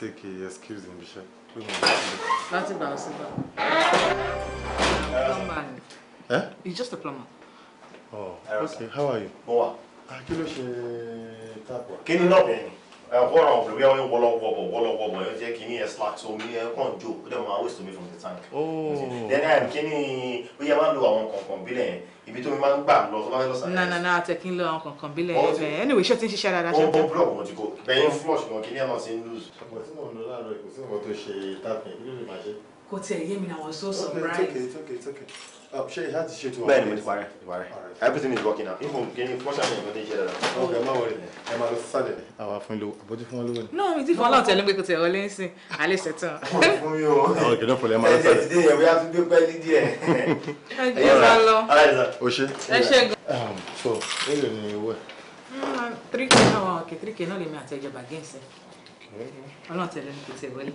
take a excuse níbi iṣẹ́. láti gbà ọ sí gbà. plumber ni. Eh? He's just a plumber. Oh, okay. How are you? Boa. Ah, kí ló ṣe tap wa? Kí ni ọ̀rọ̀ ọ̀fẹ́ bí wọ́n wọ́lọ́wọ́bọ̀ wọ́lọ́wọ́bọ̀ ẹ̀ jẹ́ kí ní ẹ̀ slack so mi ẹ̀ kàn jò ó dẹ̀ máa waste omi from the tank. Oh. then ẹ̀ kí ni ó yẹ máa lo àwọn kọ̀ọ̀kan bílẹ̀ yẹn ibi tó mi máa ń gbà lọ tó bá fẹ́ lọ sàn. nana nana àtẹ kí n lo àwọn kọ̀ọ̀kan bílẹ̀ yẹn bẹ́ẹ̀ anyway iṣẹ́ ti ń ṣiṣẹ́ dáadáa ṣe ń oh, tẹ́. ó block wọn ti kó bẹ́yìn flush wọn kí ní àwọn ti ń lose. ọ̀pọ̀ tí mò ń lọ láàárọ̀ kò ṣe láti ṣètò ọ̀rọ̀ bẹ́ẹ̀ ni mo ti parẹ́ ti parẹ́ everything is working out. Even mo kí ni fọ́ṣà mi nǹkan tí ń ṣe dáadáa. ọgá I wọlé ẹ máa lọ sí sálẹ̀. àwa fún ilé àbójú fún wọn lówó ni. náà mi ti fún ọlọ́run tẹ̀lé pé kò tẹ̀ wọlé ńsìn alẹ́ ṣẹ̀tàn. fún mi o ọkẹ́ náà fọlẹ́ máa lọ sálẹ̀. ẹ̀jẹ̀ ti dé ìyàwó yá tún gbé pẹ́ẹ́lí díẹ̀. ẹ̀jẹ̀ um, so èrè ni owó ẹ̀. Mm, three k náà wà ọkẹ́ three k náà lè mi àtẹ̀jọba gẹ̀ẹ́sì ọlọ́run tẹ̀lé ní kò tẹ̀ wọlé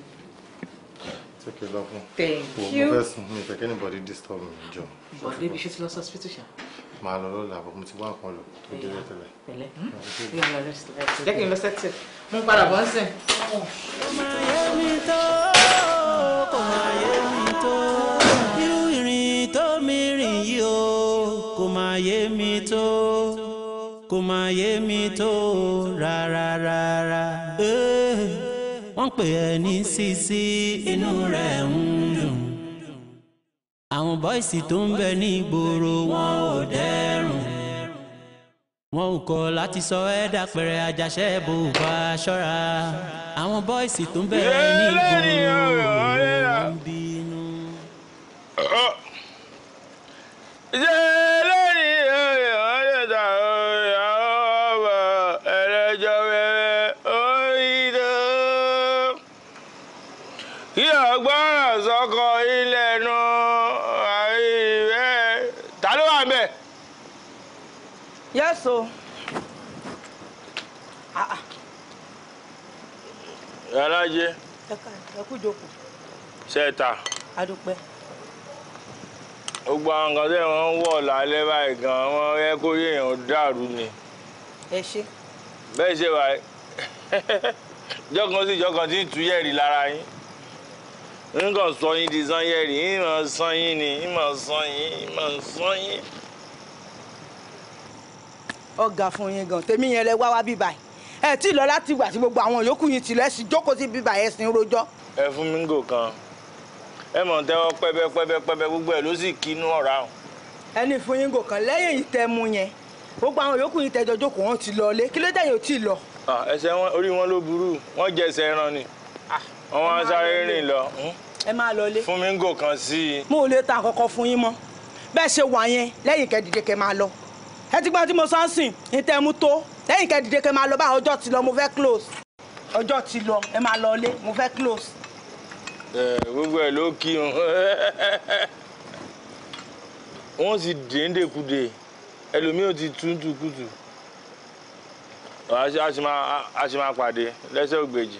sókè lọ́gùn. thank you. mo fẹ́ sùn mi fẹ́ anybody disturb me jọ. But ibi iṣẹ́ ti lọ sí hospital ṣá. màá lọ lọ́la àbọ̀ mo ti wá to lọ tó délé tẹ́lẹ̀. tẹ́lẹ̀ yóò lọ rest rest jẹ́ kí n lọ sẹ́tì mo padà bọ́ sí. ọmọ ayé mi tó ọmọ ayé mi tó irú ìrìn tó mi rìn yìí o kò má yé mi tó kò má wọ́n pè ẹ́ ní Sisi inú rẹ̀ ń dùn àwọn bọ́ìsì tó ń bẹ ní ìgboro wọn ò dẹ́rùn wọn ò kọ̀ láti sọ ẹ́ dàpẹ̀rẹ̀ àjàṣẹ́ bò bá ṣọ́ra àwọn bọ́ìsì tó ń bẹ ní ìgboro. so aláyé ah, ah. ṣẹta gbogbo àwọn seta tẹ́ wọ́n ń wọ̀ lálẹ́ báyìí gan-an wọ́n yẹ kó yéèyàn dàrú ni. ẹ ṣe. bẹ́ẹ̀ ṣe lára yín sọ ma yin ni ma yin. ọ̀gá fún yín gan tèmi yẹn lẹ wá wá bíbá yìí ẹ tí lọ láti ìgbà tí gbogbo àwọn yòókù yìí tilẹ̀ sí jókòó sí bíbá yẹn sin rojọ́. ẹ fún mi ń gò kan ẹ mọ̀ tẹ́wọ́ pẹ́bẹ́ pẹ́bẹ́ pẹ́bẹ́ gbogbo ẹ̀ ló sì kí inú ọ̀rá o. ẹni fún yín gò kan lẹ́yìn yìí tẹ́ mú yẹn gbogbo àwọn yòókù yìí tẹjọ jókòó wọn ti lọ lé kí ló dé yóò tí ì lọ. ẹsẹ̀ wọn orí wọn ló burú wọn jẹ ẹsẹ̀ ẹran ni wọn wá sáré rìn lọ. ẹ máa lọ lé. fún mi ń gò kan sí i. mo ò lè ta àkọ́kọ́ fún yín mọ́ bẹ́ẹ̀ ṣe wà yẹn lẹ́yìn kẹ́dìdẹ́ kẹ́ máa lọ ẹ ti gbọ́n tí mo sọ ń sìn ní tẹ́mu tó lẹ́yìn kẹ́ dìde kẹ́ máa lọ bá ọjọ́ ti lọ mo fẹ́ close ọjọ́ ti lọ ẹ máa lọ ilé mo fẹ́ close. ẹ gbogbo ẹ ló kírun wọn sì dèédékudè ẹlòmíì ò ti túntùkùtù a sì máa pàdé lẹ́sẹ̀ ògbèjì.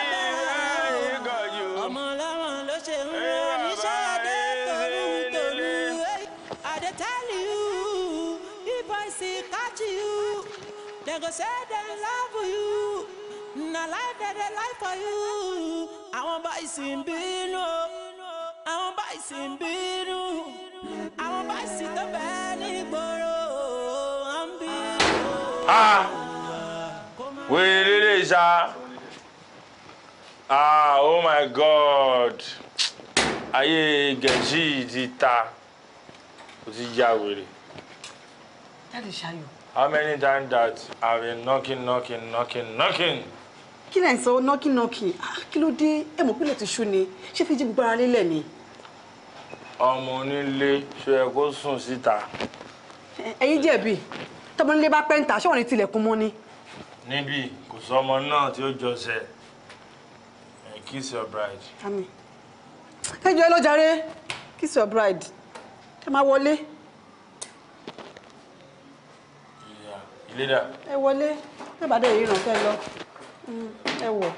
go say dem love you na life dey dey life for you àwọn boys ń bínú àwọn boys ń bínú àwọn boys tó bẹ́ẹ̀ ní ìgboro ń bínú wèrè lélẹ̀ ṣá ah oh my god ayé gẹ̀jí ti ta ó ti ya wèrè. jáde ṣayọ How many times that I've been knocking, knocking, knocking, knocking? Kí lẹ̀ ń knocking, knocking? Ah, kí ló dé? Ẹ mọ̀ pé lè ti ṣú ni. Ṣé fi jí gbogbo ara lélẹ̀ ni? Ọmọ onílé ṣe yẹ kó sùn síta. Ẹ̀yin jẹ̀bi. Tọmọ onílé bá pẹ́ǹtà, ṣé wọ́n ní tilẹ̀kùn mọ́ ni? Níbi kò sọmọ náà tí ó jọsẹ̀. Kiss your bride. Àmín. Ẹ jọ ẹ lọ jàre. Kiss your bride. Ẹ máa wọlé. ilé dà. ẹ wọlé ẹ bá dé ìrìnà kẹ lọ mm, ẹ wọ.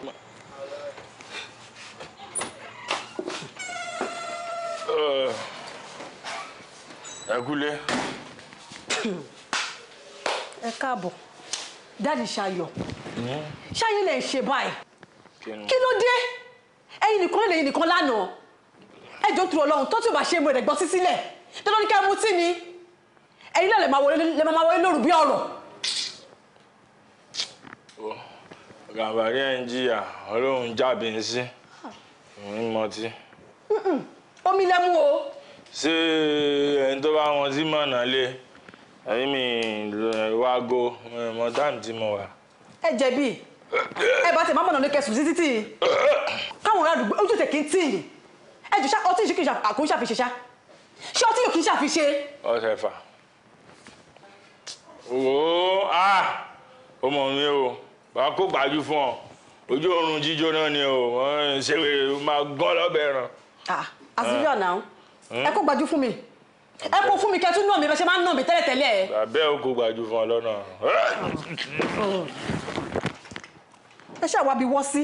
ẹ kúlé. ẹ káàbọ̀ dáàdi ṣayọ̀ mm. ṣáyé lè ṣe báyìí kí ló dé ẹ̀yin nìkan lè yìn nìkan lánàá ẹjọ́ tu ọlọ́run tó tí ò bá ṣe ìmọ̀ ẹ̀dẹ̀gbọ́n sí sílẹ̀ tó lọ́ni ká mutí ni ẹ̀yin náà lè máa wọlé lóru bí ọ̀rọ̀. gàbàrí ẹ̀ ń jìyà ọlọ́run jábì ń sí òun mọtí. omi lẹ́mú o. ṣé ẹni tó bá wọn tí mọ̀nà lé ẹ̀yìn mi wágo mọ táàmù tí mo wà. ẹ jẹ̀bi ẹ bá tẹ mọ́mọ́nà ló kẹsùn sí títì káwọn ará àdúgbò ojú tẹ kí n tì yín ẹ jù ṣá ọtí yìí kì í ṣàkóso ṣàfiṣe ṣá ṣé ọtí yìí kì í ṣàfiṣe. ọ̀sẹ̀ fà. wo a ah! ó mọ̀ mi o bá kó gbájú fún ọ ojú oorun jíjó náà ni o ṣe máa gán lọ́bẹ̀ ẹran. as usual now ẹ kó gbájú fún mi ẹ kó fún mi kẹ́ tún nà mí bẹ́ẹ̀ ṣe máa ń nà mí tẹ́lẹ̀tẹ́lẹ̀ ẹ. bàbá ò kó gbájú fún ọ lọ́nà. ẹ ṣáà wá bí wọ́ sí.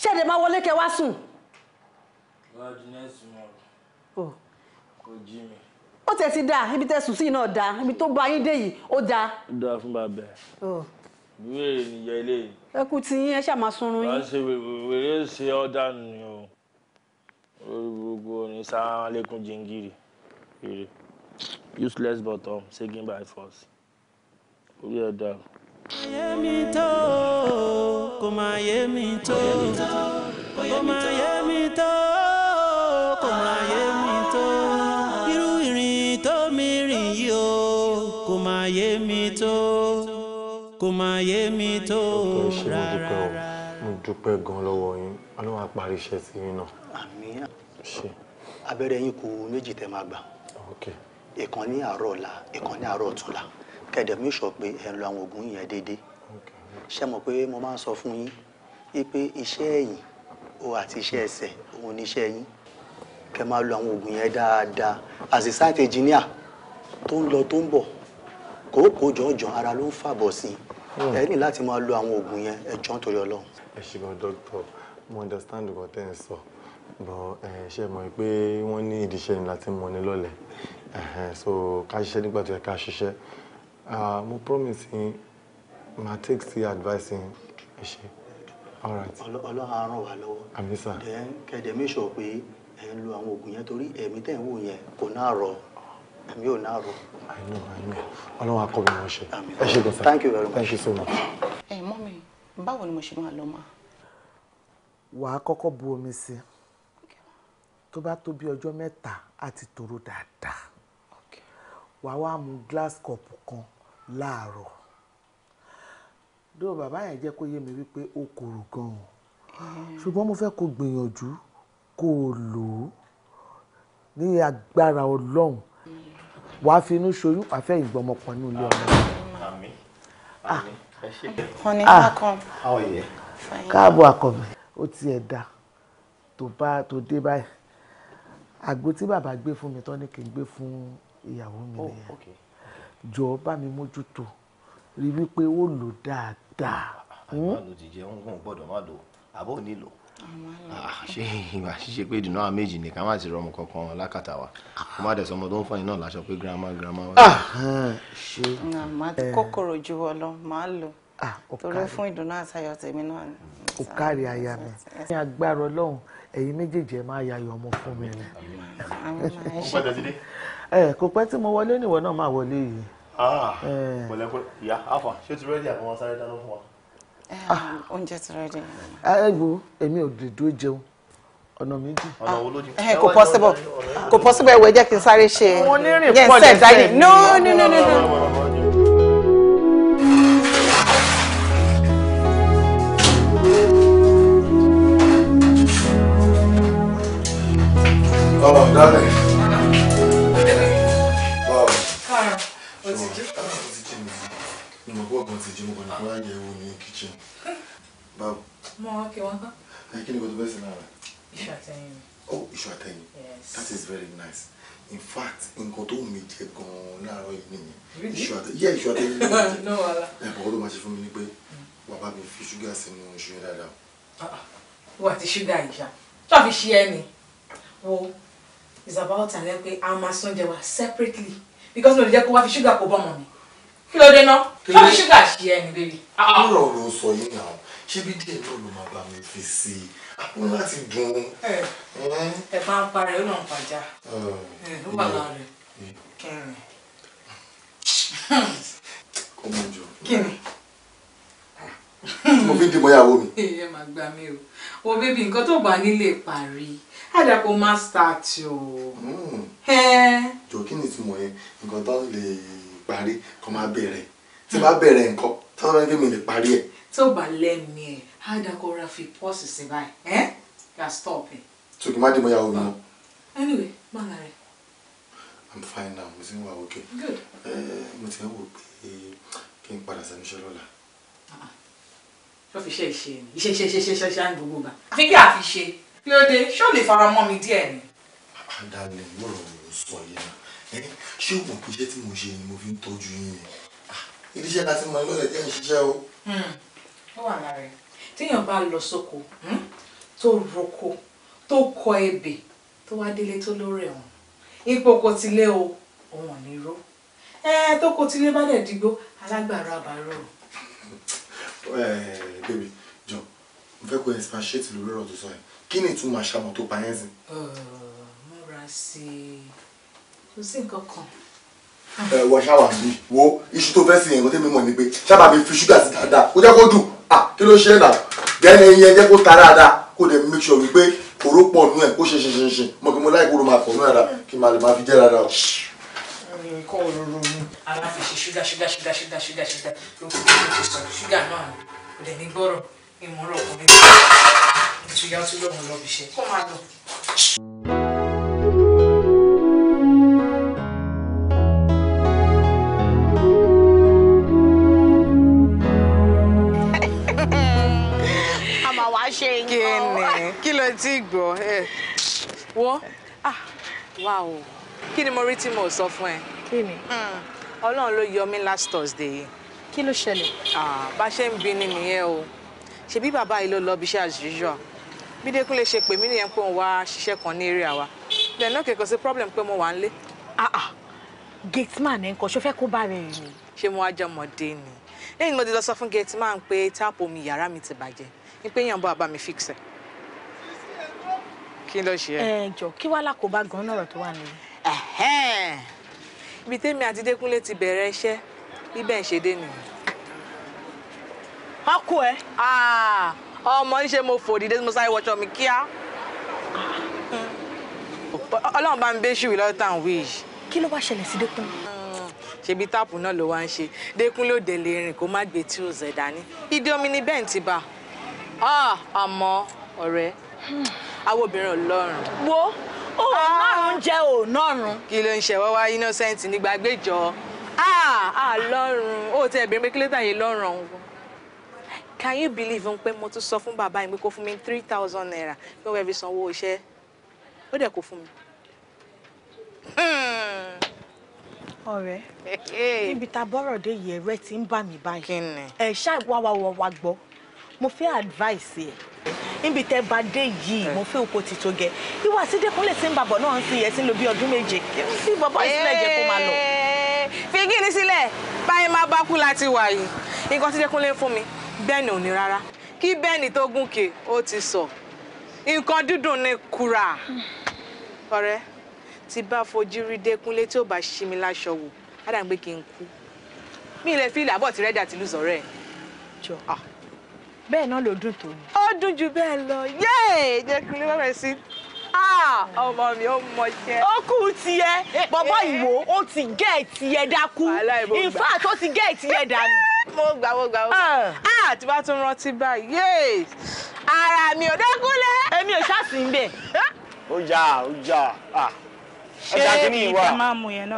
ṣé ẹ̀dẹ̀ máa wọlé kẹ́ wá sùn. wọ́n á di nẹ́ẹ̀sì mọ́ ọ. kò jí mi ó tẹ̀ ti dáa ibi tẹ̀ sùn sí náà dáa ibi tó bá yín dé yìí ó dáa. ó dáa fún bàbá ẹ wíwèrè nìyẹn ilé yìí. ẹ kú ti yín ẹ ṣàmà sunrun yín. wọ́n ṣe wèrè ṣe ọ̀dà nù o lórí gbogbo ní sáà lẹ́kùn jìngìrì rere useless but um, by force orí ẹ̀ dáa. yé mi tó kò máa yé mi tó kò máa yé mi tó. kò máa yé mi tó rárá. mo dúpẹ́ gan lọ́wọ́ yín ọlọ́run á parí iṣẹ́ sí yín náà. àmín abẹ́rẹ́ yín kù méjì tẹ́ máa gbà ìkan ní àárọ̀ ọ̀la ìkan ní àárọ̀ ọ̀túnla kẹ̀dẹ̀ mi sọ pé ẹ̀ ń lo àwọn oògùn yẹn déédéé ṣé mọ̀ pé mo máa ń sọ fún yín pé iṣẹ́ ẹ̀yìn o àti iṣẹ́ ẹsẹ̀ òun ni iṣẹ́ yín kẹ́ máa lo àwọn oògùn yẹn dáadáa as a site engineer tó ń lọ tó ń bọ̀ kòókòó jọ̀ọ́jọ̀ ara ló ń fàbọ̀ sí i hmm. ẹ ní láti máa lo àwọn oògùn yẹn ẹ jọ̀ọ́ nítorí ọlọ́run. ẹ ṣe gan dókítà mo understand nǹkan tẹ́ ń sọ bọ ẹ ṣe mọ̀ pé wọ́n ní ìdíṣẹ́ ni láti mọ ní lọ́lẹ̀ so ká ṣiṣẹ́ nígbà tó yẹ ká ṣiṣẹ́ mo promise yín ma take see advice yín ẹ ṣe all right. ọlọ́run á ràn wá lọ́wọ́. àmín sà. kẹ̀dẹ̀ mi sọ pé ẹ ń lo àwọn oògùn yẹn torí ẹ̀mí tẹ̀ ń wò yẹn kò náà rọ̀ ẹ̀mí ò náà rò. I know, I know. ọlọ́run akọ mi wọ́n ṣe. ẹ ṣe gbọ́dọ̀ thank you very much. thank you so much. ẹ mọ mi báwo ni mo ṣe máa lọ máa. wàá kọ́kọ́ bu omi sí tó bá tó bí ọjọ́ mẹ́ta á ti tòrò dáadáa wàá wá mu glass cup kan láàárọ̀ dó bàbá yẹn jẹ́ kó yé mi wípé ó korò gan-an hmm. ṣùgbọ́n mo fẹ́ kó gbìyànjú kó o lò ó ní agbára ọlọ́run wàá fi inú ṣoyún wàá fẹ́ ìgbọmọpọ̀ ní ilé ọmọ. honey welcome. how are you? káàbọ̀ àkọ́bẹ̀ ó ti ẹ̀ dá tó bá tó dé báyìí àgbo tí bàbá gbé fún mi tán ni kì í gbé fún ìyàwó mi oh, nìyẹn jọ bá mi mójútó rí wípé ó lò dáadáa. àìmọ́ ló ti jẹun gbọ́dọ̀ má lò àbọ̀ nílò. Ah, ṣé ìgbà ṣíṣe pé ìdùnnú àwọn méjì ni ká má ti rọmọ kankan lákàtà wa kó má dẹ̀ sọmọ tó ń fọyín náà láṣọ pé girama girama wa. Ah, ah, ṣé màá ti eh. kókòrò ju ọ lọ màá lò torí fún ìdùnnú àtayọ̀ tèmi náà ni. kò kárí aya mi ní agbára ọlọ́run ẹ̀yin méjèèjì ẹ̀ máa yayọ̀ ọmọ fún mi ni. Eh, kò pẹ́ tí mo wọlé níwọ̀ náà máa wọlé yìí. pẹ̀lẹ́pẹ̀lẹ́ eh. ìyá àfà ṣé ti rẹ́dí àbọ̀wọ́n sáré dáná fún wa oúnjẹ ti rẹ̀ dé. ẹ wo èmi ò lè dúró jẹun ọ̀nà méjì. ọ̀nà wo ló di. ẹ kò possible kò possible ẹ̀wẹ̀ jẹ́ kí n sáré ṣe. mo ní rìn pọ̀ lẹ́sẹ̀. no no no no. no, no, no. ti ṣúgà ìṣá tó fi ṣe ẹni wo it's about time lẹ pé a máa sún oúnjẹ wa separately because mi ò lè jẹ́ kó wá fi ṣúgà kó bọ́mọ mi kí ló dé ná tó fi ṣúgà ṣe ẹni bébí. ọ̀rọ̀ ọ̀rọ̀ sọ yìí náà ṣé bí díẹ̀ náà ló máa bá mi fi sí i àpò láti dùn. Eh, eh. ẹ bá ń parẹ́ ó náà ń pàjá eh, ó wà lára rẹ̀ kẹrin. kí ni. mo fi dìbò ìyàwó mi. ẹ máa gbà mí o wo bébí nǹkan tó bá nílé parí àdàpọ̀ máa start o. Hmm. jọ kí ni ìtumọ̀ yẹn nǹkan tó lè parí kó máa bẹ̀rẹ̀ tí bá bẹ̀rẹ̀ nǹkan tó bá gbé mi lè parí ẹ̀. tó bá lẹ́mìí ẹ̀ àdàpọ̀ ra fi pọ́ọ̀sì sí báyìí ẹ́ stop ẹ̀. tùkì má dìbò yàwó mi mọ́. anyway má la rẹ̀. i'm fine now mo ti ń wà okay. good. mo ti ń wò pé kí n padà sẹ́nu iṣẹ́ lọ́la. Ah, ah ló fi ṣe ìṣe ni ìṣe ṣe ṣe ṣe ṣe ṣe ní gbogbo gbà. àfi kí àfi ṣe kí ló dé ṣé o lè fara mọ́ mi díẹ̀ ni. Ah, dalẹ̀ mo rọ̀ mo sọ yẹn na ṣé o mọ̀ pé iṣẹ́ tí mo ṣe ni mo fi ń tọ́jú yín ni ah, iléeṣẹ́ láti máa lọ́lẹ̀ jẹ́ ìṣiṣẹ́ o. Hmm, ó wà lára ẹ̀ téèyàn bá lọ sóko hmm, tó roko tó kọ ebè tó wá délé tó lórè ọ̀hún ipò kò ti lé o òun ò ní ró ẹ tó kò ti lé bá dẹ̀ digbó alágbára àbárò. Eh, bèbè jọ mo fẹ́ kó ẹ spàṣẹ́tì lórí ọ̀rọ̀ tó sọ yẹn kí ni ìtumọ̀ àṣàmọ̀ tó pa yẹn sìn. múra sí i kò sí nǹkan kan. ẹ eh, wọ ṣáwà mi wo iṣu tó fẹ́ sí yẹn kọ́tẹ́ mi mọ̀ ni pé ṣábà mi fi ṣúgà sí dáadáa kó jẹ́ kó dùn ah, kí ló ṣe é nà bẹ́ẹ̀ni ẹyin ẹ jẹ́ kó ta dáadáa kó dẹ̀ make sure wípé kòró pọ̀ nú ẹ̀ kó ṣe ṣinṣinṣin mo kí mo láì kóró máa pọ̀ nú ẹ̀ rà kí n máa lè máa fi jẹ́ dáadáa o. nǹkan ara fi ṣe Sugar, sugar, sugar, sugar, sugar, sugar. ló kú kí ló ti sọ ṣúgà náà ni kò dẹ̀ ní gbọ́rọ̀ ní ìmọ̀ràn ọkùnrin ìtúyà tó lọ́mọ lọ́bi ṣe kó máa lọ. àmà wàá ṣe ìyẹn. kí ló ti gbọ́ ah, mo rí tí mo sọ fún ọlọ́run ló yọ mí last thursday yìí. kí ló ṣẹlẹ̀. Ah, bá ṣe ń bínú nìyẹn o ṣebí bàbá yìí ló lọ bí iṣẹ́ as usual bí Dékúnlé ṣe pè mí nìyẹn pé òun wá ṣiṣẹ́ kan ní eré àwa then náà kẹkọọ sí problem pé mo wà ń lé. Ah, ah. gate man ẹ̀ ń ṣó fẹ́ kó bá rẹ̀ ni. ṣé mo wá jẹ́ ọmọdé ni lẹ́yìn mo ti lọ sọ fún gate man pé táàpù omi yàrá mi ti bàjẹ́ ni pé yàn bọ́ àbá mi fix ẹ̀. kí ló ṣe ẹ. ẹ jọ kí wàá làkóbá gan-an ọ̀rọ̀ tó wà nílẹ̀ ibi tèmi àti Dékúnlé ti bẹ̀rẹ̀ iṣẹ́ ibẹ̀ ń ṣe dé nìyí. wọ́n kú ẹ. Ah, ọmọ níṣe mo fò dìde mo sáré wọṣọ mi kíá. ọlọ́run bá ń bẹ́ ṣùwì lọ́dún tá à ń wí yìí. kí ló wá ṣẹlẹ̀ sí Dékúnlé. ṣebí táàpù náà ló wá ń ṣe Dékúnlé ò dẹ̀ lè rìn kó má gbé tí ò zẹ̀ dání. ìdí omi ni bẹ́ẹ̀ ti bà ah, àmọ́ ọ̀rẹ́ àwọn hmm. obìnrin ọlọ́run. wo ó nárun ah. jẹ ò nárun. kí ló ń ṣe wá wá innocent ní gbàgbé ìjọ ah, ah lọ́rùn ó tẹ ẹ̀bẹ̀rẹ̀ pé kí ló tàyè lọ́rùn ọ̀hún can you believe n pé mo tún sọ fún bàbá mi pé kó fún mi three thousand naira pé wọ́n fi sanwó iṣẹ́ ó dẹ̀ kó fún mi. Hmm. ọ̀rẹ́ níbi tá a bọ́rọ̀ dé yìí ẹ̀rẹ́ ti ń bà mí báyìí ẹ̀ ṣáà wá wá wá gbọ́ mo fẹ́ advice ẹ̀ níbi tẹ́ bá dé yìí mo fẹ́ oko ti tó gẹ ìwà sídé kúnlẹ̀ sí ń bàbọ̀ náà ń fi ẹ̀ sí ń lo bí ọdún méje kí n sì bàbá ìsílẹ̀ jẹ́ kó máa lọ. fi gíní sílẹ̀ báyìí máa bá kú láti wà yìí nǹkan tí dẹ́kunlé fún mi bẹ́ẹ̀ni ò ní rárá kí bẹ́ẹ̀ni tó gúnkè ó ti sọ nǹkan dídùn ni kura ọ̀rẹ́ ti bá fojú rí dẹ́kunlé tí ò bá ṣí mi láṣọ wò á kí n kú mi ilẹ̀ fi ilẹ̀ àbọ̀ tìlú sọ̀rọ̀ ẹ̀ bẹ́ẹ̀ náà ló dùn tó ni. ó dùn jù bẹ́ẹ̀ lọ yéè jẹ́ kí n lè bẹ̀rẹ̀ sí ah! ọmọ mi ó mọ jẹ. ó kú tiẹ̀ bọ̀bọ̀ ìwò ó ti gẹ̀ tiẹ̀ dákú in fact ó ti gẹ̀ tiẹ̀ dànù. mo gbà mo gbà mo gbà ah. Ah, tí bá tún rántí báyìí ara mi ò dẹ́kúnlẹ̀. èmi ò ṣáàsì ń bẹ̀. ó jà ó jà ọjà kìíní ìwà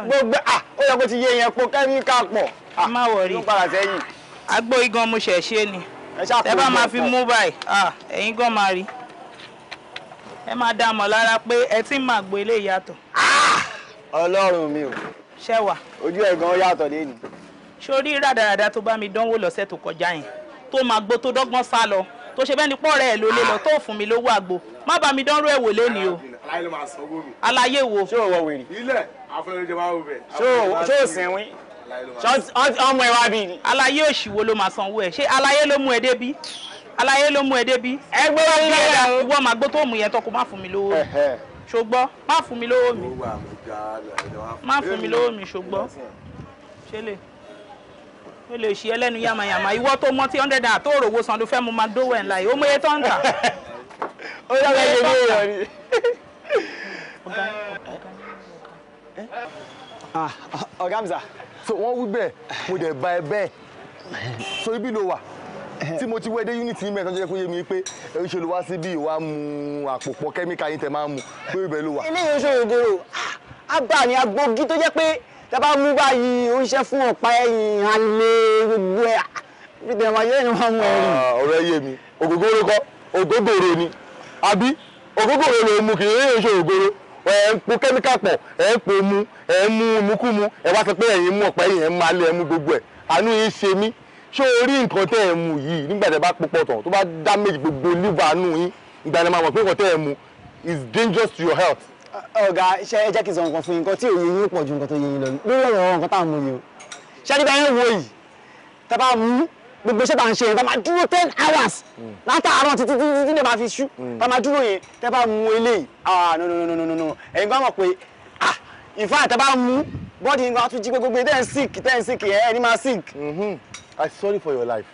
gbogbo ó yẹ kó ti yé yẹn po kẹ́míkà pọ̀. má wọrí àgbo igan mo ṣẹ̀ ṣe ni ẹ bá máa fi mú báyìí ẹ̀yin gan máa rí ẹ máa dá mọ̀ lára pé ẹ ti ń máa gbo ilé ìyàtọ̀. Ah! ọlọ́run mi o. ṣẹ́wà. ojú ẹ̀ gan yàtọ̀ lẹ́nu. sórí rádaràda tó bá mi dánwò lọ́sẹ̀ tó kọjá yẹn tó máa gbó tó dọ́gbọ́n sá lọ tó ṣe bẹ́ẹ̀ ni pọ́ọ̀rẹ́ ẹ̀ ló lé lọ tó fún mi lówó àgbo má bá mi dánrú ẹ̀ wò lẹ́nu o. aláyé wo. ṣé o wọ wèrè. ilẹ̀ afẹ́rẹ́jẹ máa bẹ̀. ṣé o sẹ́wìn ọmọ ẹ wá bí ni. aláyé òṣìwò ló máa sanwó ẹ ṣé aláyé ló mú ẹ débí aláyé ló mú ẹ débí. ẹ gbé wọn lé ẹ o. ìwọ màá gbó tó mú yẹn tó kó má fún mi lówó mi ṣùgbọ́n má fún mi lówó mi má fún mi lówó mi ṣùgbọ́n ṣe lè ó lè ṣe ẹlẹ́nu yàmàyàmà ìwọ tó mọ tí hundred tó òròwó san fẹ́ mu máa dówó ẹ̀ ńlá yìí ó mọye tó ń tà. ó yàgbẹ́ yẹn ní ìrọ̀lẹ́ ọ̀gá mi sà. so wọ́n wí bẹ́ẹ̀ mo dẹ̀ ba ẹ bẹ́ẹ̀ so ibi ló wà tí mo ti wẹ́dẹ́ unity yìí mẹ́ta jẹ́ kó yé mi pé oṣù ló wá sí bí ìwà mu àpòpọ̀ kẹ́míkà yín tẹ̀ máa mu pé ibẹ̀ ló wà. eléyìí oṣù ògoro ah, àgbà ni agbógi tó jẹ́ pé tábà mú báyìí ó ń ṣe fún ọ̀pá ẹ̀yìn alẹ́ gbogbo ẹ̀ bí tẹ̀ máa yé ẹ̀yìn máa mú ẹ̀yìn. Ah, ọ̀rẹ́ yé mi ògógóró kọ́ ògógóró ni àbí ògógóró ló mú kì í oṣù ògoro ẹ̀ ń po kẹ́míkà pọ̀ ẹ̀ ń po mu ẹ̀ mu ìmúkúmu ẹ̀ wá sọ pé ẹ̀yin mú ọ̀pá ẹ̀yin ẹ̀ ń máa lé ẹ̀ gbogbo ẹ̀ àánú yìí ṣe mí ṣé orí nǹkan tẹ́ mu yìí nígbà tẹ́ bá púpọ̀ tán tó bá damage gbogbo liver àánú yín ìgbà ni màá mọ̀ pé nǹkan tẹ́ mu is dangerous to your health. ọ̀gá ṣe ẹ jẹ́ kí n sọ nǹkan fún yín nǹkan tí òye yín pọ̀ ju nǹkan tó yẹ yín lọ lórí ọ̀rọ̀ nǹkan tá à ń o ṣé ẹni bá yẹn wo yìí tẹ́ bá mú gbogbo iṣẹ́ tá à ń ṣe yẹn tá máa dúró ten hours hmm. látàárọ̀ títí títí tí lè máa fi ṣú hmm. tá máa dúró yẹn tẹ́ bá mu eléyìí ah no no no no no no ẹ̀yin gbọ́dọ̀ mọ̀ pé ah in fact tẹ́ bá mu bọ́ọ̀dì yìí wàá tún jí pé gbogbo ten sick ten sick ẹ̀ ẹ̀ ní máa sick. Mm-hmm. I sorry for your life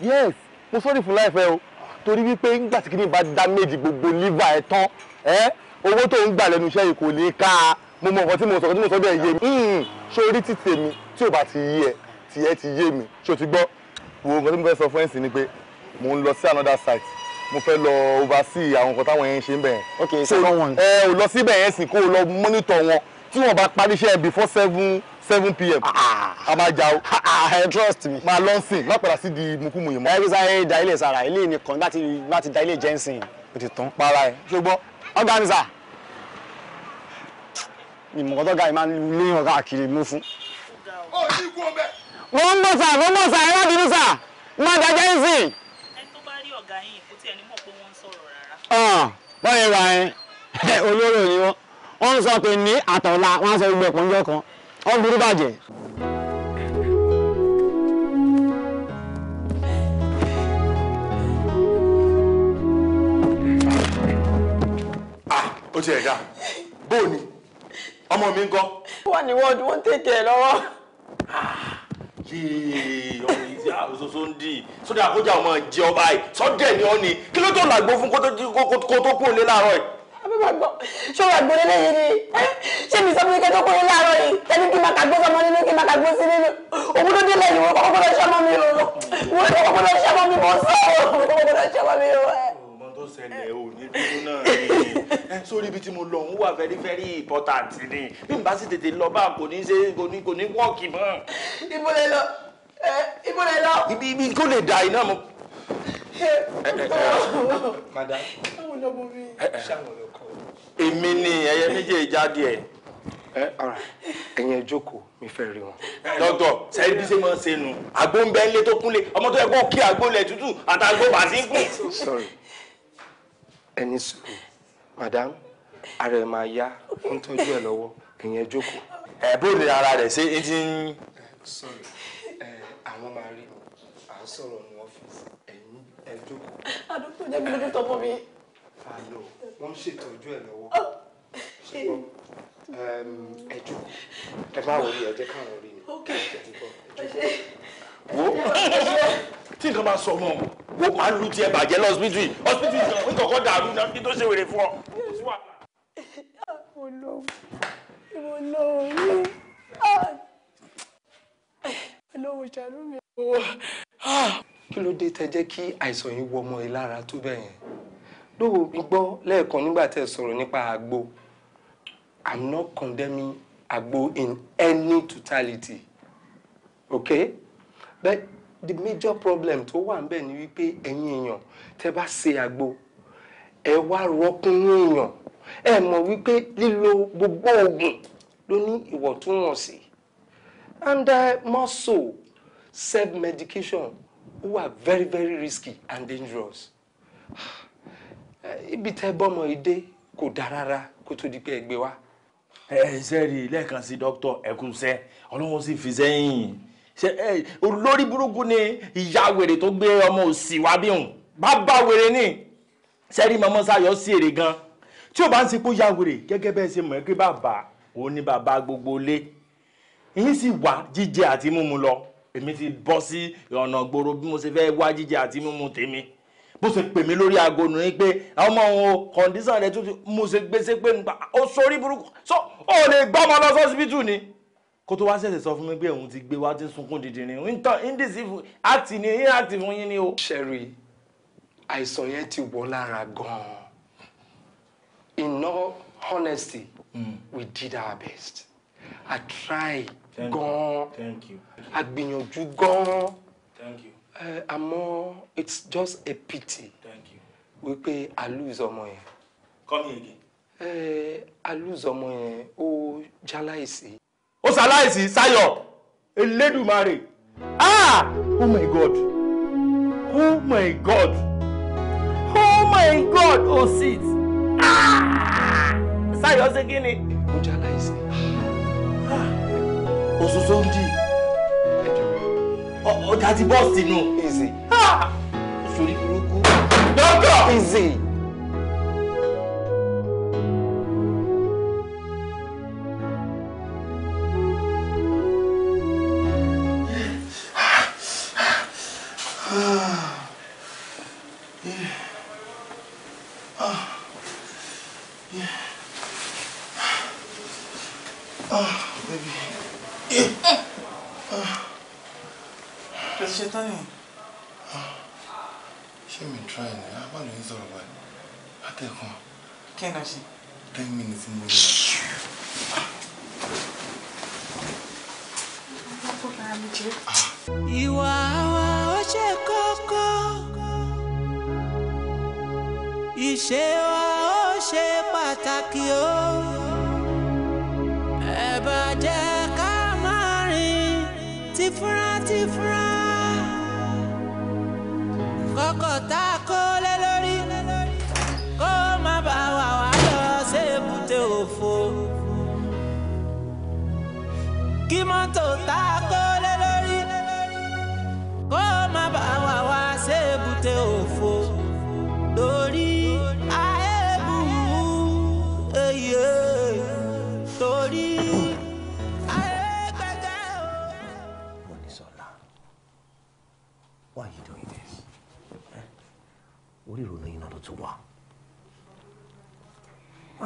yes mo sorry for life ẹ o torí wípé ńgbà tí kìíní bá damage gbogbo liver ẹ tán ẹ owó tó ń gbà lẹ́nu iṣẹ́ yìí kò lè ká a mo mọ nǹkan tí mo sọ nǹkan tí mo sọ bẹ́ẹ̀ yé mi hmm. ṣé orí ti tèmi tí ò bá ti wo nǹkan tí mo fẹ́ sọ fún ẹ̀sìn ni pé mo ń lọ sí another site mo fẹ́ lọ oversee àwọn nǹkan táwọn yẹn ṣe ń bẹ̀ yẹn. ok second one. ẹ ò lọ síbẹ̀ yẹn sìn kó o lọ monitor wọn tí wọ́n bá parí iṣẹ́ before seven seven pm. Ah, ah. a máa jà o. Ah, trust me. máa lọ sìn má padà sí di mukumu yìí mọ́. ẹ bí sáré da ilé sára ilé nìkan láti láti da ilé jẹ́nsìn o ti tán. para ẹ ṣùgbọ́n. ọ̀gá mi sà ìmọ̀gọ́dọ́gà yìí máa ń léyìn ọ̀gá àkiri mú fún mo ń bọ̀ sà mo ń bọ̀ sà ẹ wá bínú sà má dájẹ́ ń sìn. ẹni tó bá rí ọ̀gá yín kò tiẹ̀ ní mọ̀ pé wọ́n ń sọ̀rọ̀ rárá. wọ́n yẹ wà ẹ́ olóró ni wọ́n wọ́n ń sọ pé ní o wọ́n á sọ gbogbo ẹ̀pọ̀ ńjọ́ ah, ti ẹ̀ bóò ni ọmọ mi ń kọ́. wọ́n ní wọ́ọ̀dù wọ́n ń tètè lọ́wọ́. Ah yéé ọmọ yìí ti àwòsóso ń dì sódà àkójà ọmọ jẹ ọba yìí sọdẹ ni ọ ni kí ló tó làgbo fún kó tó kúrò lé láàárọ̀ yìí. abẹ́bà gbọ́ ṣọ́ra àgbọ̀lẹ́ lẹ́yìn ni ṣé mi sọ fún mi kẹ́ tó kúrò láàárọ̀ yìí ẹni kí n máa kàgbé sọmọ nínú kí n máa kàgbé sí nínú òun ló dé lẹ́yìn wọn kọ́kọ́ lọ ṣọmọ mi o wọn kọ́kọ́ lọ ṣọmọ mi mọ̀ sọ́ọ̀ ṣẹlẹ̀ o ní bínú náà ni sórí ibi tí mo lọ ń wà very very important ni bí n bá sì tètè lọ bá kò ní ṣe kò ní kò ní wọ́ọ̀kì mọ́. ibo lè lọ ibo lè lọ. ibi ibi kò lè da iná mu. madam èmi ni ẹyẹ méjèèjì jáde ẹ ẹ̀yin ẹ jókòó mi fẹ́ rí wọn. dọ́tọ̀ sẹ́yìn bí ṣe máa ń ṣe nù. àgbo ń bẹ́ ń lé tó kúnlé ọmọ tó yẹ kó kí àgbo lẹ̀ tútù àtàgbo bàtí ń kù. sorry ẹni sùn madam ara ẹ máa yá ó ń tọ́jú ẹ lọ́wọ́ ìyẹn jókòó. ẹ bóde ara rẹ ṣé ń ti ń. sorry ẹ àwọn máa rí à ń sọ̀rọ̀ ní ọ́fíìsì ẹ̀yìn ẹ jókòó. àdúgbò jẹ́ mi lójú tọmọ mi. àlọ wọn ń ṣètọ́jú ẹ lọ́wọ́ oh. ẹ jókòó ẹ má wọlé ẹ jẹ́ káwọn rí mi ẹ jókòó. wo tí nǹkan bá sọ mọ́ o máa lu tiẹ̀ bàjẹ́ lọ hospital hospital ìṣẹ̀lẹ̀ ń kọ̀kọ́ dàrú náà kí tó ṣe wèrè fún ọ. olówó ṣàánú mi. kí ló dé tẹ́ kí àìsàn yìí wọ ọmọ yìí lára tó bẹ́ẹ̀ yẹn lóò gbọ́ lẹ́ẹ̀kan nígbà tẹ́ sọ̀rọ̀ nípa àgbo i'm not condemning àgbo in any totality okay but the major problem tó wà níbẹ̀ ni wípé ẹ̀yin èèyàn tẹ́ bá ṣe àgbo ẹ wá rọkún ní èèyàn ẹ mọ̀ wípé lílo gbogbo oògùn ló ní ìwọ̀ntúnwọ̀nsì and uh, more so self medication who are very very risky and dangerous ibi tẹ́ bọ́mọ ìdè kò dáa rárá kó tó di pé ẹ gbé wá. ẹ ẹ ṣe rí i lẹ́ẹ̀kan sí dókítà ẹ̀kúnṣẹ́ ọlọ́wọ́ sì fi sẹ́yìn olórí burúkú ni ìyá wèrè tó gbé ọmọ òsì wá bí òun bàbá wèrè ni sẹ́rí mọ́mọ́ sáyọ́ sí èrè gan tí ò bá ń ṣe kó ya wèrè gẹ́gẹ́ bẹ́ẹ̀ ṣe mọ̀ ẹ́ pé bàbá òun ni bàbá gbogbo ilé yín sì wá jíjẹ àti mímu lọ èmi ti bọ́ sí ọ̀nà gbòòrò bí mo ṣe fẹ́ wá jíjẹ àti mímu tèmi bó ṣe pè mí lórí aago nù ní pé ọmọ òun kọ̀ǹdíṣàn rẹ̀ tó ti mo ṣe gbèsè pé ó sórí burúkú so ó lè gbọ́mọ lọ sọ́sibítù ni kó tó wá ṣẹ̀ṣẹ̀ sọ fún mi pé òun ti gbé wá tí sunkún dídì ni ń indisifu àti ni yín àti fún yín ni o. sherry àìsàn yẹn ti wọ̀ lára gan-an in all honesty mm. we did our best i try gan-an a gbìyànjú gan-an àmọ́ it's just a pity wípé i lose ọmọ yẹn. come here again. a lose ọmọ yẹn ó jáláìsí ó ṣaláìsí sáyọ̀ elédùmarè ah oh my god oh my god oh my god oh sit ah sáyọ̀ ṣe kí ni. ó ṣaláìsí ah! òṣùṣọ́ ń dì ọjà ti bọ́ọ̀sì nù. ìzì. sori ah! burúkú. dọ́kọ̀. ìzì.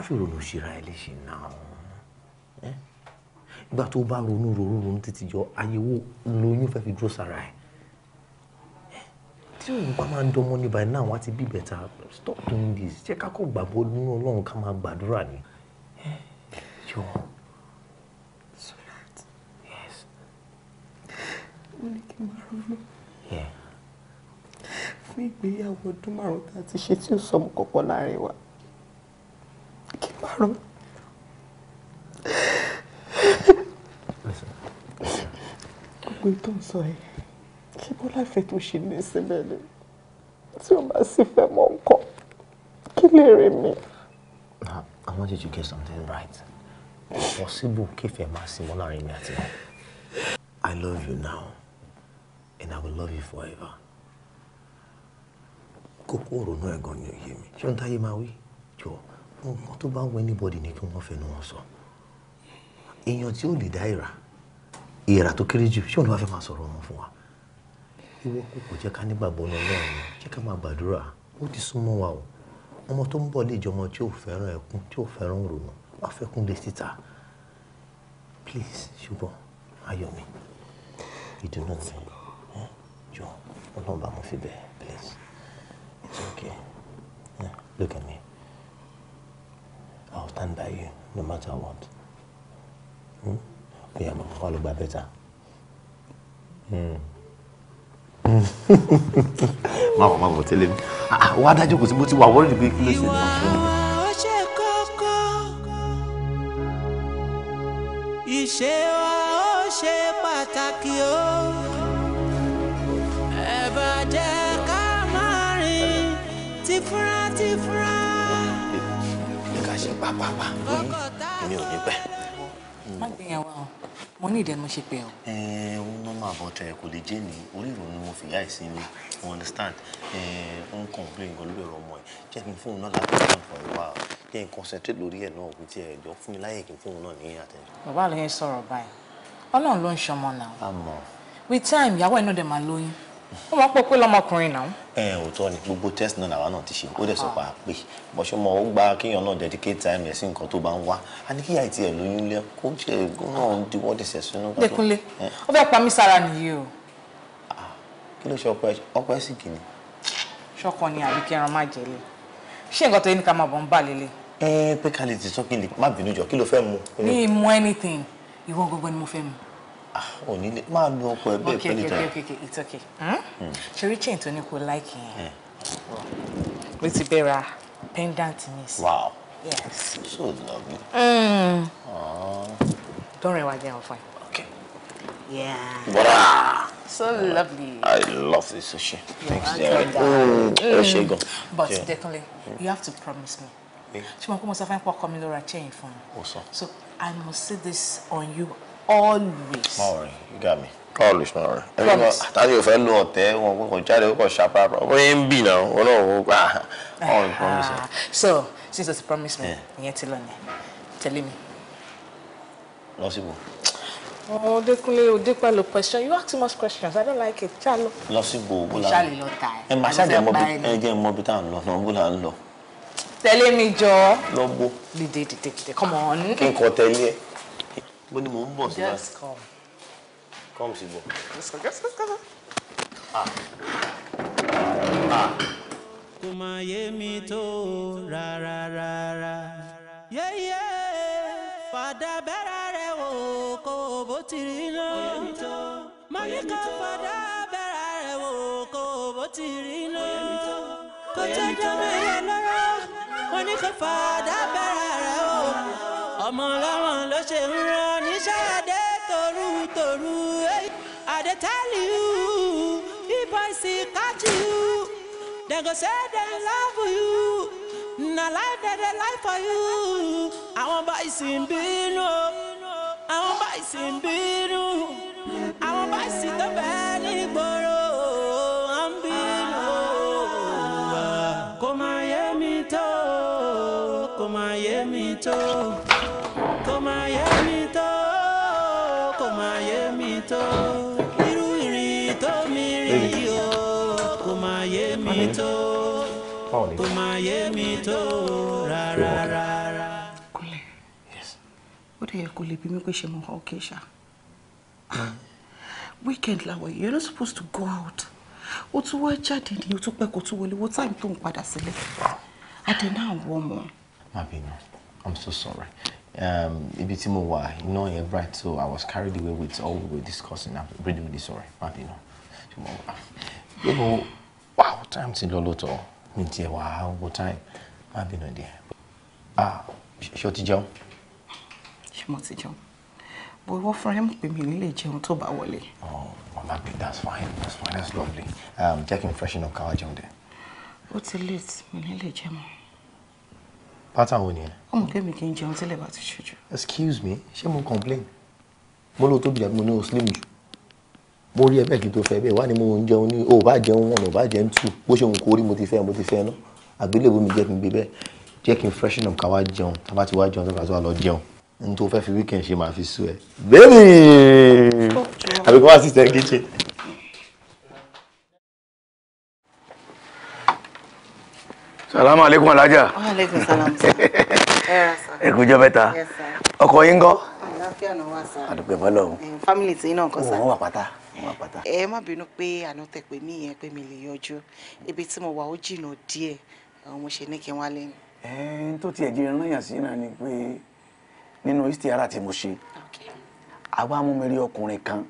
fìrònú ṣera ẹ léṣe náà ìgbà tó bá ronú ronú ronú títí jọ àyẹ̀wò lóyún fẹ́ fi dúró sára ẹ̀ tí òun bá máa ń dánmọ́ ní báyìí náà wá ti bí bẹ̀tà stop doing this jẹ́ ká kọ́ gbàgbọ́ nínú ọlọ́run ká máa gbàdúrà ni. yọ. fún ìgbéyàwó ọdún márùn-ún tá a ti ṣe tí ò sọmọ kọ̀ọ̀kan láàrin wa parọ́. gbogbo ètò ń sọ ẹ ṣé bọ́lá ìfẹ́ tó ṣe ní síbẹ̀ ni tí o bá sì fẹ́ I wanted you to get something right. Possible kífẹ̀ máa sin mọ́ láàrin mi àti I love you now and I will love you forever. Kókó òrònú ẹ̀gàn ni òye mi. Ṣé ń nǹkan tó bá wọ anybody ni kí wọ́n fẹnu wọn sọ èèyàn tí ò lè dá ìrà ìrà tó kéré jù ṣé òun wá fẹ́ máa sọ̀rọ̀ wọn fún wa ìwọ kò kò jẹ́ ká nígbàgbọ́ ọ̀nà ọlọ́run jẹ́ ká máa gbàdúrà ó ti súnmọ́ wa o ọmọ tó ń bọ̀ lè jọmọ tí ò fẹ́ràn ẹkún tí ò fẹ́ràn rònú wá fẹ́kún lè síta please ṣùgbọ́n ayọ̀ mi ìdùnnú mi jọ ọlọ́run bá mo fi bẹ́ẹ̀ please it's okay yeah, look at me. I'll stand by you no matter what. Hmm. Yeah, kọ́kọ́ ló gba bẹ́tà. Hmm. Mama, Mama, tell him. mi. Wọ́n ah, adájọ́ ah, kò sí mo ti wà wọ́rọ̀ níbi kílẹ̀ sí pàápàá èmi ò ní pẹ́. má gbìyànjú àwọn mo ní ìdẹnu ṣe pé o. ẹ ẹ ń nọ́mà bọ́tẹ̀ kò lè jẹ́ ní orí ìrònú mo fìyà ìsinmi you understand ẹ ẹ ń complain gan lórí ọ̀rọ̀ ọmọ ẹ jẹ́ kí n fóun náà láti ṣe àǹfọ̀ ìwà jẹ́ n concentrate lórí ẹ̀ náà kò tiẹ̀ jọ fún mi láyè kí n fóun náà ní attention. bàbá àlọ́ yẹn sọ̀rọ̀ báyìí ọlọ́run ló ń ṣọmọ náà. àmọ́. with time ìyàwó ẹ̀ náà dẹ̀ máa lóyún ó máa pọ̀ pé lọ́mọkùnrin náà. ẹ ẹ òótọ́ ni gbogbo test náà làwa náà ti ṣe ó dẹ̀ sọ pa pé bọ́sọ́mọ ó gba kéèyàn náà dedicate time ẹ̀ sí nǹkan tó bá ń wá a ní kíyà ìtì ẹ̀ lóyún lẹ kó jẹ́ ẹ̀gbọ́n náà ń diwọ́ dẹ̀sẹ̀ sínú. lẹkùnlé ó fẹ́ pa mí sára nìyí o. Ah, kí ló ṣe ọpẹ ọpẹ sì kì ni. ṣọkàn ni àbí kẹran má jẹ lé ṣé nǹkan tó yẹ ní ká máa bọ̀ ń bà lélẹ̀. ẹ pé ká ti sọ kí lè má bínú jọ kí ló fẹ́ mu. mi mu anything ìwọ gbogbo ni mo fẹ́ mu onílé ah, máa lo ọkọ ẹ bẹ́ẹ̀ pẹ̀lú ìtàn. ok ok ok it's ok hmm? hmm. ṣeré chain tó ní kó láìkì yẹn ló hmm. ti bẹ́ẹ̀ ra pendant mi sí. wow yes. so lovely. Mm. Aww. Ah. don't worry why they're fine. okay. yeah. Wow. so lovely. I love this sushi. Thanks, Jerry. Mm. Mm. but definitely mm. you have to promise me. ṣùgbọ́n kó mo sọ fún ẹ pé ọkọ mi ló ra chain fún mi. so I must say this on you always. All right, you got me. Always, all right. Ẹ̀mi kan àtàlẹ́ yóò fẹ́ lo ọ̀tẹ́ wọn kò kàn jáde ó kàn ṣàpàpà ó yẹ ń bì náà wọn náà ah, ah, wọ́n gbà all you promise So since you promise me, ìyẹn ti lọ ni, tẹ̀lé mi. Lọ síbò. Oh, Dekunle, o dé pẹ̀lú question. You ask too much questions. I don't like it. Ṣá lọ. Lọ síbò bó la. Ṣá lè lọ ta ẹ̀. Ẹ máa ṣáàjẹ́ mọ bí ẹ jẹ́ mọ bí tá à ń lọ náà bó la ń lọ. Tẹ̀lé mi jọ. Lọ bó. Dìde dìde dìde, come on. Kí n kọ tẹ̀lé mo ní mò ń bọ̀ síbá. just come. come síbọ̀. kò má yé mi tó rárá rárá yéyé fàdà bẹ́rẹ̀ rẹ̀ wò kó bó ti rí náà mọ̀níkà fàdà bẹ́rẹ̀ rẹ̀ wò kó bó ti rí náà kó tó dọ́mọ ẹ̀yẹ lọ́rọ́ mọ̀níkà fàdà bẹ́rẹ̀ rẹ̀ wò ọmọ ọlọ́wọ́n ló ṣe ń rán òru eh. I dey tell you if boys see catch you dem go say dem love you na life dem dey life for you àwọn boys ń bínú àwọn boys ń bínú àwọn boys tó bẹ́ẹ̀ nígboro. kò máa yé mi tó kò máa yé mi tó. bí ẹ kò lè bí mi pé ṣe mo wá weekend làwọ̀ yìí you're not supposed to go out o tún wá jáde ni o tún pẹ́ kó tún wọlé wo time tó ń padà sílẹ̀ adena àwọn ọmọ. má bínú i'm so sorry um, ibi tí mo wà iná yẹn bright so i was carried away with all we were discussing i'm really really sorry má bínú ṣùgbọ́n gbogbo wow time ti lọ lóòótọ́ mi tiẹ̀ wá wo time má bínú díẹ̀ ah ṣé o ti jẹun mo ti jẹun bó wọ́n fúnra ẹ̀ mọ̀ pé mi ò ní lè jẹun tó bá wọlé. oh mama babe that's fine that's fine that's lovely um, jẹ́ kí n freshen up káwá jẹun dé. ó ti late mi ní lè jẹun. pátá wo nìyẹn. ọmọ kẹ́mi kì í jẹun tílẹ̀ bá ti ṣojú. excuse me ṣé mo complain mo lóò tóbi àbí mo ní o slim jù mo rí ẹbẹ kí n tó fẹ́ bẹ́ẹ̀ wá ní mo ń jẹun ní o bá jẹun wọn ò bá jẹun tù bó ṣe ń kó rí mo ti fẹ́ mo ti fẹ́ náà àgbélébùú mi jẹ́ kí n gbé bẹ́ẹ̀ jẹ́ kí n freshen up káwá jẹun tá a bá ti wá jẹun tó bá tó wá lọ jẹun n tó fẹ́ fi weekend ṣe máa fi sú ẹ bẹ́ẹ̀ni àbí kó wá sí sẹ́ẹ̀ kitchen. salamu aleykum alaja. wa aleykum salam sir. ẹ kú jọ́ mẹ́ta ọkọ yín ńkọ́. àlàáfíà náà wà sá. àdùpẹ̀ bọ́lọ̀. fámìlì tí náà kọ́ sá. wọ́n wà pátá pátá. ẹ má bínú pé àná tẹ pé mí yẹn pé mi lè yọjú ibi tí mo wà ó jìnnà díẹ̀ mo ṣe ní kí n wálé ni. ẹ tó tiẹ̀ jẹ́ ìrànyàn sí náà ni pé nínú istiara tí mo ṣe àwa mú mi rí ọkùnrin kan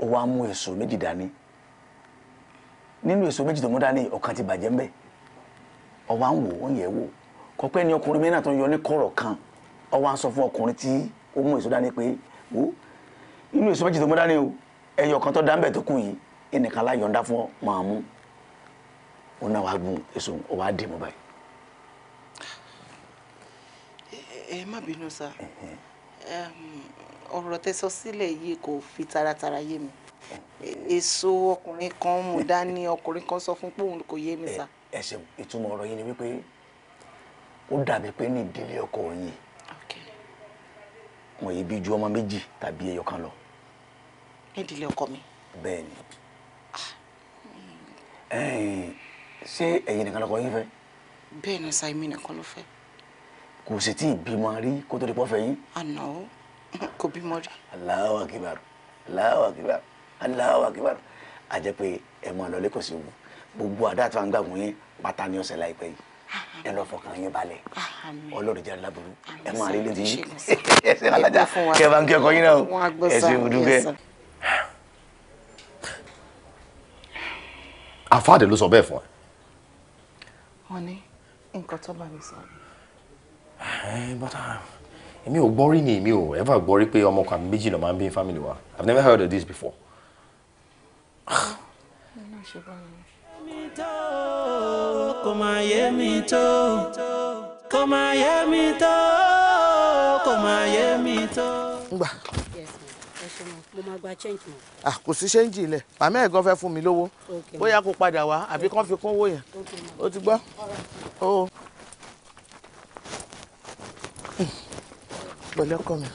ó wá mú èso méjì dání nínú èso méjì tó mú dání ọ̀kan ti bàjẹ́ ń bẹ̀ ó wá ń wò ó ń wò kò ni ọkùnrin mìíràn tó ń yọ ní kọ̀rọ̀ kan ó wá ń sọ fún ọkùnrin tí ó mú èso dání pé wò ó nínú èso méjì tó mú dání o ẹyọ kan tó dá ń tó kù yìí ẹnìkan láyọ̀ ń dá fún ọ máa mú ó náà wá gùn èso ó wá dì mú báyìí. ẹ má bínú sá ọ̀rọ̀ tẹ́ sọ sílẹ̀ yìí kò fi taratara yé mi èso ọkùnrin kan mú dání ọkùnrin kan sọ fún pé òun kò yé mi sá. ẹ ṣe ìtumọ̀ ọ̀rọ̀ yìí ni wípé ó dàbí pé ní ìdílé ọkọ yìí wọn yìí bí ju ọmọ méjì tàbí ẹyọ kan lọ. nídìílé ọkọ mi. bẹ́ẹ̀ ni ah. ṣé ẹ̀yin nìkan lọkọ yín fẹ́. bẹ́ẹ̀ ni sa èmi nìkan ló fẹ́ kò sì tí ì bímọ rí kó tó di pọ́ fẹ́yìn. àná kò bímọ rí. Allahu akbar Allahu akbar Allahu akbar a jẹ́ pé ẹ máa lọ lẹ́kọ̀ọ́ sí wù gbogbo àdá tó ń gbà wọ́n yẹn pátá ni ọ̀sẹ̀ láìpẹ́ yìí ẹ lọ fọkàn yín balẹ̀ ọlọ́run jẹ́ aláburú ẹ máa rí létí yín ẹsẹ̀ alájà kẹ bá ń kẹ́kọ̀ọ́ yín náà ẹsẹ̀ ìdúgbẹ́. àfáàdé ló sọ bẹ́ẹ̀ fún ẹ. wọ́n ní nǹkan tó bá mi sọ Eh, but uh, èmi ò gbọ́rí ni èmi ò ever gbọ́rí pé ọmọ kan méjì ló máa ń bí family wa I've never heard of this before. kò máa yé mi tó kò máa yé mi tó kò máa yé mi tó. ngbà. mo ah kò sí change ilẹ̀ màmá ẹ̀ fẹ́ fún mi lówó bóyá kó padà wá àbí kán fi kún owó yẹn ó ti gbọ́ pẹ̀lú ọkọ mi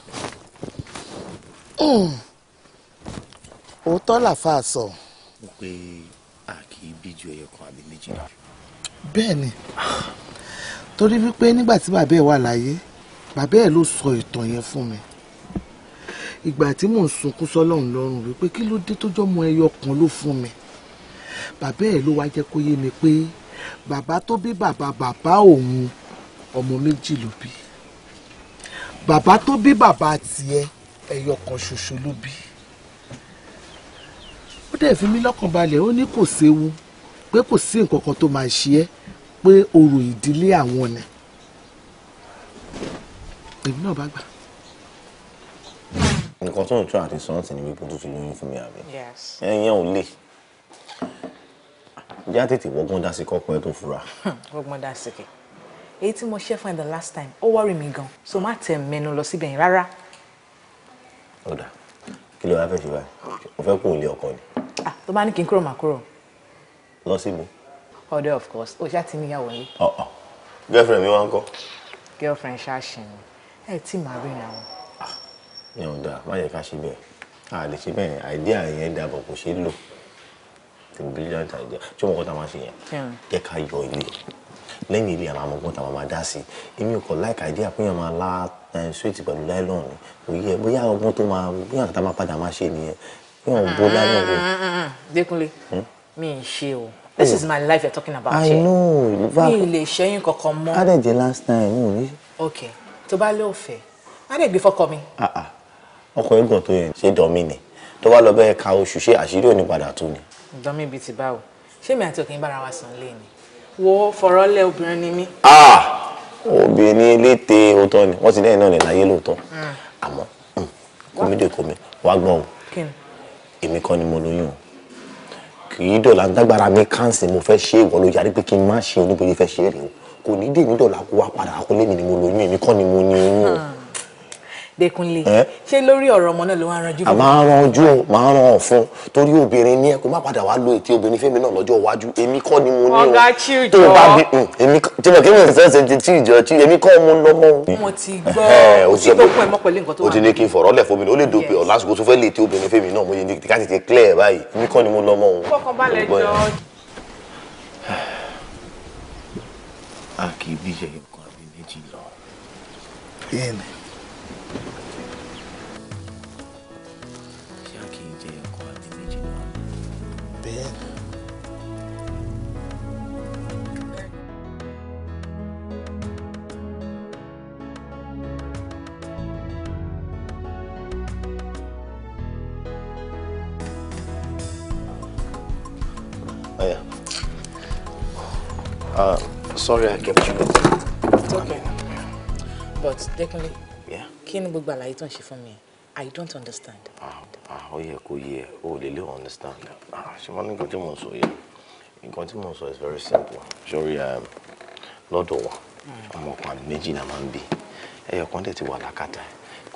òótọ́ làfa sọ. mo pe a kì í bí ju ẹyọ kan àbí méjì lọ. bẹ́ẹ̀ ni torí wípé nígbà tí bàbá ẹ̀ wà láyé bàbá ẹ̀ ló sọ ìtàn yẹn fún mi ìgbà tí mò ń sunkún sọ́lọ́run lọ́rùn wípé kí ló dé tó jọmọ ẹyọ kan ló fún mi bàbá ẹ̀ ló wá jẹ́ kó yé mi pé bàbá tó bí bàbá bàbá òun ọmọ méjì ló bí bàbá tó bí bàbá tiẹ̀ ẹyọ kan ṣoṣo ló bí ó dẹ̀ fi mí lọ́kàn balẹ̀ ó ní kò séwu pé kò sí nǹkan kan tó máa ṣe ẹ́ pé orò ìdílé àwọn ni èmi náà bá gbà. nǹkan tó ń tún àti sọ́ọ́ tì ní wípé tó ti lóyún fún mi àbí ẹ̀yìn ò lè já tètè wọ́gbọ́n dá sí kọ́kùnrin tó fura. wọ́gbọ́n dá sí kẹ́kẹ́ èyí tí mo ṣe fún ẹ the last time ó wọ́rì mi gan so má tẹ̀ mẹ́nu lọ síbẹ̀ yẹn rárá. ọ̀dà kí ló wá fẹ́ ṣe báyìí mo fẹ́ kún ilé ọkọ ni. ah tó bá ní kí n kúrò má kúrò. lọ sí mi. ọ̀dọ̀ of course o ṣáà ti níyàwó ni. ọ̀ọ̀ girlfriend mi wá ń kọ́. girlfriend ṣáàṣì ni ẹ tí màá rí ìrìn àwọn. ìyẹn ò dáa má yẹ ká ṣe bẹ́ẹ̀ a lè ṣe bẹ́ẹ̀ àìdíà yẹn dàbọ̀ kò ṣeé lò the brilliant idea ṣé wọn kọ́ ta máa ṣe yẹn jẹ́ ká yọ ilé lẹ́yìn ibi àwọn ọmọgbọ́n tàwọn máa dá sí èmi ò kọ̀ láìka ìdí àpéyàn máa lá eh, sweeti pẹ̀lú nylon kò yẹ bóyá ọgbọ́n tó máa bóyá àtàtà máa padà máa ṣe nìyẹn bí wọn bó lálẹ́ wò. Dékúnlé mi ì ṣe o hmm. this is my life you're talking about here. I know. mi ì lè ṣẹ́yìn kankan mọ́. á dẹ̀ last time ò ní. ok tó bá lé òfẹ́ á dẹ̀ gbé fọkọ mi. Ah, ah, ọkọ̀ ẹ̀gbọ́n tó yẹn ṣe dọ̀mí ni tó bá lọ bẹ́ẹ̀ ka oṣù ṣe àṣírí ò ní padà tó ni. dọ̀mí bíi ti báwo ṣé mi àti òkè ń bára wa sàn lé ni wo fọ̀rọ̀lẹ̀ obìnrin ni mí. Ah, obìnrin létè òótọ́ ni wọ́n ti lẹ́yìn náà ní láyé lóòótọ́ hmm. àmọ́ kòmídè hmm, kòmí wá gbọ́n o èmi kọ́ ni mo lóyún o kì í dọ̀là dágbára mi káǹsì mo fẹ́ ṣe ìwọ ló yarí pé kí n má ṣe oníbòye fẹ́ ṣe é rèé o kò ní dè ní dọ̀là kó wá padà akólé mi ni mo lóyún èmi kọ́ ni mo ní oyún o. Hmm. Dékúnlé ṣé lórí ọ̀rọ̀ ọmọ náà ló wá ranjú. àmọ́ á ran ojú ọ̀ máa ran ọ̀fun torí obìnrin ní ẹ kó má padà wá lo ètè obìnrin fẹ́mi náà lọ́jọ́ iwájú èmi kọ́ ni mo ní o. ọ̀gá tí ìjọ tó bá bí mm, èmi tí mo kí mo sẹ́sẹ̀ ti ìjọ tí èmi kọ́ mo lọ́mọ. mo ti eh, gbọ́ eh, o ti gbọ́ pẹ̀mọ́ pẹ̀lú nǹkan o ti ní kí n fọ̀rọ̀ lẹ̀ fómi ó lè dòpin ọ̀la àsìkò tó fẹ́ lè tí obìnrin fẹ́mi náà mo yẹ ká tètè clear báyìí èmi kọ́ ni mo o. fọkànbalẹ̀ jọ. a ah, Uh, sorry I kept you waiting. It's okay. But definitely, yeah. kí ni gbogbo àlàyé tó ń ṣe I don't understand. Ah, ah yẹ kó yẹ, o ò lè lè understand. Ah, ṣé wọ́n ní nǹkan tí mò ń sọ yẹ? Nǹkan tí mò ń sọ is very simple. Sori um, lọ́dọ̀ wa, ọmọkùnrin méjì náà máa ń bí. Ẹyọ kan dẹ̀ ti wà lákàtà.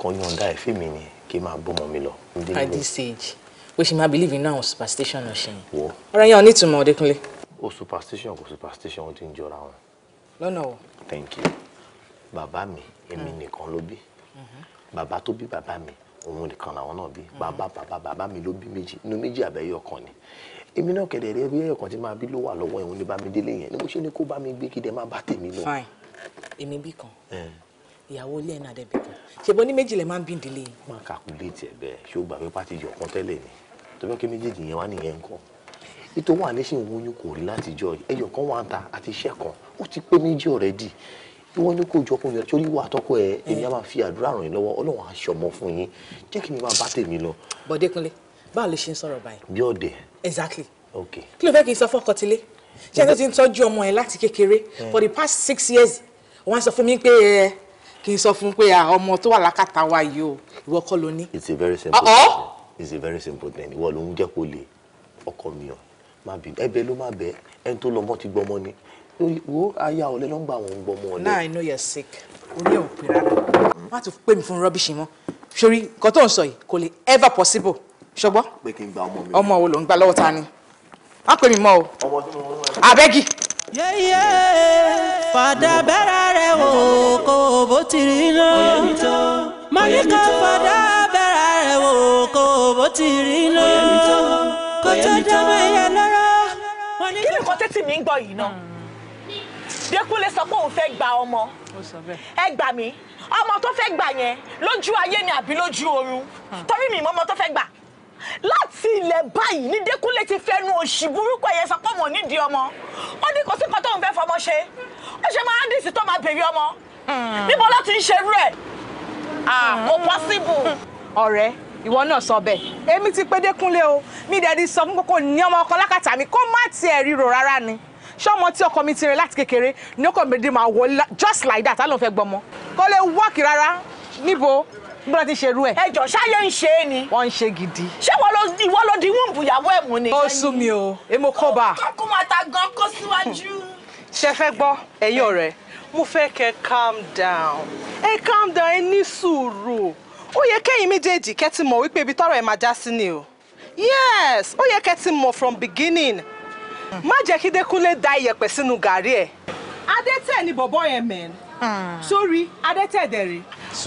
Kan yọ̀ǹda ẹ̀fẹ́ mi ni kí n máa bọ́mọ mi lọ. At this age, we should not believe in now superstition or ọ̀ṣin. Ọ̀rọ̀ yẹn ò to ìtumọ̀ definitely. O superstition kò superstition ó ti ń jọra wọn. lọ́nà o. thank you bàbá mi èmi mm. nìkan ló bí mm-hmm. bàbá tó bí bàbá mi òun nìkan làwọn náà bí mm-hmm. bàbá bàbá bàbá mi ló bí méjì inú méjì àbẹ̀yẹ ọkàn ni èmi náà kẹ̀dẹ̀ rẹ bí ẹ̀yọ̀kan tí máa bí ló wà lọ́wọ́ ẹ̀hún ní bámidélé yẹn ni mo ṣe ní kó bá gbé kí má bá tèmi lọ. fine èmi bí kan ìyàwó ilé ẹ̀nà àdẹ́bí kan ṣèbọn ní méjì lè máa ń bí ìdílé yìí. má kàkúlé tiẹ̀ bẹ́ẹ̀ ṣé ó gbà pé kan tẹ́lẹ̀ ni tó bẹ́ẹ̀ kí méjèèjì yẹn wá nìyẹn ń kọ́ nítorí wà níṣẹ́ ìwọ oyún kò rí látijọ́ ẹyọ kan wà ń ta àti iṣẹ́ kan ó ti pé méjì already ìwọ ní kó jọ kó yọ torí wà tọkọ ẹ èmi á máa fi àdúrà ràn yín lọ́wọ́ Ọlọ́run á ṣọmọ fún yín jẹ́ kí mi máa bá tèmi lọ. Bọ̀dé Kúnlé báwo lè ṣe ń sọ̀rọ̀ báyìí. bí ọ̀dẹ̀. exactly. ok kí ló fẹ́ kí n sọ fún ọkọ tilé ṣé ẹni ti ń tọ́jú ọmọ ẹ láti kékeré eh. for the past six years wọ́n á sọ fún mi pé ẹ eh, kí n sọ fún pé ah, ọmọ tó wà lákàtà wa yìí o ìwọ kọ́ ló it's a very simple thing. it's a very simple thing ìwọ ló ń jẹ́ kó le ọkọ mi ọ̀ má bínú ẹ̀bẹ̀ ló má bẹ ẹni tó lọmọ ti gbọmọ ni wo aya ọ̀lẹ ló ń gba àwọn gbọmọ ọ̀lẹ. now I know you're sick orí ẹ̀ ò pè rárá má tún pè mí fún rubbish mọ́ sórí nǹkan tó ń sọ yìí kò lè ever possible ṣọgbọ́. pé kí n gba ọmọ mi. ọmọ wo ló ń gba lọ́wọ́ ta ni má pè mí mọ́ o. abẹ́gi. yeye fàdà bẹ́rẹ̀ rẹ̀ wò kó bó ti rí náà mọ̀ ní ká fàdà bẹ́rẹ̀ rẹ̀ wò kó bó ti rí náà tó dánwó ẹyẹ lọ́rọ́. kí ni nǹkan tẹ́tí mi ń gbọ́ yìí náà Dékúnlé sọ pé òun fẹ́ gba ọmọ ẹ gbà mí ọmọ tó fẹ́ gbà yẹn lójú ayé ni àbí lójú ọ̀run torí mi ìmọ̀mọ́ tó fẹ́ gbà láti ilẹ̀ báyìí ní Dékúnlé ti fẹnu òṣì burúkú ẹ̀yẹ sọ pé òun ò nídìí ọmọ ó ní kò sí nǹkan tóun fẹ́ fọmọ ṣe ó ṣe máa ń dìsí tó máa bèrè ọmọ hmm. níbo ló ti ń ṣerú ẹ̀ kò ah, hmm. pọ́síbù ọ̀rẹ́ ìwọ náà sọ bẹ́ẹ̀ èmi ti pé dékúnlé o mi dẹ̀ di sọ fún kókó ní ọmọ ọkọ lákàtà mi kó má tiẹ̀ ríro rárá ni ṣé ọmọ tí ọkọ mi ti rìn láti kékeré ní ọkọ mi dé máa wọ just like that alóun fẹ́ gbọmọ kó lè wọ́ọ̀kì rárá níbo bí wọ́n ti ṣe rú ẹ̀. ẹ jọ ṣáyé ń ṣe é ni. wọ́n ń ṣe gidi. ṣé ìwọ ló di wúǹbù ìyàwó ẹ̀ mú ni. ó sú mi o èmo kó bá. kókó máa ta gan kó síwájú. ṣe fẹ́ gbọ́ ẹ̀yin ọ̀rẹ́ mo fẹ́ kẹ́ calm down ẹ calm down ẹ ní sùúrù ó yẹ kẹ́yìn méjèèjì kẹ́ ti mọ̀ wípé ibi tọ́rọ̀ ẹ̀ máa já sí ni o yes ó yẹ kẹ́ mọ̀ from beginning má jẹ́ kí Dékúnlé da iyẹ̀pẹ̀ sínú gàrí ẹ̀ adẹ́tẹ̀ ni bọ̀bọ́ yẹn mẹ́n hmm. sórí adẹ́tẹ̀ dẹ̀rẹ̀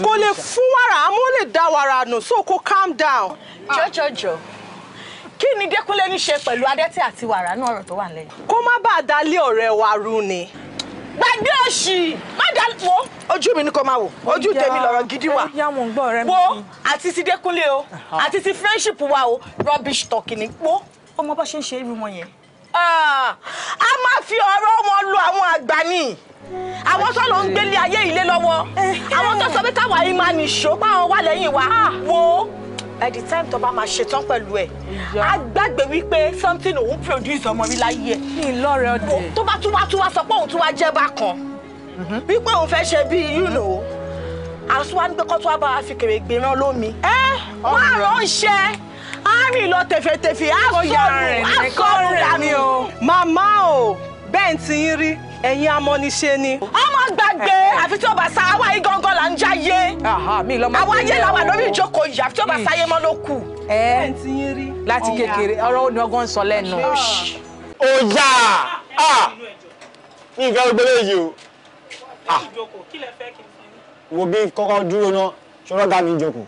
kò lè fún wàrà àmọ́ ó lè dá wàrà nù so kó calm down. jọjọjọ kí ni Dékúnlé ní ṣe pẹ̀lú adẹ́tẹ̀ àti wàrà náà ọ̀rọ̀ tó wà lẹ́yìn. kó má bàa dalé ọ̀rẹ́ wa rú ni gbàgbé òṣì má dá wo. ojú mi ni kò máa wò ojú tèmi lọ̀rọ̀ gidi wà wo àti ti Dékúnlé o àti ti friendship wa o rubbish talk ni wo ọmọ bá ṣe ń ṣe irú wọn yẹn. a máa fi ọ̀rọ̀ wọn lu àwọn àgbà ni àwọn tó ló ń gbélé ayé ilé lọ́wọ́ eh. àwọn tó sọ pé káwa yìí máa nìṣó báwọn wà lẹ́yìn wa ah. wo by the time tó bá máa ṣetán pẹ̀lú ẹ̀ á gbàgbé wípé something òun produce ọmọ mi láyé ẹ̀. mi lọ́rẹ̀ ọdẹ. tó bá tún wá tún wá sọ pé òun tún wá jẹ́ bákan mhm. wípé òun fẹ́ ṣe bí you know àsùnwá ní pé kó tún wá bá a fi kèrè gbèrán lómi. ẹ wọ́n ránṣẹ́ á rìn lọ tẹ̀fẹ̀tẹ̀fẹ̀ á sọ̀rọ̀ á sọ̀rọ̀ dànù. màmá o bẹ́ẹ̀ ti ń rí ẹ̀yin amọ́niṣe ni. ọmọ gbàgbé àfi tí ó bá sa àwa yìí gangan là ń jáyé. àwa ayé la wà lórí ìjókòó yìí àfi tí ó bá sáyé mọ́ ló kù. bẹ́ẹ̀ ti ń rí. láti kékeré ọ̀rọ̀ òní ọgọ́ ń sọ lẹ́nu. ó yá ah, ah. mi ìfẹ́ gbélé yìí o. Ah. wo bí kọ́kọ́ dúró náà ṣọ́rọ́ ga mi jókòó.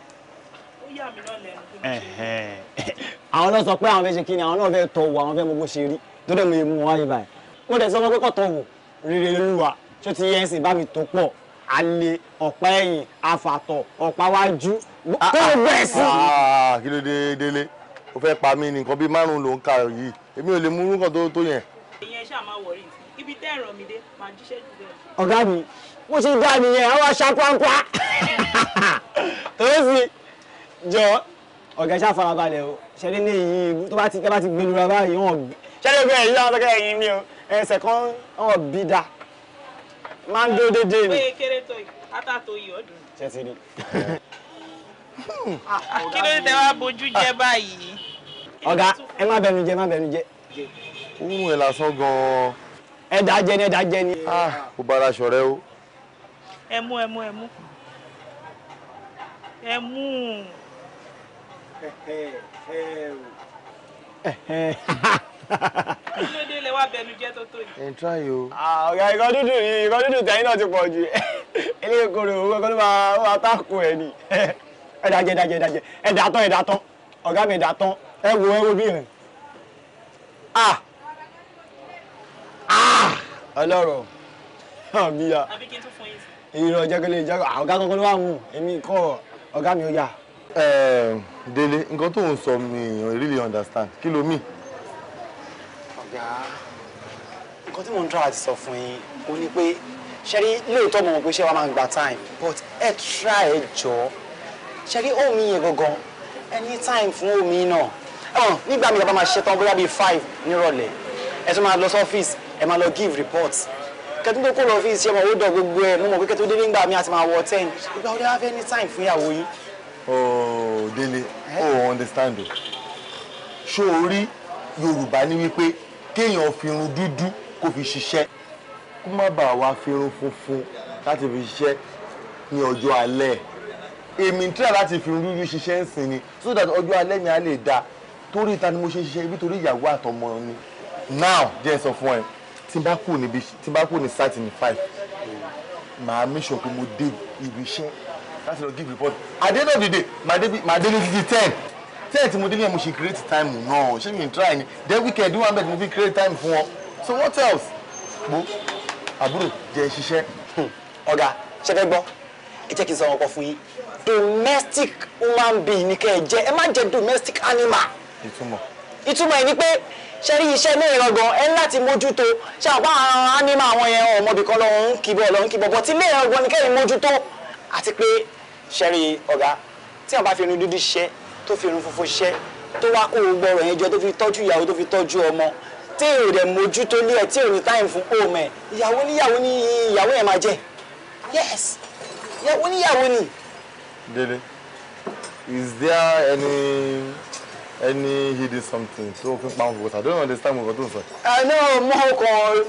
àwọn náà sọ pé àwọn fẹ́ ṣe kí ni àwọn náà fẹ́ tọ̀ wọ àwọn fẹ́ mọ bó ṣe rí tó dẹ̀ mo yẹ mú wọn wáyé báyìí mo dẹ̀ sọ fún pé kọ̀tọ̀ wò rere lúwa tó ti yẹn sì bá mi tó pọ̀ alẹ́ ọ̀pá ẹ̀yìn afàtọ̀ ọ̀pá wájú tó o bẹ̀rẹ̀ sí. kí ló dé délé o fẹ́ pa mí nìkan bíi márùn-ún ló ń ka yìí èmi ò lè mú nǹkan tó tó yẹn. ìyẹn ṣáà máa wọrí ibi tẹ́ ẹ̀rọ mi dé máa jíṣẹ́ jù bẹ́ẹ̀. ọ̀gá mi mo ti dá nìyẹn àwọn aṣápáńpá tòun sì jọ ọ̀gá iṣẹ́ àfarabalẹ̀ o ṣẹ́ni ní èyí tó bá ti gbẹ̀lú ra báyìí wọn ṣẹ́ni bẹ́ẹ̀ yí àwọn ẹ̀yìn mi o ẹsẹ̀ kan wọn bí da máa ń dúró déédéé ni. oye kéré tó yìí látàtò yìí ọdún. ṣe ti rí. kí ló dé wá bójú jẹ báyìí. ọ̀gá ẹ má bẹnu jẹ má bẹnu jẹ. ohun ẹ̀ lásán gan-an. ẹ̀dá jẹ ni ẹ̀dá jẹ ni. kò ah, bára aṣọ rẹ o. ẹ mú ẹ mú ẹ mú ẹ mú un. kílódé lè wá bẹnujẹ tó tó yìí. ẹ n try o. ọ̀gá ikọ́ dúdú yìí ikọ́ dúdú tẹ̀yìn náà ti pọ̀ jù eléyìí koro owó kan ló máa ó máa táàkù ẹ̀ ni ẹ̀dà jẹ ẹ̀dà jẹ ẹ̀dà jẹ ẹ̀dà tán ẹ̀dà tán ọ̀gá mi ẹ̀dà tán ẹ wo ẹ wo bí rìn. ọlọ́rọ̀ àbí ya ìrọ̀ jẹ́gẹ́lẹ́ ìjẹ́gẹ́ ọ̀gá kankan ló wà mú èmi kọ́ ọ̀gá mi ó yà. Délé nǹkan tó ń sọ mi really understand kí ló mean ọ̀gá nǹkan tí mò ń tọ́ àti sọ fún yín ó ní pé ṣẹ́rí lóòótọ́ mọ̀ pé ṣé wàá máa gba time but ẹ try ẹ jọ ṣẹ́rí omi yẹn gangan Any ní time fún omi náà ẹ̀wọ̀n nígbà mi bàbá máa ṣe tán bóyá bíi five nírọ̀lẹ́ ẹ tún máa lọ sí ọ́fíìsì ẹ máa lọ give report kẹtù tó kó lọ ọ́fíìsì ṣe mọ̀ ó dọ̀ gbogbo ẹ̀ mo mọ̀ pé kẹtù délé ńgbà mi àti máa wọ ten ìgbà ó dé any time fún ìyàwó yín. ooo oh, délé o oh, understand o ṣó o rí yorùbá ní wípé kéèyàn fi irun dúdú kó fi ṣiṣẹ́ kó má bàa wá fi irun funfun láti fi ṣiṣẹ́ ní ọjọ́ alẹ́ èmi ń tíra láti fi dúdú ṣiṣẹ́ ń sìn ni so that ọjọ́ alẹ́ mi á lè da torí ta ni mo ṣe ṣiṣẹ́ ibi torí ìyàwó àtọmọ ni now jẹ́ sọ fún ẹ tí n bá kù níbi tí n ní five màá make sure pé mo dé ibi iṣẹ́ láti lọ give report at the end of the day màá dé ní títí ten tẹ́ẹ̀ tí mo délé mo ṣe create time náà ṣé mi try ni then weekend one bed mo fi create time fún wọn so what else gbo àbúrò jẹ́ ṣiṣẹ́. Hmm, ọ̀gá ṣe fẹ́ gbọ́ ẹ jẹ́ kí n sọ ọkọ fún yín domestic human being ni kẹ́ ẹ jẹ́ ẹ má jẹ́ domestic animal. ìtumọ̀. ìtumọ̀ ẹ̀ ni pé ṣe rí iṣẹ́ ní ìrọ̀gàn ẹ láti mójútó ṣe àpá àwọn ánímà àwọn yẹn ọmọbìkan lọ ń kíbọ̀ lọ ń kíbọ̀ bọ̀ tí ilé ìrọ̀gàn ni kẹ́yìn mójútó àti pé ṣe rí ọ̀gá tí wọn bá fi irun dúdú ṣiṣẹ́ tó fi irun funfun ṣẹ́ tó wá kó o gbọ́rọ̀ yẹn jọ tó fi tọ́jú ìyàwó tó fi tọ́jú ọmọ tí èrò rẹ̀ mójútó lé ẹ̀ tí èrò táyìn fún òmò ẹ̀ ìyàwó níyàwó ní ìyàwó yẹn máa jẹ́ yes ìyàwó níyàwó ni. Dele is there any any hidden something tó fi pa ọkọ I don't understand ọkọ tó ń sọ. àná mọ ọkàn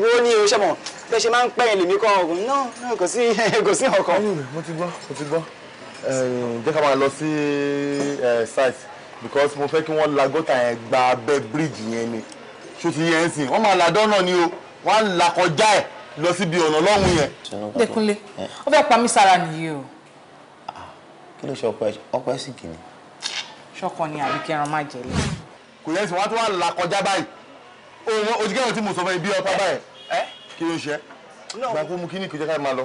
wo ni o ṣe mọ bẹ ṣe máa ń pẹ́yìn lèmi kọ́ ọ̀gùn náà kò sí kò sí ọkàn. mo ti gbọ́ mo ti gbọ́ jẹ́ ká máa lọ sí site because mo fẹ́ kí wọ́n la gọ́tà yẹn gba abẹ́ bíríìjì yẹn ni ṣó ti yẹn sìn wọ́n máa la dọ́nà ni o wọ́n á là kọjá ẹ̀ lọ síbi ọ̀nà lọ́hùn yẹn. Dékúnlé ó fẹ́ pa mí sára nìyí o. kí ló ṣe ọpẹ ọpẹ sì kì ni. ṣọkọ ni àbí kí ẹran má jẹ lé. kò yẹn sìn wọ́n á tún wá là kọjá báyìí ojú kẹrin tí mo sọ fún ẹ bí ọpá báyìí kí ló ń ṣe gbàgbọ́ mu kí ni kò jẹ́ ká máa lọ.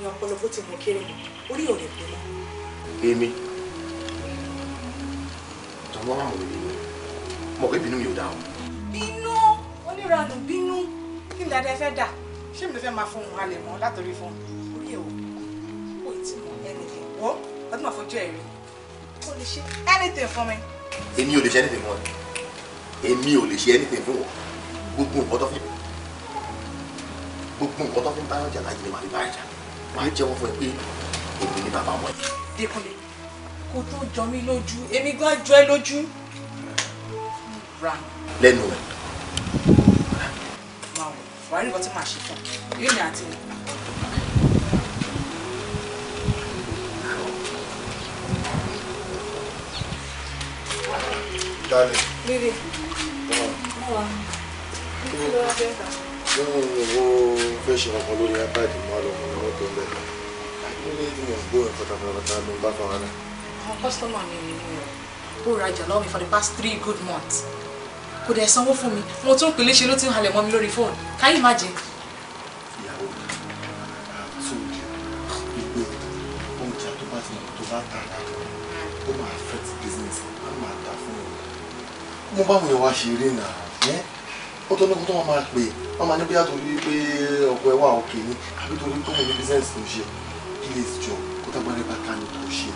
ní ọpọlọ bó ti mọ kéré mọ orí ọ̀rẹ́ pé mọ́. èmi tọ́wọ́ máa mọ̀ bíbí mọ̀ pé bínú mi ò dá o. bínú oníranù bínú kí ni dáadáa fẹ́ dà ṣé mi fẹ́ máa fún un halẹ̀ mọ́ látọ̀rí fún un orí ẹ̀ kò tí mọ anything wọ́ ọdún máa fojú ẹ̀ rí o lè ṣe anything fún mi. èmi ò lè ṣe anything fún ọ èmi ò lè ṣe anything fún ọ gbogbo nǹkan tó fi gbogbo nǹkan tó fi ń bá ọjà láyé ni màá fi bá ọjà máa jẹ́ wọn fún ẹ pé èmi ni bàbá wọn. Dékúnlé kò tó jọ mí lójú èmi gan jọ ẹ lójú. lẹ́nu ẹ̀. wàá rí nǹkan tí màá ṣe fún un yóò ní àti wọn. Dale. Vivi. Hola. Hola. ¿Qué tí mo wo fẹ́ for the past three good months kò dẹ̀ sanwó fún mi mo tún pèlè ṣe ló ti ń halẹ̀ mọ́ mi lórí fóònù can you imagine. ìyàwó mi àtúndì ìgbé oúnjẹ tó bá ti mọ̀ tó bá tà á ó máa affect business á máa tà fún mi. mo bá wọn wá ṣe eré náà ó tó ní kó tó wọn máa pè wọn máa ní bóyá torí pé ọkọ ẹ wà òkè ni àbí torí pé òun ní bísẹ̀nsì tó ń ṣe please jọ kó tágbára bá ká ní tó ṣe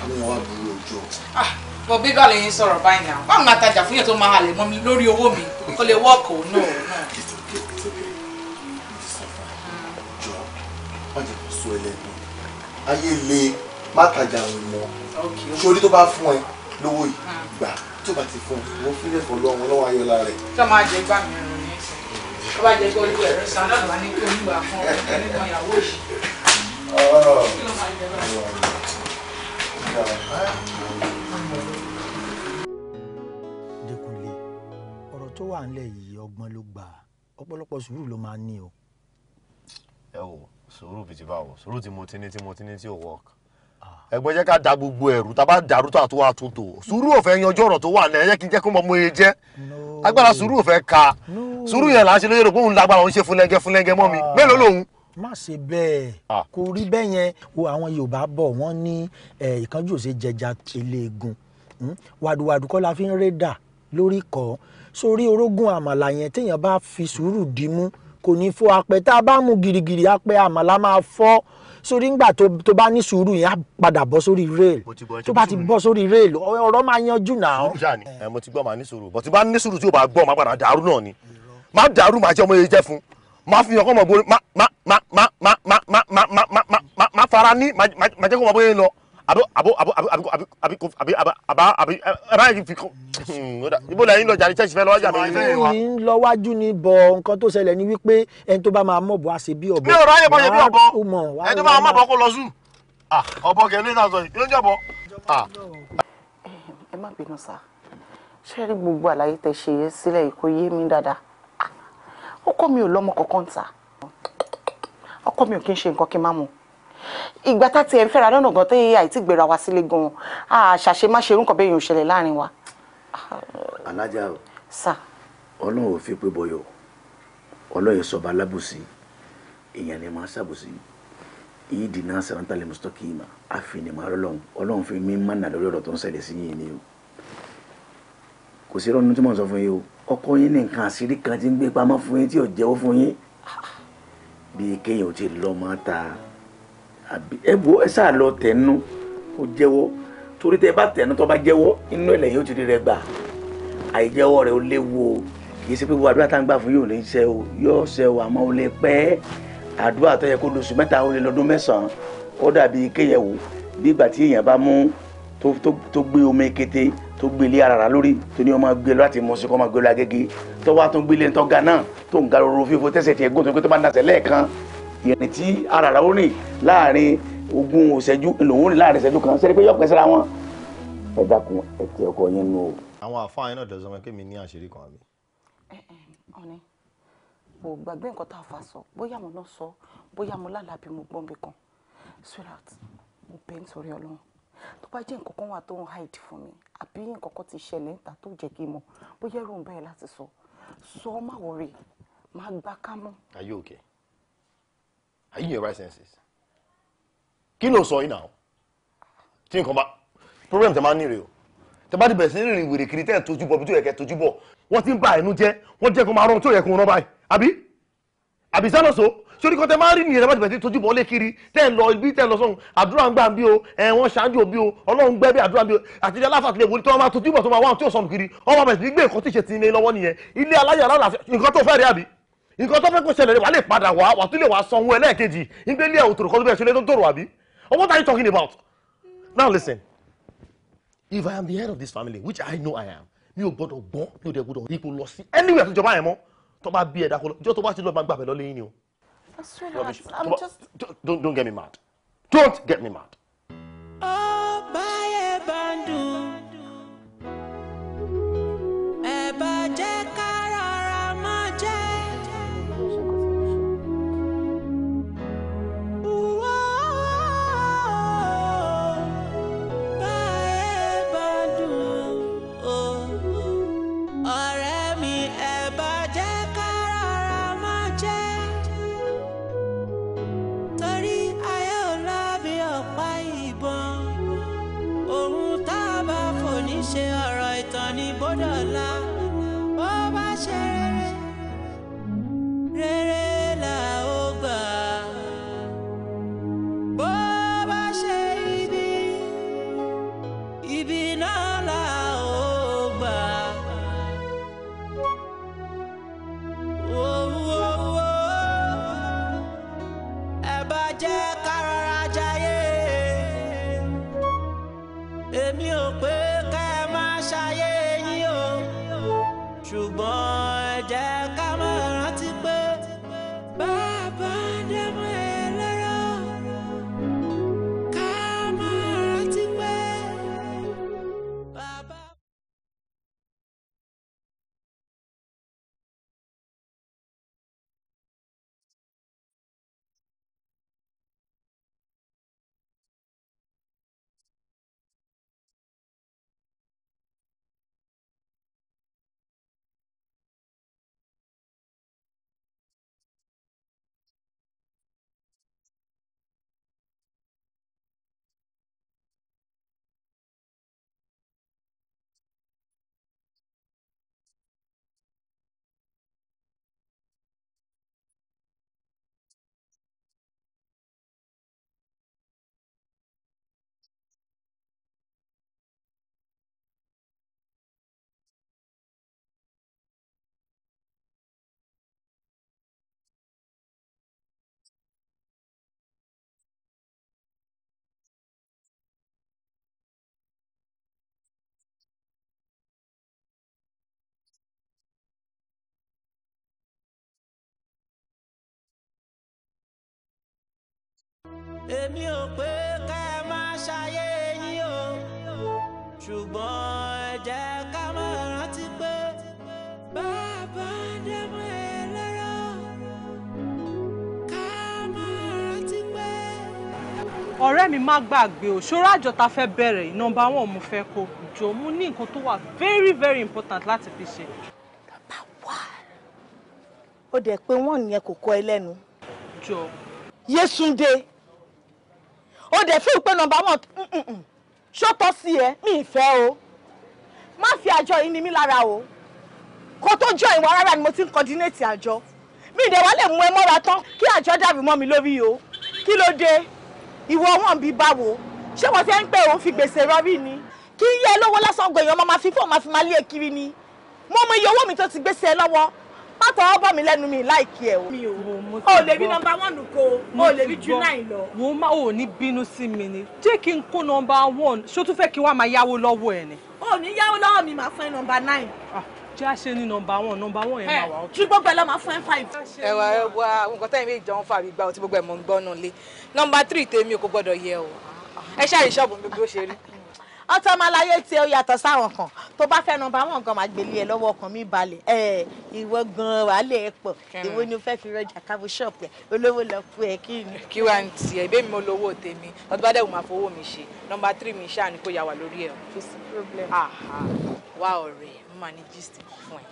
àwọn èèyàn wà burú òjò. Ah, bọ bí bá lẹ́yìn sọ̀rọ̀ báyìí náà báwo máa tajà fún yẹn tó máa halẹ̀ mọ́ mi lórí owó mi kó lè wọ́ọ̀kù náà. it's okay it's okay it's okay jọ má jẹ kó so ẹlẹ́dùn ayé le má tajà òun mọ́ sórí tó bá fún ẹ lówó yìí gbà tó ti fún un mo fi lè fún lọ́wọ́ lọ́wọ́ ayọ́lá rẹ̀. tó máa jẹ gbà mí rún ní ìsìn tó bá jẹ gbọ́ olú ẹ̀rọ sàn náà ní kí onígbà fún ọ nípa ìyàwó òṣì. Dékúnlé ọ̀rọ̀ tó wà nílẹ̀ yìí ọgbọ́n ló gbà ọ̀pọ̀lọpọ̀ sùúrù ló máa ń ní o. ẹ wo sùúrù bìtìbà wo sùúrù tí mo ti ní tí mo ti ní tí ò wọ́ọ̀kì ẹgbẹ́ jẹ́ ká da gbogbo ẹ̀rù tá a bá dàrú tó àtúwà tuntò sùúrù ò fẹ́ yanjú ọ̀rọ̀ tó wà náà ẹ kí n jẹ́ kó mọ mọ e jẹ́ agbára sùúrù ò fẹ́ ka sùúrù yẹn là ń ṣe lóye rò bóun lágbára òun ṣe fúnlẹ́gẹ́ fúnlẹ́gẹ́ mọ́ mi mélòó lòun. má ṣe bẹ́ẹ̀ kò rí bẹ́ẹ̀ yẹn o àwọn yorùbá bọ̀ wọ́n ní ìkánjú ò jẹja eléegun hmm? wàdùwàdù kọ́ la fi ń rédà lórí kọ́ sórí orógùn àmàlà yẹn téèyàn bá fi sùúrù dìímú kò ní fọ́ apẹ tá a bá mú girigiri apẹ àmàlà máa fọ́ sórí ńgbà tó bá ní sùúrù yẹn á padà bọ́ sórí rail tó bá ti bọ́ sórí rail ọ̀rọ̀ máa yanjú náà. sùúrù ṣáà ni ẹ mo ti gbọ́ máa ní sùúrù bọ̀ tí bá ní sùúrù tí o bá gbọ́ máa padà dàrú náà ni máa dàrú máa jẹ́ ọmọ yẹn jẹ́ fún máa fi ọkọ mọ̀ bó máa fara ní máa jẹ́ kó mọ̀ bóyá lọ àbó àbó àbó àbí àbí àbí kò àbí àbá àbá àbí àbá yìí fi kò ibo lẹ́yìn lọ jàre church fẹ́ lọ́wọ́ jàre ilé wa. mi ń lọ wájú ni bọ nǹkan tó ṣẹlẹ̀ ni wípé ẹni tó bá máa mọ̀ bọ́ a ṣe bí ọ̀bọ. mi ò ráyè bọ́ ṣe bí ọ̀bọ ẹni tó bá máa bọ́ kó lọ sùn ọ̀bọ kẹlẹ́ náà sọ yìí ló ń jẹ́ bọ́. ẹ má bínú sá ṣé rí gbogbo àlàyé tẹ ṣe yé sílẹ̀ yìí kò yé mi dáadáa ọkọ mi ò lọ́mọ kọ̀ọ̀kan ta ọkọ mi ò kí ń ṣe nǹkan kí n má mú un ìgbà tá tiẹ̀ ń fẹ́ra lọ́nà gan tó yẹ àìtí gbéra wa sílé gan-an a ṣàṣe má ṣe irúnkàn bẹ́ẹ̀ yẹn ò ṣẹlẹ̀ láàrin wa. alájà o sà ọlọ́run ò fi pé bọyọ̀ ọlọ́run sọba alábòsí èèyàn ni máa ṣàbòsí yìí dìnnà sàrántàlẹ̀ mùsítọ́kì yìí mà àfìnìmọ̀ ọlọ́run ọlọ́run fi mí mánà lórí ọ̀rọ̀ tó ń ṣẹlẹ̀ sí yìí ni o kò sí ìrọ́nù tí mò ń sọ fún yín o ọkọ yín ní nǹkan àṣírí kan tí ń gbé pamọ́ fún yín tí ò jẹ́wọ́ fún yín bíi kéèyàn ò ti lọ́mọ ta àbí ẹ wo ẹ sáà lọ tẹnu ó jẹ́wọ́ torí tẹ bá tẹnu tó bá jẹ́wọ́ inú ẹ̀lẹ̀ yóò ti rí rẹ gbà àìjẹ́wọ́ rẹ ó léwu o kì í ṣe pé gbogbo àdúrà tá à ń gbà fún yóò lè ṣe o yóò ṣe o àmọ́ ó lè pẹ́ àdúrà tó yẹ kó lóṣù mẹ́ta ó lè lọ́dún mẹ́sàn-án ó dàbí kéyẹ̀wò bí ìgbà tí èèyàn bá mú tó gbé omi kété tó gbé ilé arara lórí tó ní ọmọ gbé láti mú sí ọmọ gbé lọ agége tó wá tó gbé ilé ńtọ́ ga náà tó ń ga roro fífo tẹ́sẹ̀ tiẹ̀ gùn tó tó bá ń dasẹ̀ lẹ́ẹ̀kan ìrìn tí ara rẹ̀ ó rìn láàrin ogún ìṣẹ́jú lòún rìn láàrin ìṣẹ́jú kan sẹ́ni pé yọ̀pẹ̀ síra wọn ẹ dákun ẹ tẹ ọkọ yẹn nù o. àwọn àfáàyàn náà dọ̀sọ́ mọ́ kémi ní àṣírí kan àbí. ọ̀nì mo gbàgbé nǹkan tá a fà sọ bóyá mo náà sọ bóyá mo lálàbí mo gbọ́n mi kan sweetheart mo bẹ́ẹ̀ nítorí ọlọ́run tó bá jẹ́ nǹkan kan wà tó ń hide fún mi àbí nǹkan kan ti ṣẹlẹ̀ níta tó jẹ́ kí n mọ̀ bóyá ẹ̀rù ń bẹ̀rẹ̀ láti sọ sọ má wọrí má gbá kámú. are you are you in your right senses kí ló sọ yìí náà tí nǹkan bá problem tẹ máa ń ní rè o tẹ bá ti bẹ̀rẹ̀ sí ní rìn wèrè kiri tẹ́ ẹ̀ tójú bọ̀ bí tó yẹ kẹ́ tójú bọ̀ wọ́n ti ń ba ẹnu jẹ́ wọ́n jẹ́ kó máa rọrùn tó yẹ kó rán báyìí àbí àbí sánà so sórí kan tẹ máa ń rí nìyẹn tẹ bá ti bẹ̀rẹ̀ sí tójú bọ̀ lé kiri tẹ́ ẹ̀ lọ ibi tẹ́ ẹ̀ lọ sọ́hun àdúrà ń gbà bí o ẹ̀ wọ́n ṣáájú bí o ọlọ́run gbẹ́ bí àdúrà bí o àti ilé aláfàtúndé wòlí tí wọ́n máa tójú bọ̀ tó máa wá ohun tí ò sọnù kiri ọmọ bẹ̀rẹ̀ sí gbé nǹkan tíṣe ti ilé lọ́wọ́ nìyẹn ilé aláyàrá nǹkan tó fẹ́ nǹkan tó fẹ́ kó ṣẹlẹ̀ wà lè padà wá wà tún lè wá sanwó ẹlẹ́ẹ̀kejì ìgbélé òtòrò kan tó bẹ̀rẹ̀ ṣẹlẹ̀ tó ń tòrò àbí what are you talking about now listen if i am the head of this family which i know i am mi ò gbọ́dọ̀ gbọ́n mi ò dẹ̀ gbọ́dọ̀ ipò lọ sí anywhere tó jọba yẹn mọ́ tó bá bí ẹ̀dá kó lọ jọ́ tó bá ti lọ máa gbàgbẹ́ lọ lẹ́yìn ni o. don't get me mad don't get me mad. ọba èmi ò pé ká má ṣayé yín o ṣùgbọ́n ẹ ká má rántí pé bàbá dẹ́mọ̀ ẹ lọ́rọ̀ ká má rántí pé. ọ̀rẹ́ mi má gbàgbé o ṣọ́ra àjọ ta fẹ́ bẹ̀rẹ̀ nọ́mbà wọn mo fẹ́ kó jọ mo ní nǹkan tó wà very very important láti fi ṣe. bàbá wa ó dẹ̀ pé wọ́n nìyẹn kò kọ́ ẹ lẹ́nu. jọ. Yétúndé o dẹ̀ fi ìpè number wọn mm, mm, mm. ṣó tọ́ sí ẹ mi ìfẹ́ o má fi àjọ yìí ni mí lára o kó tó jọ ìwọ rárá ni mo ti ń kọdínéètì àjọ mi ìdè wá lè mú ẹ mọ́ra tán kí àjọ dàbí mọ́ mi lórí o kí ló dé ìwọ wọn bí báwo ṣé wọ́n ti ń pẹ́ òun fi gbèsè rọ́bì ni kí yẹ lówó lásán gbẹ̀yàn máa fi fóun máa fi máa lé e kiri ni mo mọ iye owó mi tó ti gbèsè lọ́wọ́ pátọ̀ ọbọ̀ mi lẹ́nu mi láìkí ẹ̀ o. mi ò o lè bí nọmba one kó o lè bí ju nine lọ. mo máa ò ní bínú sí mi ni jẹ́ kí n kó nọmba one ṣó tún fẹ́ kí wàá máa yáwó lọ́wọ́ ẹ̀ ni. o ní yáwó lọ́wọ́ mi máa fún ẹ nọmba nine ah, jẹ́ àṣẹ ní nọmba one. nọmba one yẹn eh, máa wà ó. tí gbogbo ẹ lọ máa fún ẹ five. ẹwà ẹwà nǹkan tẹ́yìn méjì jọ ń fa àbígbà ọtí gbogbo ẹ̀ mọ̀ ń gbọ́ náà lé nọmba three tèmi ò kò gbọ́dọ̀ yẹ o ẹ ṣáà rí ṣọ́ọ̀bù mi bí ó ọtọ ọmọ aláyé tí ó yàtọ̀ sáwọn kan tó bá fẹ́ nọmba wọn gan máa gbélé ẹ lọ́wọ́ ọkàn mi balẹ̀ ẹ ìwọ gan wà á lè pọ̀ ìwọ ni o fẹ́ fi rọjà kábò ṣọ́ọ̀pù ẹ olówó lọ kú ẹ kí ni. kí wàá ní tiẹ̀ ìbéèrè mi olówó tèmi ọtí bá dẹ̀wò máa fowó mi ṣe nọmba tírì mi ṣáà ni kò yà wà lórí ẹ̀ wá ọ̀rẹ́ mo máa ní gist fún ẹ.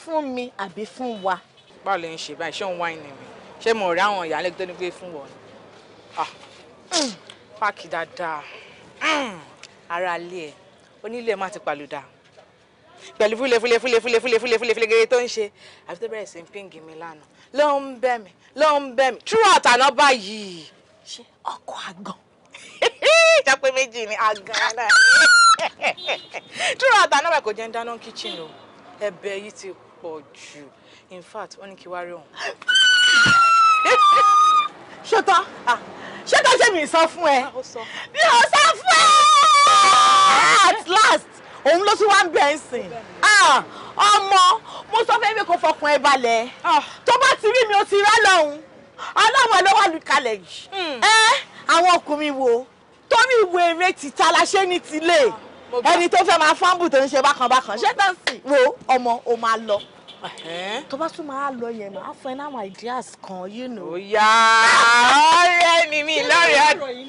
fún mi àbí fún wa. báwo lè ń ṣe báyìí ṣé òun wá ìnìyàn ṣé mo rí àwọn ìyáálé tó ní pé fún wọn. Ah. Mm. páàkì dáadáa. Mm. ara alẹ́ ẹ̀ onílé ẹ̀ má ti pàlùdà pẹ̀lú fúlẹ̀ fúlẹ̀ fúlẹ̀ fúlẹ̀ fúlẹ̀ fúlẹ̀ fúlẹ̀ fúlẹ̀ gẹ́gẹ́ tó ń ṣe àfi tó bẹ̀rẹ̀ sí ń píǹgì mi lánàá ló ń bẹ̀ mí ló ń bẹ̀ mí throughout àná báyìí ṣe ọkọ̀ àgàn ìjápẹ́ méjì ni àgàn náà throughout àná báyìí kò jẹ́ ń dáná kitchen o ẹ̀bẹ̀ yìí ti pọ̀ jù in fact ó ní kí wá rí òun. ṣọtọ́ ṣé tó ṣe mi sọ fún ẹ mi ò sọ fún ẹ at last òun ló tún wá ń bẹ ẹ sìn ah, ọmọ mo sọ fẹ́ mi kò fọkàn ẹ balẹ̀ ah. tó bá ti rí mi ó ti rá lọ́hùn ọlọ́run ẹ ló wà lùkalẹ̀ yìí hmm. ẹ àwọn ọkùnrin wo torí ìwé eré títa la ṣe ní tilé ah, ẹni tó fẹ́ máa fáńbù tó ń ṣe bákan bákan ṣé tó ń sìn wo ọmọ o máa lọ tó bá tún máa lọ yẹn máa fún ẹ láwọn ideas kan you know. ó yá ọ̀rẹ́ ni mi lọ́rẹ́ àti.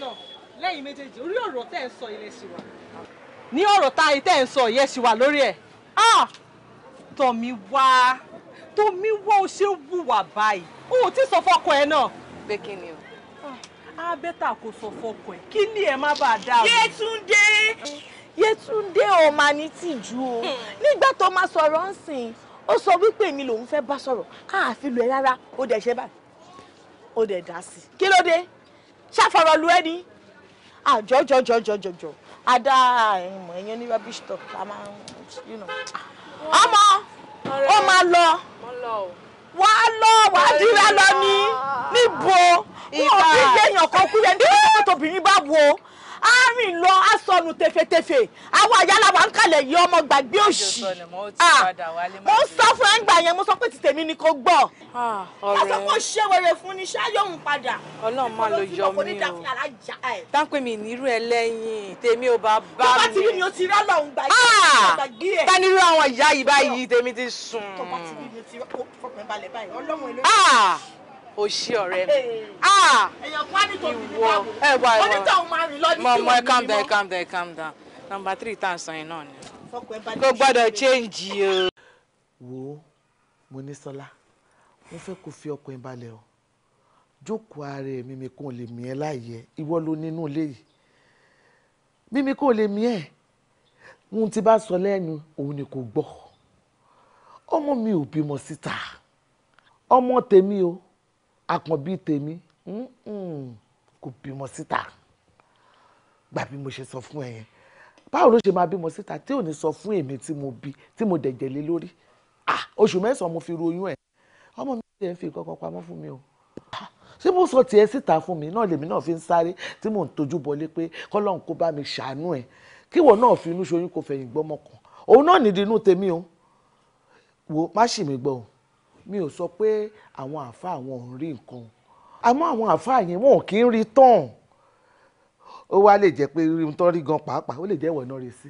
lẹ́yìn méjèèjì orí ọ̀rọ̀ tẹ́ ẹ sọ ilẹ̀ ṣì wà. ní ọ̀rọ̀ tá a tẹ́ ẹ sọ yẹn ṣì wà lórí ẹ̀ ah! tọ̀mí wá tọ̀mí wá ó ṣe wùwà báyìí o ò tí sọ fọ́kọ ẹ náà. pé kí ni o á ah, bẹ́tà kó sọ fọkọ ẹ̀ kí ni ẹ má bàa dá o. Yétúndé Yétúndé o máa tìjú o hmm. nígbà tó máa sọ̀rọ̀ ń sìn ó sọ wípé èmi lòun fẹ́ bá sọ̀rọ̀ àfi lu ẹ rárá ó dẹ̀ ṣe báyìí ó dẹ̀ dá sí i kí ló dé ṣàfọ̀rọ̀ lu ẹni àjọjọjọjọjọjọ ada ìmọ̀ ẹ̀yẹn ní rubbish talk a máa ń ọmọ ó máa lọ wà á lọ wà á dira lọ ní níbo wọn ò fi ṣe èèyàn kan kú yẹn nígbà tó tóbìnrin bá wo á rìn lọ á sọnù tẹfẹtẹfẹ àwọn àyàlá wa ń kalẹ̀ yìí ọmọ gbàgbé òṣì ah, mo ń sọ fún ẹgbà yẹn mo sọ pé tìtẹ̀mí ni kò gbọ́ mo ah, sọ pé ṣé wẹrẹ fún ni ṣáyọ̀ ń padà ọlọ́run máa lọ yọ mí o táǹpẹ́ mi nírú ẹ lẹ́yìn tèmi ò bá bá mi. tó bá ti rí ni o ti rá lọ́hùn gbàgbé ah! ẹ̀. ta nírú àwọn ìyá yìí báyìí tèmi ti sùn. tó bá ti rí ni o ti rá lọ́hùn gbàgbé ẹ̀ o ṣí ọ̀rẹ́ mi. èèyàn ah! kan á ní tòun ní báàbò onítọ̀hún máa rìn lọ ní tiwọn ní mọ́. calm down calm down calm down number three tá à ń san yẹn náà ni. kò gbọ́dọ̀ change o. wo mo ní sọlá mo fẹ́ kó fi ọkàn balẹ̀ o jókòó ààrẹ mímí kò lè mí ẹ láàyè ìwọ ló nínú ilé mímí kò lè mí ẹ ohun tí bá sọ lẹ́nu òun ni kò gbọ́ ọmọ mi ò bímọ síta ọmọ tèmi o àkànbí tèmi kò bímọ síta gbà bí mo ṣe sọ fún ẹ yẹn báwo ló ṣe máa bímọ síta tí ò ní sọ fún èmi tí mo bí tí mo dẹ̀jẹ̀ lé lórí ah, oṣù mẹ́sàn-án mo fi ru oyún ẹ̀ ọmọ mi ti ẹ̀ fi kankan pamọ́ fún mi o ah, ṣé mo sọ tiẹ̀ síta fún mi náà lèmi náà fi ń sáré tí mò ń tojú bọlé pé kọ́lọ́n kó bá mi ṣàánú ẹ̀ kíwọ náà fi inú ṣoyún kó fẹ̀yìn gbọ́mọ kan òun náà nídìí inú tèmi o wò má ṣì mí gbọ́ o mi ò sọ pé àwọn àáfàá wọn ò rí nǹkan àmọ́ àwọn àáfàá yẹn wọn ò kí ń rí tán ó wá lè jẹ́ pé irun tó rí gan pàápàá ó lè jẹ́ ìwọ náà rí sí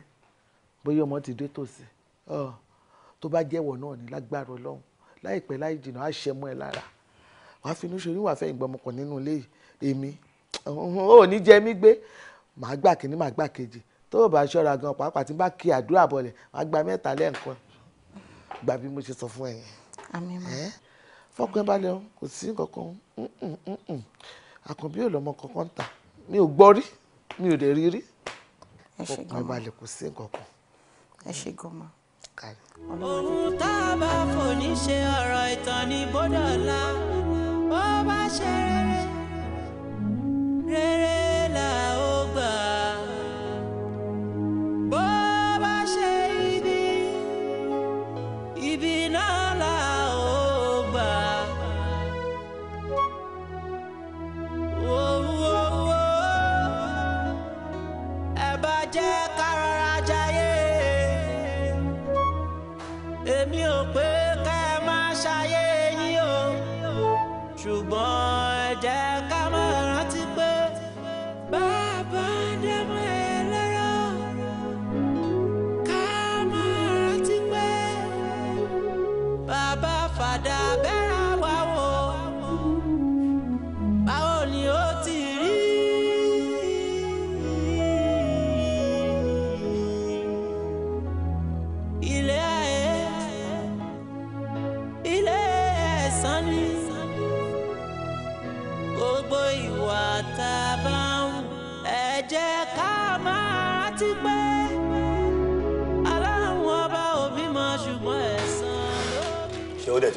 bóyá ọmọ ti dé tòsí tó bá jẹ́ ìwọ náà ní lágbára ọlọ́run láìpẹ́ láì jìnnà á ṣe mọ́ ẹ lára wàá finú ṣorí wàá fẹ́ ìgbọ́n ọmọkùnrin nínú ilé èmi ò ní jẹ mí gbé màá gbà kíní màá gbà kejì tó o bá ṣọ́ra gan pàápàá tí n bá kí àdúrà bọ̀lẹ̀ màá gba mẹ́ta lẹ́ẹ̀kan gbà bí mo ṣe sọ fún ẹ fọkàn balẹ̀ o kò sí nǹkan kan àkànbí ò lọ́mọ kankan ta mi ò gbọ́ rí mi ò dẹ̀ rí rí fọkàn balẹ̀ kò sí nǹkan ẹ ṣe gọmọ. ohun tá a bá fò ní ṣe ọ̀rọ̀ ìtàn ní bọ́dọ̀ la bó bá ṣe rere.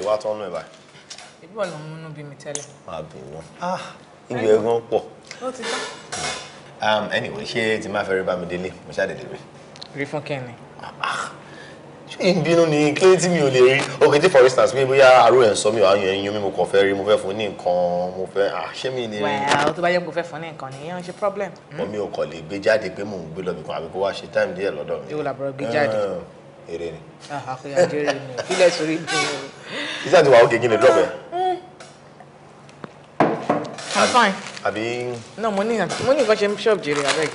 wá tọ́nú ẹ̀ báyìí. ìbí wà múnú bí mi tẹ́lẹ̀. máa bì wọ́n ìwé ah. ẹ̀gbọ́n pọ̀. ó ti tán. Um, anyway ṣé tí máa fẹ́ rí bá mi délé mo ṣáà délé. rí fún kẹ́ni. Ah, ṣé n bínú ni kí tí mi ò lè rí okay tí for instance mi bóyá àrò ẹ̀ ń sọ mi ò àyàn ẹ̀yìn mi mo kàn fẹ́ rí mo fẹ́ fún ní nǹkan mo fẹ́ ah, ṣé mi lè rí. wẹ́ẹ̀ tó bá yẹ kó fẹ́ fún ní nǹkan nìyẹn ṣe problem. mo mi ò kàn lè gbé jáde pé mò ń gbé lọ́bì kan àbí kó wá ṣe time díẹ̀ lọ́dọ̀ mi. ewu làbọ̀rọ̀ gbé jáde. eré ni. àkóyà jẹ́rìí ni kílẹ̀ sórí ìdí iṣẹ́ àti wà ó gègé lè drop I'm fine. Àbí. No, mo ní mo ní nǹkan ṣe ṣọ́ọ̀bù jèrè abeg.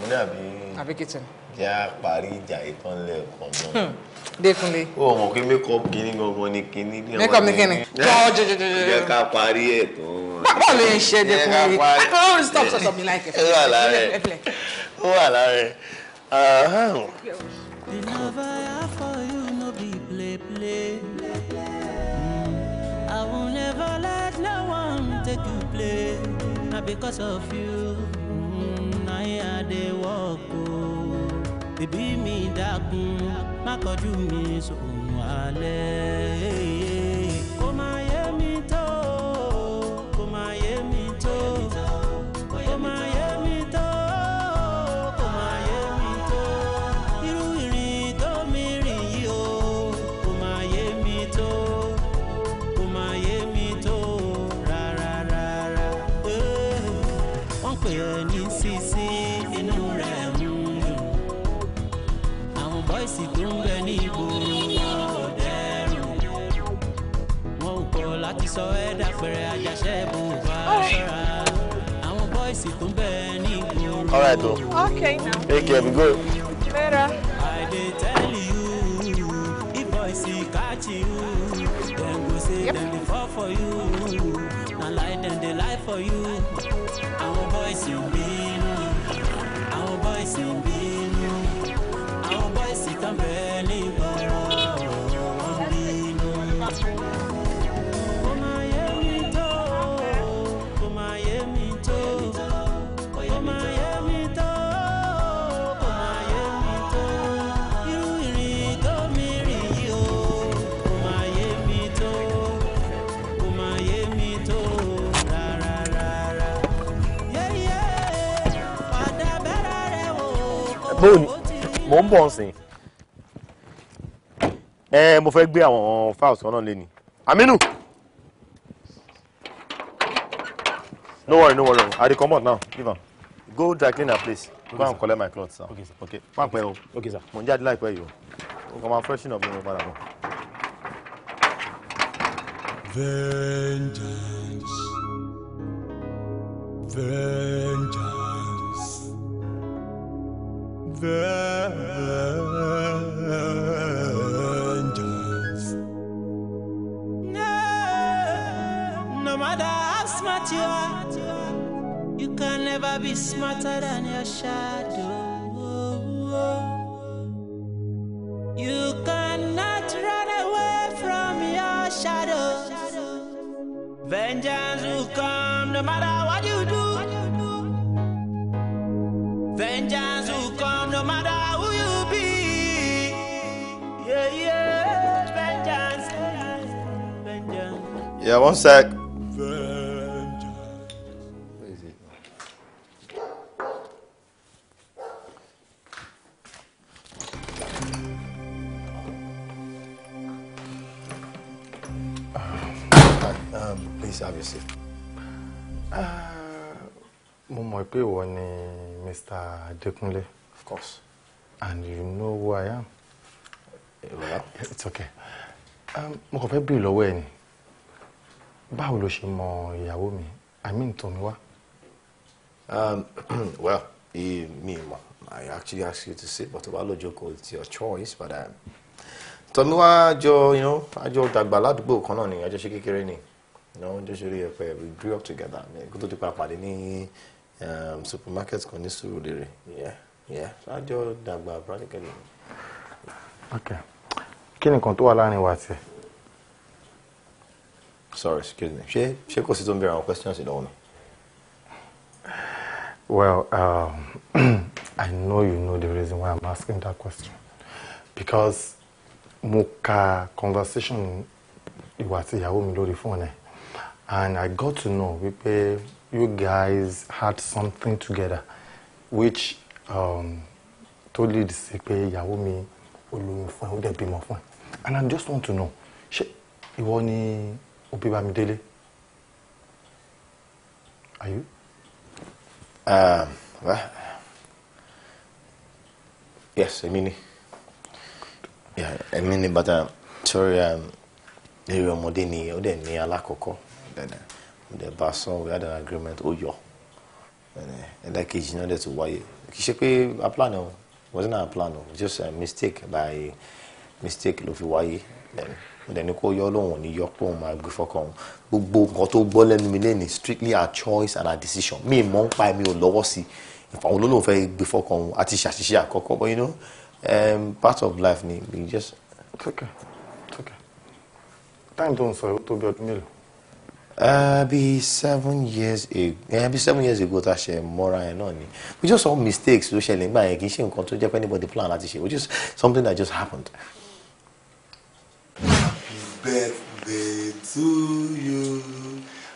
Mo ní àbí. Àbí kìtìn. Bí a parí ìjà ìtàn lẹ́ẹ̀kan náà. Hmm. Dékunlé. Ó ọmọ pé makeup kìíní gangan ni kìíní. Makeup ni kìíní. Jọ́ jọ́ jọ́ jọ́. Jẹ́ ká parí ẹ̀ tó. Báwo lè ṣe Dékunlé? Jẹ́ ká parí. Akọ̀rọ̀ stop stop stop mi láìpẹ́. Ó wà lára ẹ̀. Ó wà lára ẹ̀. no one take you play. Now because of you, mm, Na I had a walk. Oh. Baby mi dákun, má kọjú mi sóhun alẹ́. oh. máa yé mi tó. sọ ẹ́ dàpẹ̀rẹ̀ àjàṣẹ́ bò bá ṣọ́ra àwọn bọ́ìsì tó ń bẹ ní ìgboro. all right o. okay now. take care we go. later. i dey tell you if boys catch you dem go say dem dey fall for you na lie dem dey lie for you àwọn bọ́ìsì ò bínú àwọn bọ́ìsì ò bínú àwọn bọ́ìsì tán bẹ́ẹ̀ ní ìgboro. bóun mò ń bọ̀ nsìn ẹ mo fẹ́ gbé àwọn files kan náà lé ni Aminu no worry no worry I dey comot now Give am go dry clean her place go and collect my cloth sir okay pampẹ o mo ń jáde láìpẹ́ yìí o o kàn máa freshen up ní mo padà bọ̀. vengeance vengeance. you can never be smarter than your shadow. You can Yeah, one sec. Um, please have your seat. Uh, mo mọ̀ pé ìwọ ni Mr. Adékúnlé. Of course. And you know who I am. it's okay. Um, mo kàn fẹ́ bí ìlọ́wọ́ ẹ̀ ni báwo ló ṣe mọ ìyàwó mi i mean tọ̀mí wá. Um, well mi mọ i actually ask you to sit but ọba lójú kò it's your choice but um, tọ̀mí jọ you know àjọ dàgbà ládùúgbò kan náà ni àjọ ṣe kékeré ni you know àjọ ṣe rí ẹ̀pẹ́ we grew up together kó tó di pa àpàdé ní um, supermarket kan ní Sùúrùlérè yeah yeah àjọ dàgbà practically. ok kí ni nǹkan tó wà láàrin wa tiẹ̀. Sorry, excuse me. She she kò sí tó ń béèrè àwọn questions lọ́wọ́ mi? Well, um, I know you know the reason why I'm asking that question. Because mo ka conversation ìwà àti ìyàwó mi lórí fóònù ẹ̀ and I got to know we pay. you guys had something together which um, tó lead sí pé ìyàwó mi olóyún fún ẹ ó dẹ̀ and I just want to know She, you ni Obi Bamidele. Are you? Um, yes, èmi ni. Yeah, èmi ni, but um, sorry, um, èrè ọmọdé ni ó dẹ̀ ní alákọ̀ọ́kọ́ ó uh, dẹ̀ bá a sọ we had an agreement ó yọ uh, ẹlẹ́kejì náà dẹ̀ tó wáyé kì í ṣe pé a plan o wasn't a plan o just a mistake by mistake ló fi wáyé mo dẹ̀ yọ lóhùn ò yọ pé máa gbé fọkàn òun gbogbo nǹkan tó gbọ́ lẹ́nu mi lẹ́nu strictly our choice and our decision mi mọ̀ ń pa mi ò lọ́wọ́ sí ìfàwọn olólùfẹ́ fẹ́ gbé fọkàn òun àti ṣàṣìṣe àkọ́kọ́ but you know um, part of life ni we just. it's okay it's okay time tó ń sọ ó tó bí ọdún mélòó. Uh, be seven years ago yeah, be seven years ago ta ṣe mọ́ra yẹn náà ni we just saw mistakes ló ṣẹlẹ̀ nígbà yẹn kì í ṣe nǹkan tó jẹ́ pé anybody plan láti ṣe which is something that just happened. Happy birthday to you.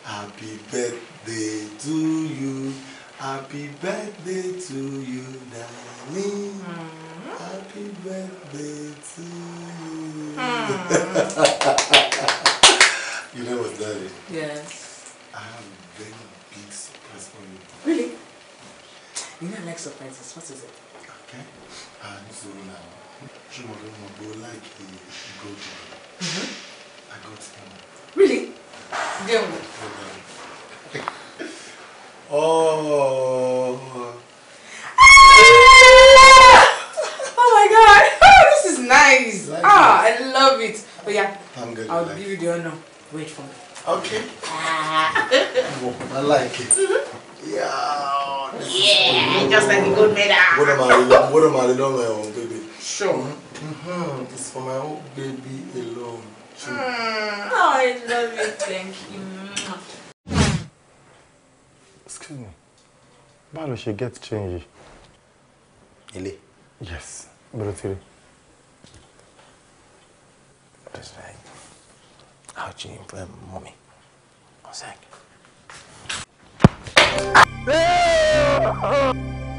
Happy birthday to you. Happy birthday to you, darling. Mm. Mm-hmm. Happy birthday to you. Mm. you know what, darling? Yes. I have very big surprise for you. Really? You know, I like surprises. What is it? Okay. And so now. She will like the gold. Really? Then oh. oh my god. this is nice. ah, I love it. But oh, yeah, I'll give you the honor. Wait for me. Okay. Oh, I like it. Mm-hmm. Yeah. Yeah, just like a good medal. What am I? What am I? Don't my own baby. Sure. Mm-hmm. It's for my old baby alone. Too. Mm. Oh, I love you. Thank you. Excuse me. Báwo ṣe get changed. Ilé? Yes. Brotiri. That's right. How'd you inform mommy? One sec. Hey!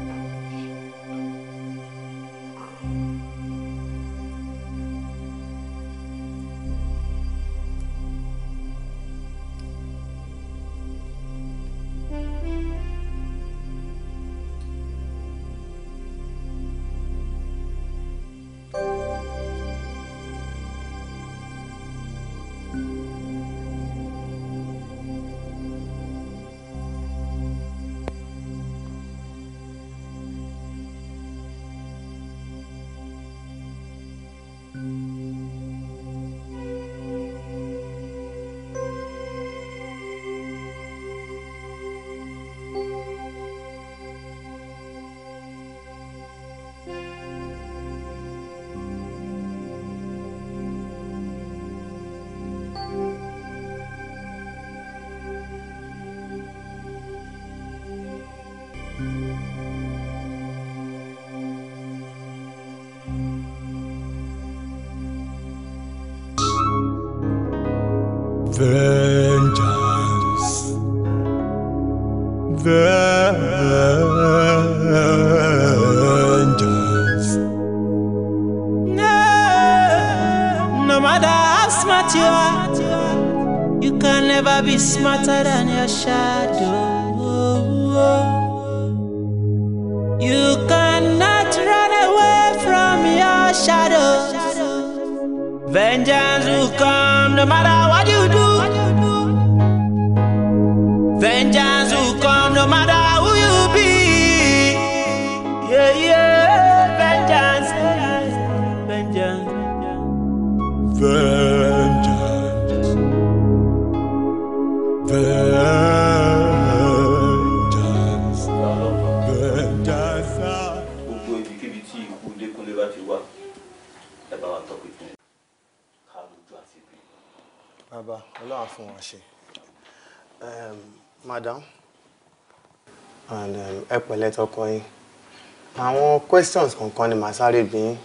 questions kankan ni màá sáré bí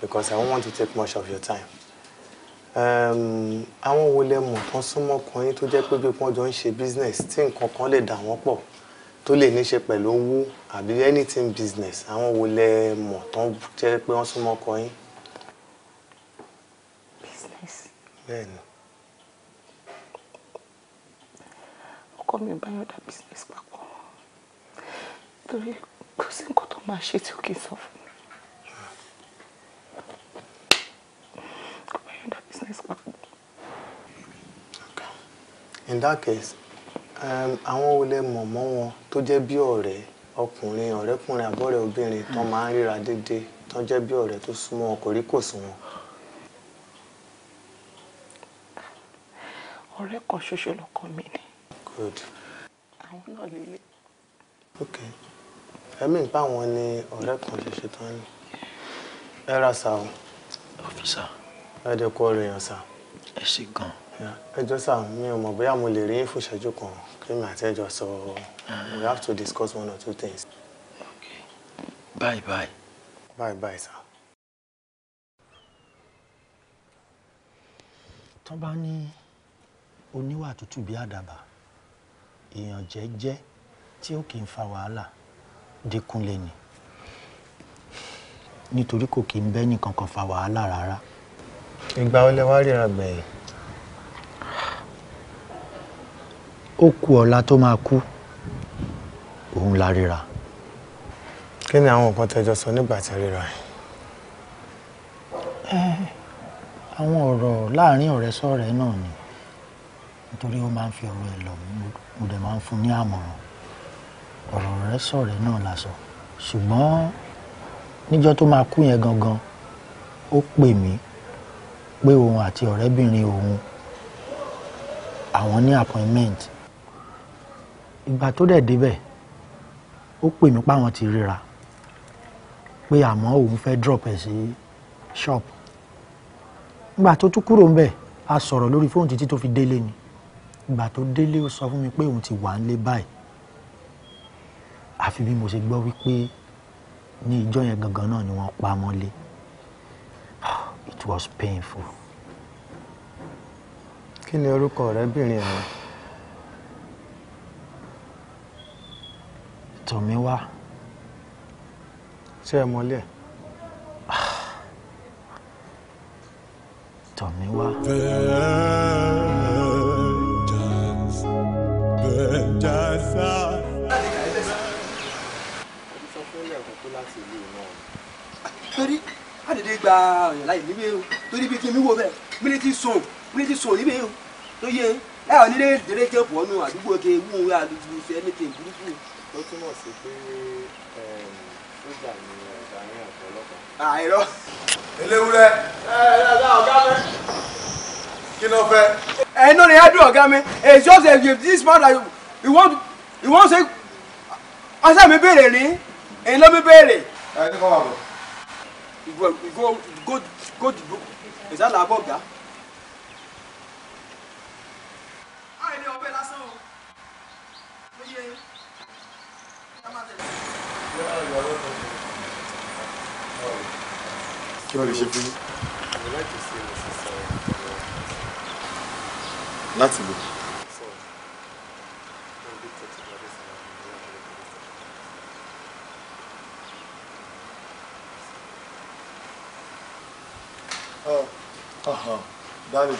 because I don't want to take much of your time. àwọn wo lẹ mọ̀ tán súnmọ́ kan yín tó jẹ́ pé bí wọ́n jọ ń ṣe business tí nǹkan kan lè dà wọ́n pọ̀ tó lè ní ṣe pẹ̀lú owó àbí anything business àwọn wo lẹ mọ̀ tán jẹ́ pé wọ́n súnmọ́ kan yín. business. bẹ́ẹ̀ni. ọkọ mi ò bá yàn dá business papọ̀ torí kò sí nǹkan máa ṣe in that case um, àwọn wo lẹ mọ̀ mọ́ wọn tó jẹ́ bí ọ̀rẹ́ ọkùnrin ọ̀rẹ́kùnrin àbọ̀rẹ́ obìnrin tó máa ń ríra déédéé tó jẹ́ bí ọ̀rẹ́ to súnmọ́ wọn kò rí kò sí good. àwọn náà lè lè ẹ̀mí ń báwọn ni ọ̀rẹ́ kan ṣe tán ni ẹ ra sá o. ọ̀fíìsà. ẹ dẹ̀ kú ọ̀rọ̀ èèyàn sá. ẹ ṣe gan. ẹ jọ sá mi ò mọ̀ bóyá mo lè rí fún ìṣẹ́jú kan kémi àti ẹjọ sọ ah. we have to discuss one or two things. okay bye bye. bye bye sá. tán bá ní oníwà tútù bí àdàbà èèyàn jẹ́jẹ́ tí ó kì í fa wàhálà. Dékúnlé ni nítorí kò kí ń bẹ́ nìkankan fa wàhálà rárá. ìgbà wo lẹ wá ríra gbẹ̀yìn. ó ku ọ̀la tó máa kú òun la ríra. kí ni àwọn nǹkan tẹjọ sọ nígbà tí ríra ẹ. àwọn ọ̀rọ̀ láàrin ọ̀rẹ́ sọ̀rẹ́ náà ni nítorí ó máa ń fi ọ̀rọ̀ ẹ̀ lọ̀ mo dẹ̀ máa ń fún un ní àmọ̀ràn ọ̀rọ̀ rẹ sọ̀rẹ́ náà la sọ ṣùgbọ́n níjọ́ tó máa kú yẹn gangan ó pè mí pé òun àti ọ̀rẹ́bìnrin òun àwọn ní appointment ìgbà tó dẹ̀ débẹ̀ ó pè mí páwọn ti ríra pé àmọ́ òun fẹ́ drop ẹ̀ sí shop ìgbà tó tún kúrò ńbẹ̀ a sọ̀rọ̀ lórí fóònù títí tó fi délé ni ìgbà tó délé ó sọ fún mi pé òun ti wà ń lé báyìí àfi bí mo ṣe gbọ́ wípé ní ìjọ yẹn gangan náà ni wọ́n pa mọ́lé ah, it was painful. kí ni orúkọ ọ̀rẹ́bìnrin rẹ. Tọ́míwá. ṣé ẹ mọlé ẹ. Ah. Tọ́míwá. má dédé gba ọ̀yàn láyè níbí o torí bí kí wo bẹ́ẹ̀ mi ti sùn mi ti sùn níbí o tó yẹ láwọn nílé ìdílé jẹ́ pọ̀ nù àdúgbò ke wú un àdúgbò ṣe ẹnìkan burúkú. ó túmọ̀ sí pé sójà ni ọ̀gá ní àgbọ̀ ọlọ́pàá. eléwúrẹ́. ẹ ẹ ọ̀gá ọ̀gá mi. kí ló fẹ́. ẹ no dey help ọ̀gá mi it's just that you this man that you want you want say ọsẹ mi béèrè ní èyí ló mi béèrè. ẹ ní kọ́ wà bọ̀. You go, you go, go, go to book. Is that Laboga? I know, but that's all. Kí ló lè ṣe fún yín? Láti lò. Darling,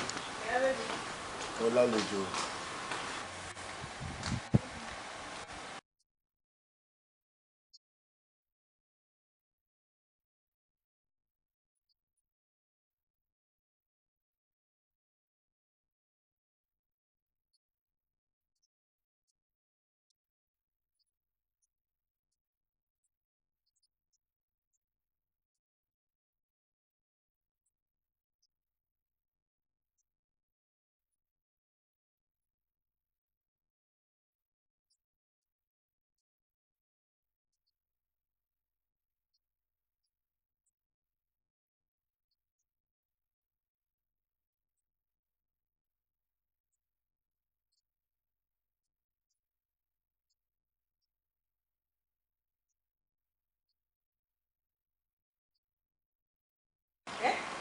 ọlálejò.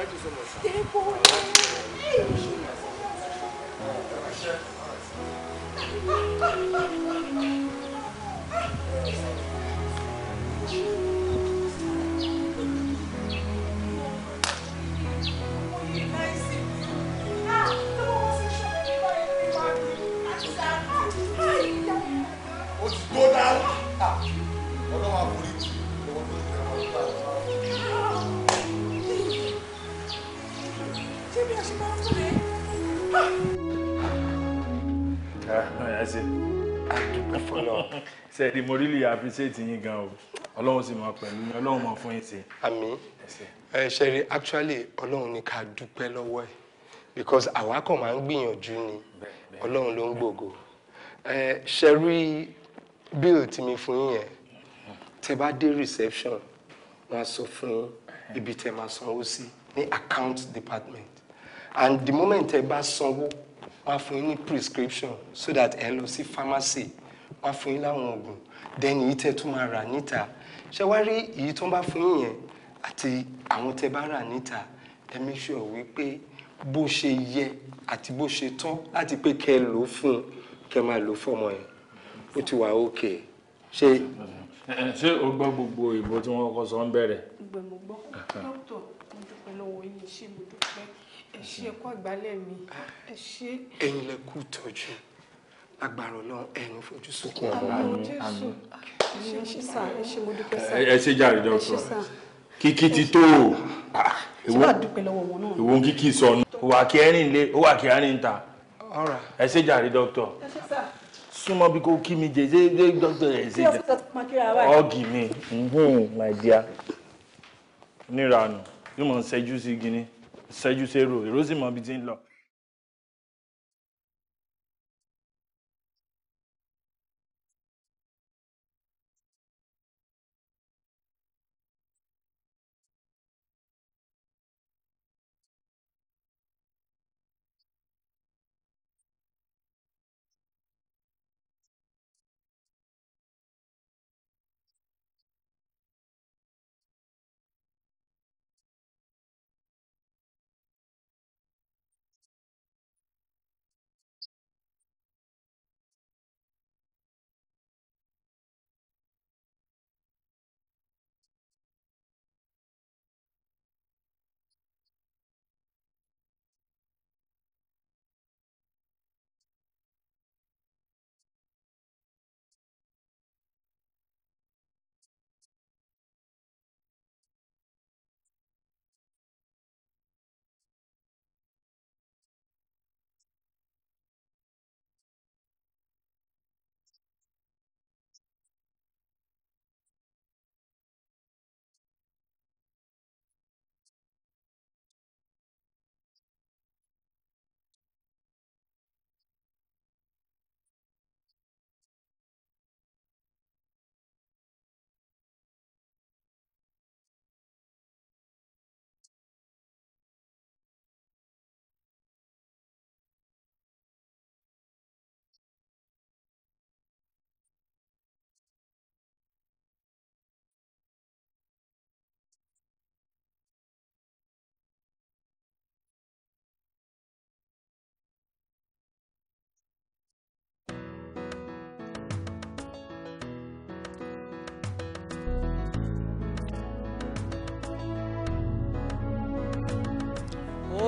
Thank you so much. Thank you. sẹ́ẹ̀dì mo really appreciate yín gan o ọlọ́run sì máa pẹ̀lú yín ọlọ́run máa fún yín sí. àmín ẹ ṣe actually ọlọ́run ni ká dúpẹ́ lọ́wọ́ ẹ̀ because àwa kàn máa ń gbìyànjú ni ọlọ́run ló ń gbògo ẹ ṣe bill tí mi fún yín yẹn tẹ bá dé reception wọn á sọ fún ibi tẹ máa sanwó sí ní account department and the moment tẹ bá sanwó wọn á fún yín ní prescription so that ẹ lọ sí pharmacy wọ́n fún yín láwọn oògùn then èyí tẹ́ tún máa rà níta ṣé wá rí èyí tó ń bá fún yín àti àwọn tẹ́ bá rà níta ẹ make sure wípé bó ṣe yẹ àti bó ṣe tán láti pé kẹ́ ẹ lò ó fún un kẹ́ ẹ máa lò ó fọmọ yẹn ó ti wà ókè ṣé. ṣé o gbọ́ gbogbo ìbò tí wọ́n kọ́ sọ ń bẹ̀rẹ̀. ìgbẹ́ mo gbọ́ dókítà mo dúpẹ́ lọ́wọ́ yín ṣé mo dúpẹ́ ẹ ṣé ẹ àgbálẹ̀ mi ẹ ṣé. ẹ̀yin lẹ kú agbára Ọlọ́run ẹni fojú sunkún ọmọ àmín ẹ ah, ṣe jàre dọkítọ kíkí ti tó o ah, ìwọ ń kíkí sọnù òwà kí ẹrin lé òwà kí ẹrin ta ẹ ṣe jàre dọkítọ súnmọ́ bí kò kí mi jẹ ṣé dọkítọ ẹ ṣe jẹ ọgì mi my dear níranù yóò mọ ṣẹ́jú sí gíní ṣẹ́jú sí èrò èrò sì mọ ibi tí ń lọ.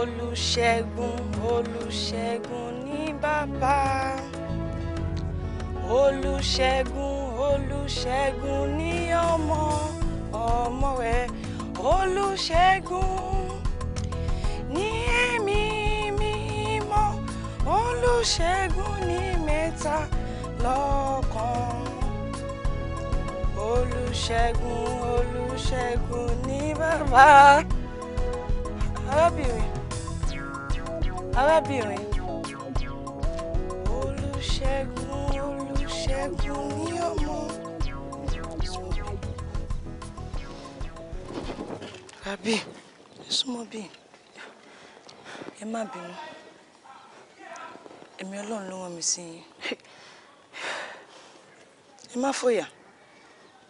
olùṣègùn olùṣègùn ní bàbá olùṣègùn olùṣègùn ní ọmọ ọmọ rẹ̀ olùṣègùn ní ẹ̀mí mímọ́ olùṣègùn ní mẹ́ta lọ́kan olùṣègùn olùṣègùn ní bàbá arábìnrin arábìnrin olùṣègùn olùṣègùn ní ọmọ rabi súnmọ́ bí ẹ má bínú ẹ̀mí ọlọ́run ló rán mi sí yín ẹ má fòyà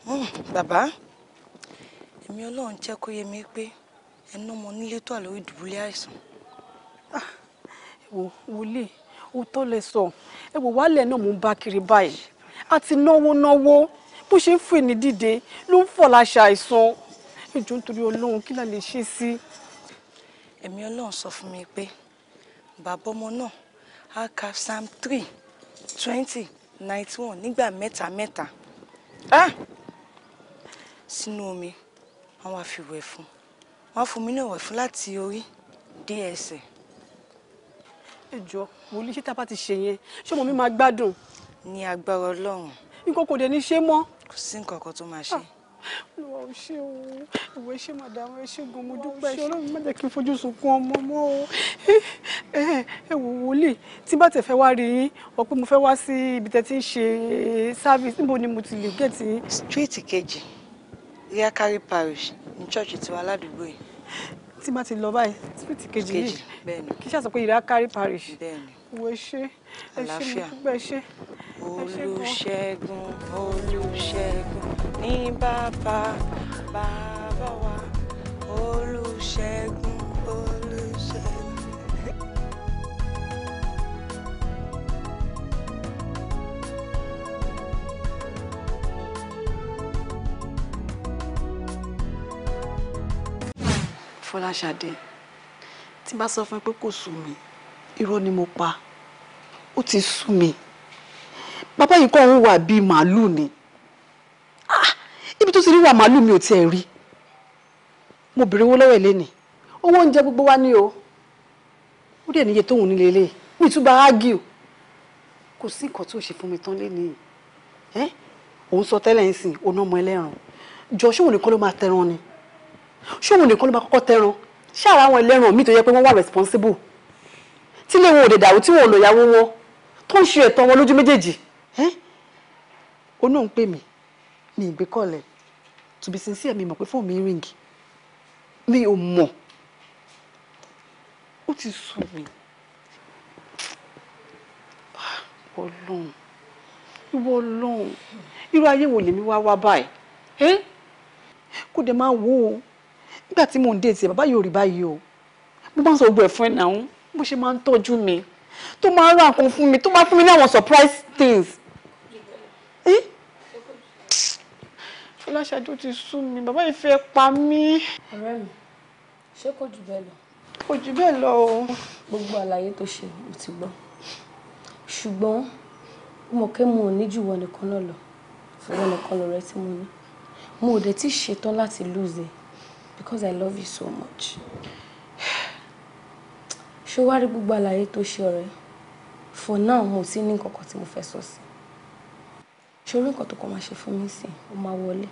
hmm, bàbá ẹ̀mí ọlọ́run jẹ́ kó yé mi pé ẹnu ọmọ nílé tó à lórí àìsàn. Ah, wo wòlíì o tó lè sọ ẹ wò wálẹ̀ náà mò ń bá kiri báyìí àti náwó náwó bó ṣe ń fò ní dìde ló ń fọ̀ láṣà àìsàn ìjọ nítorí ọlọ́run kí la lè ṣe sí. ẹ̀mí ọlọ́run sọ fún mi pé bàbá ọmọ náà á ka psalm three twenty ninety one nígbà mẹ́ta mẹ́ta ah! sínú omi wọn wá fi wẹ̀ fún wọn fún mi náà wẹ̀ fún láti orí dé ẹsẹ̀ ẹ jọ wòlíì ṣé tá a bá ti ṣe yẹn ṣé ọmọ mi máa gbádùn. ní agbára ọlọ́run. nǹkan kò dé ní ṣe mọ́. kò sí nǹkan kan tó máa ah, ṣe. olùwà ò ṣe o ìwé ṣe màdàmú ẹ ṣe gan mo dúpẹ́ ṣe ọlọ́run má jẹ́ kí n fojú sunkún ọmọ mọ́ o. Eh, eh, ẹ wò wòlíì tí bá tẹ̀ fẹ́ wá rí yín ọ pé mo fẹ́ wá sí ibi tẹ́ ti ń ṣe service níbo ni mo ti lè gẹ̀ẹ́tì. street kejì Iyakari parish ní church tí bá ti lọ báyìí spirit kejì yìí kì í ṣàṣọ pé ìrà parish wo ṣe ẹ ṣe mo dúpẹ́ ṣe olùṣègùn olùṣègùn ní bàbá bàbá wa olùṣègùn olùṣègùn. Fọláṣadé tí bá sọ fún ẹ pé kò sú mi irọ́ ni mo pa ó ti sú mi bàbá yìí kọ́ ń wà bíi màálù ni ah! ibi tó ti rí wà màálù mi ò tiẹ̀ rí mo bèrè owó lọ́wọ́ ẹ̀ lẹ́nìí owó oúnjẹ gbogbo wa ní o ó dẹ̀ níye tóun nílé lé mi tún bá ágìl kò sí nǹkan tó ṣe fún mi tán lẹ́nìí òun sọ tẹ́lẹ̀ ń sìn oná ọmọ ẹlẹ́ran jọ ṣé òun nìkan ló máa tẹran ni ṣóun nìkan ló máa kọ́kọ́ tẹran ṣé ara àwọn ẹlẹ́ran mi tó yẹ pé wọ́n wà responsible tí ilé wọn ò lè dàrú tí wọn ò lò ìyàwó wọn tó ń ṣe ẹ̀tọ́ wọn lójú méjèèjì ó náà ń pè mí mi ìgbé kọ́lẹ̀ to be sincere mi mọ̀ pé fóònù mi ring mi ò mọ̀ ó ti sùn mí ọlọ́run ìwọ ọlọ́run irú ayé wo lèmi wá wá báyìí kó dẹ̀ máa wò ó nígbà tí mò ń dé tiẹ̀ bàbá yóò rí báyìí o mo máa ń sọ gbogbo ẹ̀ fún ẹ̀ náà bó ṣe máa ń tọ́jú mi tó máa ń ra nǹkan fún mi tó máa fún mi ní àwọn surprise things. fọláṣadé ti sú mi bàbá yìí fẹ́ pa mí. ọ̀rẹ́ mi ṣé kò jù bẹ́ẹ̀ lọ. kò jù bẹ́ẹ̀ lọ o. gbogbo àlàyé tó ṣe mo ti gbọ́ ṣùgbọ́n mo kẹ́ mo ò ní jù wọ nìkan náà lọ ìwọ nìkan lọ rẹ tí mo ní mo ò dẹ̀ ti ṣetán láti lose it e because I love you so much. ṣé wàá rí gbogbo àlàyé tó ṣe ọ̀rẹ́ for now mo sì ní nǹkan kan tí mo fẹ́ sọ sí ṣé orí nǹkan tó kàn máa ṣe fún mi sí o máa wọlé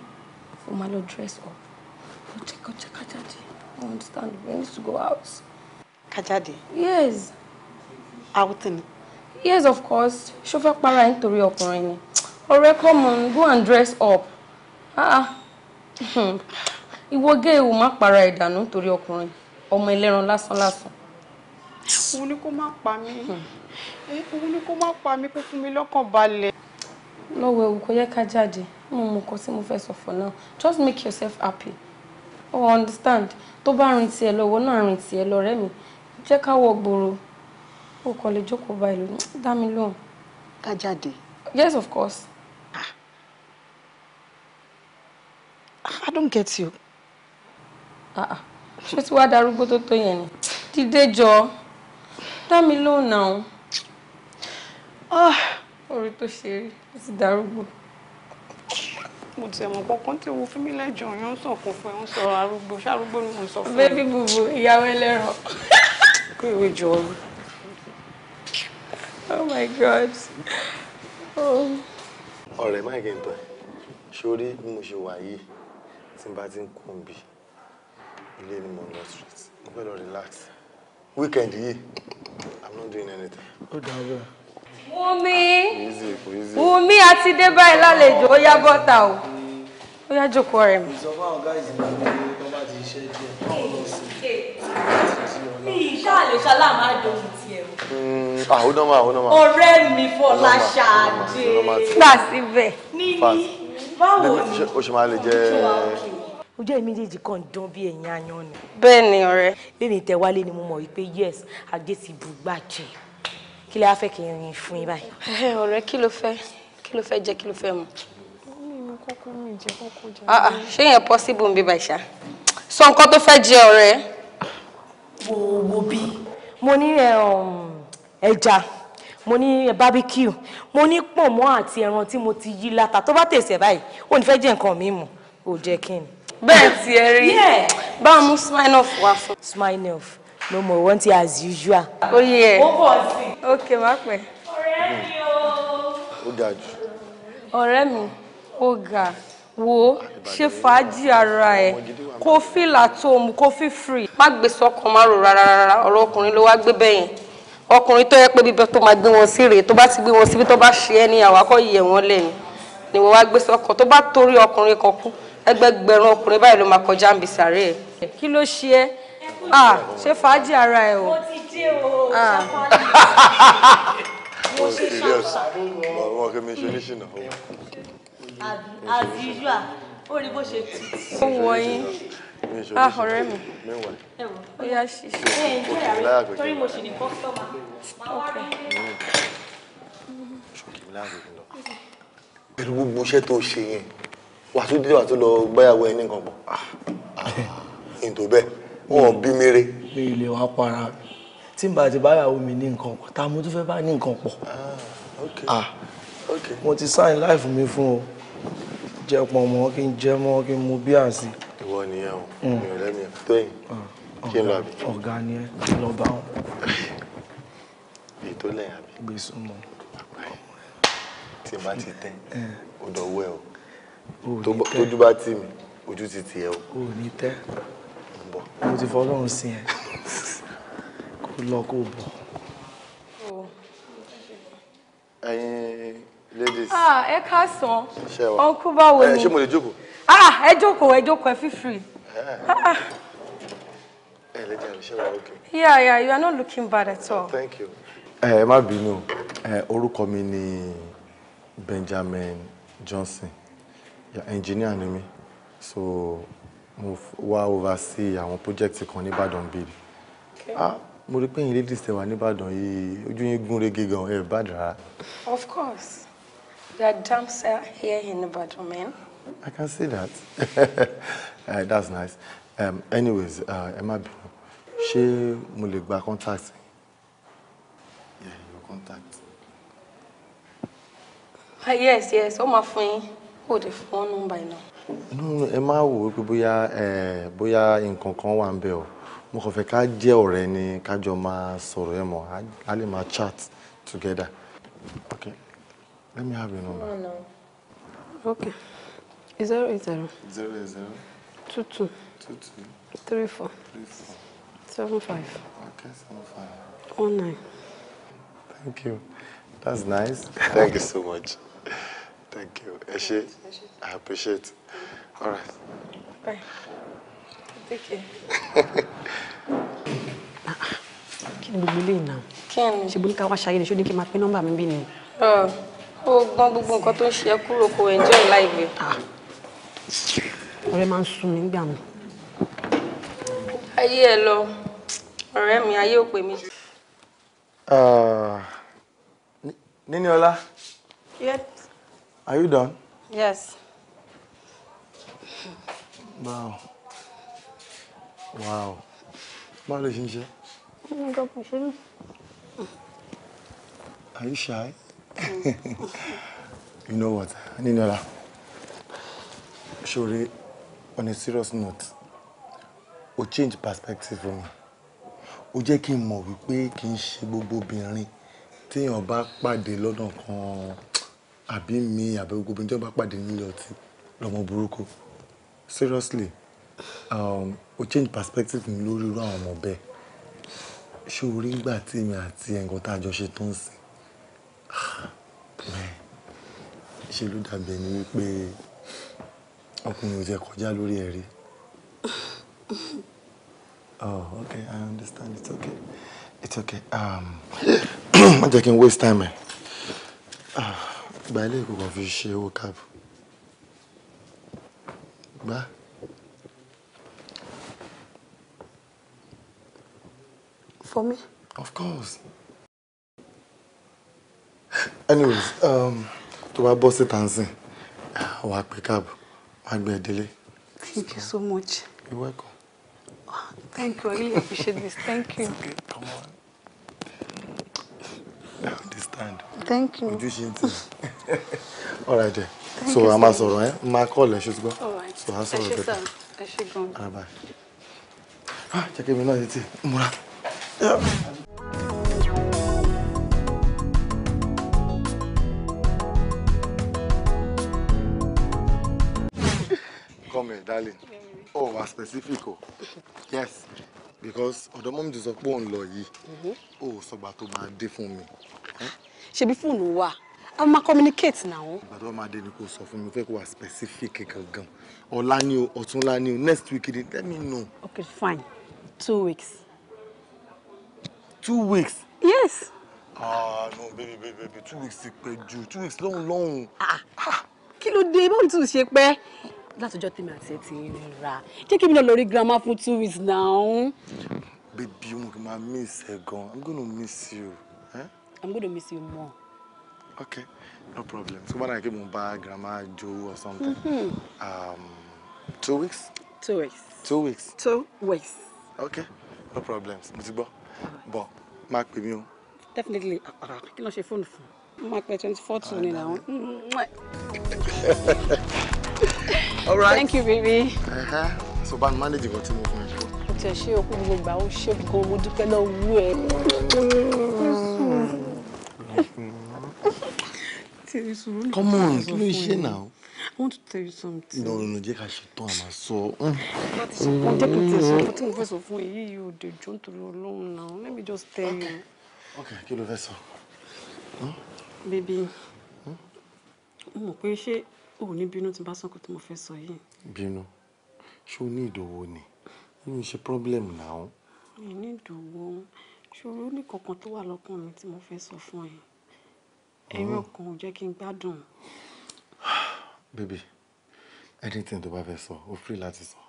o máa lọ dress up o jẹ́ ká jẹ́ I understand we need to go out. ká jáde. yes. outing. yes of course ṣó fẹ́ para ẹ̀ nítorí ọkùnrin ni ọ̀rẹ́ come on go and dress up. ah. ah. ìwọ géèwù má para ìdànù nítorí ọkùnrin ọmọ ẹlẹ́ran lásán lásán. òun ni kó má pa mí òun ni kó má pa mí kó fún mi lọ́kàn balẹ̀. lọ́wọ́ ẹ̀wù kò yẹ ká jáde mo mọ nǹkan tí mo fẹ́ sọ for now just make yourself happy oh understand tó bá rin tiẹ̀ lọ wọ́n náà rin tiẹ̀ lọ rẹ́ mi jẹ́ ká wọ gbòòrò ó kàn lè jókòó bá ìlú dá mi lóhùn. ká jáde. yes of course. Ah. I don't get you. Ah, ṣé tí wàá darúgbó tó tó yẹn ni dídé jọ dá mi lóhùn náà ah, orí tó ṣe rí ó ti darúgbó. mo ti ẹ̀mọ̀ kankan tí owó fún mi lẹ́jọ́ yẹn ń sọ kò fún ẹ ń sọ arúgbó ṣárúgbó ni mo sọ fún ẹ. bébí bùbù ìyàwó ẹlẹ́rọ. kó ìwé jọ ọrú. oh my god. Oh. ọ̀rẹ́ máa kí n tọ́ ẹ sórí bí mo ṣe wà yìí tí n bá ti ń kún bí ilé ni mo lọ street mo fẹ́ relax weekend yìí i'm not doing anything. ó dáa bẹ́ẹ̀. Wumi Wumi àti dé báyìí lálejò ó yá bọ́tà o ó yá jókòó rẹ̀ mi. ìsọfún àwọn gáàsì náà ni wọ́n bá ti ṣe díẹ̀ báwo lọ sí i. ìṣá lè ṣàlá máa dohun tiẹ̀ o. àwọn náà máa àwọn náà máa. ọ̀rẹ́ mi fọlá ṣáàdé. gbà síbẹ̀. níní báwo ni. o ṣe máa lè jẹ́ ojú ẹ̀ méjèèjì kan dán bí ẹ̀yìn ayan ni. bẹ́ẹ̀ ni ọ̀rẹ́. bẹ́ẹ̀ tẹ wálé ni mo mọ̀ wípé yes adé ti bù gbàjẹ́ kí lè á fẹ́ kí n rìn fún yín báyìí. ọ̀rẹ́ kí ló fẹ́ kí ló fẹ́ jẹ kí ló fẹ́ mu. mímu kókó mi jẹ kókó jẹ. Ah, ah, ṣé yẹn possible ń bí bàṣà sọ nǹkan tó fẹ́ jẹ ọ̀rẹ́. wo wo bí. mo ní um, ẹja mo ní eh, barbecue mo ní pọ̀nmọ́ àti ẹran tí mo ti yí láta tó bá tèsè báyìí ò ní fẹ́ jẹ nǹkan mi mu ò jẹ́ kí ni bẹ́ẹ̀ ti ẹ rí bá a mú smirnoff wá fún. smirnoff ló mọ̀ wọ́n ti as usual. ó yẹ ó bọ̀ sí i. ok má pẹ́. ọ̀rẹ́ mi o. ọ̀rẹ́ mi ó ga wo ṣe fàájì ara ẹ kó feel at home free. má gbé sọ́kàn má rò rárá rárá ọ̀rọ̀ ọkùnrin ló wá gbé bẹ́yẹn ọkùnrin tó yẹ pé bíbẹ tó máa gbé wọn sí rèé tó bá ti gbé wọn síbi tó bá ṣe ẹ ní àwákọ yẹ wọn lẹ́nu ni wọn wá gbé sọ́kàn tó bá torí ọkùnrin kan kú ẹgbẹgbẹ̀rún ọkùnrin báyìí ló máa kọjá ń bi sàárè ẹ kí ló ṣe ẹ ah ṣe fàájì ara ẹ o. mo ti dé o mo ṣe ṣàkóso. mo kì í mi ṣe oníṣìnà. as usual ó rí bó ṣe tì. ó wọ yín ah ọ̀rẹ́ mi ó yá ṣiṣẹ́. ẹ ǹjẹ́ àárẹ̀ torí mo ṣì ní kọ́sọ́mà máa wá rí pẹ̀lú gbogbo iṣẹ́ tó ṣe yẹn wà tó dé wà ah, ah, tó lọ gbáyàwó ẹni kan pọ̀ nítorí bẹ́ẹ̀ wọn bí mire. mi ò lè wá para tí n bá ti báyàwó mi ní nǹkan pọ̀ tá a mú tó fẹ́ bá ní nǹkan pọ̀ ah, mo ti sáyìn láìfù mi fún o jẹ pọ̀ mọ́ kí n jẹ mọ́ kí n mu bí àǹsì. ìwọ nìyẹn o hmm. mi ò lẹ́mìí tóyìn kí n lọ àbí. ọ̀gá ni ẹ lọ bá wọn. èyí tó lẹ́yìn àbí. gbèsè mọ́. tí n bá ti tẹ́ odò eh. owó o tójú bá tì mí ojú ti tì ẹ o. o ò ní tẹ́ mo ti fọlọ́run sí ẹ kó lọ kó bọ̀. ẹ̀yin ladies. ah ẹ ká sàn ọkú báwo eh, ni. ṣé mo lè jókòó. ah ẹ jókòó ẹ jókòó ẹ fi free. ẹ lè jẹ́ àríṣẹ́ wa okay. yeah yeah you are not looking bad at all. Oh, thank you. Eh, ẹ má bínú eh, orúkọ mi ni Benjamin Johnson yeah, engineer ni mi so mo wá oversee àwọn projects kan ní Ìbàdàn bíi ah mo rí pé ẹ̀yin ladies tẹ́ wà ní Ìbàdàn yìí ojú yín gún régé gan ẹ̀ bá dára. of course we are dancer here in Ibadan man. I can see that uh, that's nice um, anyways uh, ẹ má bínú ṣé mo lè gba contact yeah your contact. Uh, yes yes ó máa fún yín ó dé fún wọn nọ́mbà iná. ẹ má wò wípé bóyá bóyá nǹkan kan wà ń bẹ o mo kàn fẹ́ ká jẹ́ ọ̀rẹ́ ni ká jọ máa sọ̀rọ̀ ẹ mọ̀ a lè máa chat together okay let me have your number. No, no. okay zero eight zero. zero eight zero. two two. two two. three four. three four. seven five. okay seven five. one nine. thank you that's nice thank you so much. Thank you. Eshe, I appreciate. All right. Bye. Thank you. Kí ni gbogbo eléyìí náà? Kí ni? Ṣé Bolíkà wá ṣayé ni ṣó ní kí n máa pín nọ́mbà mi bí ni? Ó gbọ́n gbogbo nǹkan tó ń ṣe kúrò kó enjoy life. Ah. Ọ̀rẹ́ máa ń sún mi nígbà mi. Ayé ẹ lọ, ọ̀rẹ́ mi, ayé ò pè mí. Ah. Níní ọlá. Yes. Are you done? Yes. Wow. Wow. Má lè ṣe ń ṣe. Are you shy? you know what? Ninola. Surely, on a serious note, o change perspective for me. O jẹ́ kí n mọ̀ wípé kì í ṣe gbogbo obìnrin téèyàn bá pàdé lọ́nà kan àbí mi àbí gbogbo tí bá pàdé nílé ọtí lọ́mọ burúkú seriously o um, change perspective mi lórí irú àwọn ọmọ bẹ́ẹ̀ ṣé o rí gbà tí èmi àti ẹ̀ǹkan tá a jọ ṣe tó ń sìn ṣe ló dàbí ẹni wípé ọkùnrin ò jẹ kọjá lórí ẹ rí oh okay i understand it's okay it's okay um má jẹ́ kí n waste time ẹ̀. Uh gba ilé ìkókò fi ṣe owó káàbù gbá. For me? Of course. Anyways, um, tó bá bọ́ sí tanzan wàá pè káàbù wàá gbé ẹ délé. Thank you so much. You're welcome. Oh, thank you. I really appreciate this. Thank you. okay. Come on. understand. Thank you all right then so a máa My call. máa call ẹ̀ ṣùgbọ́n so I sọ̀rọ̀ bẹ́ẹ̀ I ṣe gan. ara bye. Ah, jẹ́ kí mi náà yìí tì múra. Come here, darling. Oh, wa specific o. Yes, because ọ̀dọ̀ mọ́mí ti sọ pé òun lọ yìí. Mm-hmm. O oh, sọgbà tó máa dé fún mi. Eh? Ṣebí fóònù wà a máa communicate now. ìgbà tó máa dé ni kò sọ fún mi fẹ́ kó wà specific gangan ọ̀la ni o ọ̀túnla ni o next week ni let me know. okay fine two weeks. two weeks. yes. ah no baby baby baby two weeks ti pẹ́ jù two weeks lọ́hùn lọ́hùn. Ah, ah, kí ló dé báwo ni two weeks ṣe pẹ́ látọjọ́ tèmi àti ẹ ti rira jẹ́ kí mi lọ lórí grandma fún two weeks now. baby mo kì máa miss ẹ gan i'm gonna miss you. Eh? i'm gonna miss you more. Okay, no problem. So when I came back, Grandma Joe or something, mm-hmm. um, two weeks? Two weeks. Two weeks? Two weeks. Okay, no problems. Mo ti gbọ́. But, má pè mí o. Definitely. Kí ló ṣe fóònù fún? Mark, pè 24 tún ni làwọn. All right. Thank you, baby. Uh-huh. So bá mi manage nǹkan tí mo fún ẹ. Ó ti ẹ̀ ṣe okú gbogbo ìgbà ó ṣe gan-an mo Come on, kí ló ń ṣe náà? I want to tell you something. No, no, jẹ́ ká ṣe tán àmà sọ. Mo mm. jẹ́ kó tẹ̀ sọ fún tí mo fẹ́ sọ fún now. Let me just tell you. Okay, kí ló fẹ́ mm. Baby, Bébí, mm. mo mọ̀ pé ṣé o ò ní bínú tí n bá sọ̀kò tí mo fẹ́ sọ yìí? Bínú, ṣé o ní ìdòwò ni? Inú ṣe problem náà. Mi ní ìdòwò. Ṣòro ní kankan tó wà lọ́kàn mi tí mo fẹ́ sọ fún ẹ ẹ̀rín mm. ọkàn ò jẹ́ kí n gbádùn. baby anything tó bá fẹ́ sọ ó free láti sọ.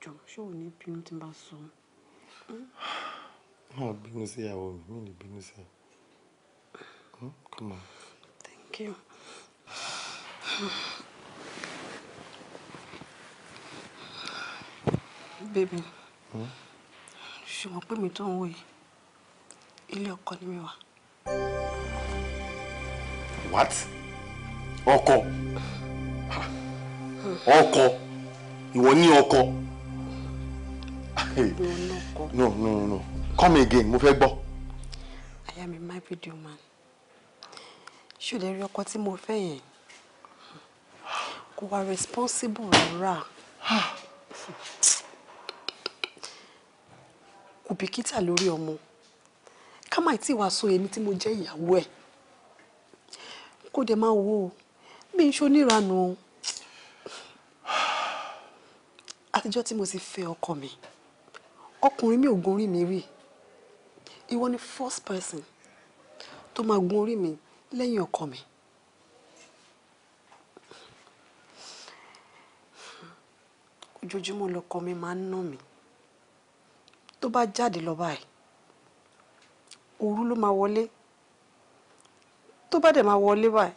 jọ ṣé ò ní bínú tí n bá sọ. Hmm? máa bínú sí ìyàwó mi mi ní bínú sí ẹ. Hmm? come on. thank you. baby hmm? ṣùgbọ́n pé mi tó ń wò yìí ilé ọkọ ni mi wà what ọkọ ọkọ ìwọ ní ọkọ no no no come again mo fẹ́ gbọ́. I am a married woman ṣòlè rí ọkọ tí mo fẹ́ yẹn kò wá responsible rárá kò bìkítà lórí ọmọ ká má tí wàá so èmi tí mo jẹ́ ìyàwó ẹ̀ kó dẹ̀ máa wo mi ń ṣoníranù o àtijọ́ tí mo ti fẹ́ ọkọ mi ọkùnrin mi ò gun orí mi rí ìwọ ni first person tó máa gun orí mi lẹ́yìn ọkọ mi. ojoojúmọ́ lọkọ mi máa ń nà mí tó bá jáde lọ báyìí òru ló máa wọlé tó bá dẹ̀ máa wọlé báyìí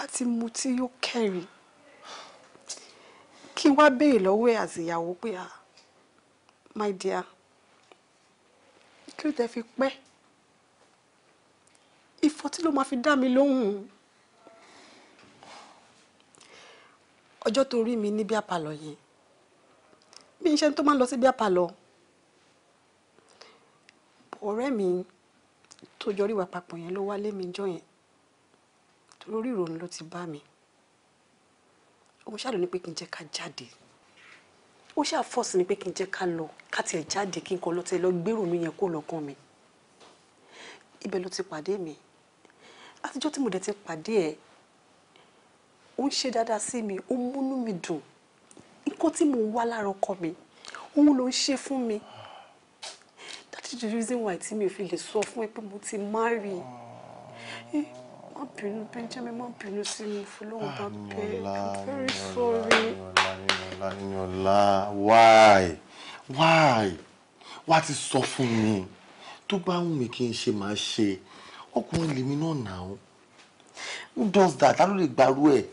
á ti mutí yóò kẹ́rì kí n wá béèrè lọ́wọ́ ẹ̀ àtìyàwó pé ah my dear kí ló tẹ́ fi pẹ́ ìfọ̀tí ló máa fi dá mi lóhùn ọjọ́ tó rí mi ní àpàlọ́ yẹn bí iṣẹ́ tó máa ń lọ sí bí àpàlọ́ ọ̀rẹ́ mi tó jọrí wa papọ̀ yẹn ló wálé mi jọ yẹn torí ìrònú ló ti bá mi òun ṣáà ló ní pé kí n jẹ́ ká jáde ó ṣáà fọ́ọ̀sì ni pé kí n jẹ́ ká lọ ká tiẹ̀ jáde kí n kọ́ lọ́tẹ́ lọ gbèrò mi yẹn kó lọ́kàn mi ibẹ̀ ló ti pàdé mi àtijọ́ tí mo dẹ̀ ti pàdé ẹ̀ ó ń ṣe dáadáa sí mi ó múnú mi dùn nǹkan tí mo wá lára ọkọ mi òun ló ń ṣe fún mi the reason why tí mi ò fi lè sọ fún ẹ pé mo ti marry ah. eh, má bínú Benjamin má bínú sí mi fọlọ́run bá ah, bẹ́ẹ̀ I'm very sorry. la, Níyọ̀lá la, why why wá ti sọ fún mi tó bá wù mí kí n ṣe máa ṣe ọkùnrin lèmi náà nà ó who does that I don't lè gbarú ẹ̀.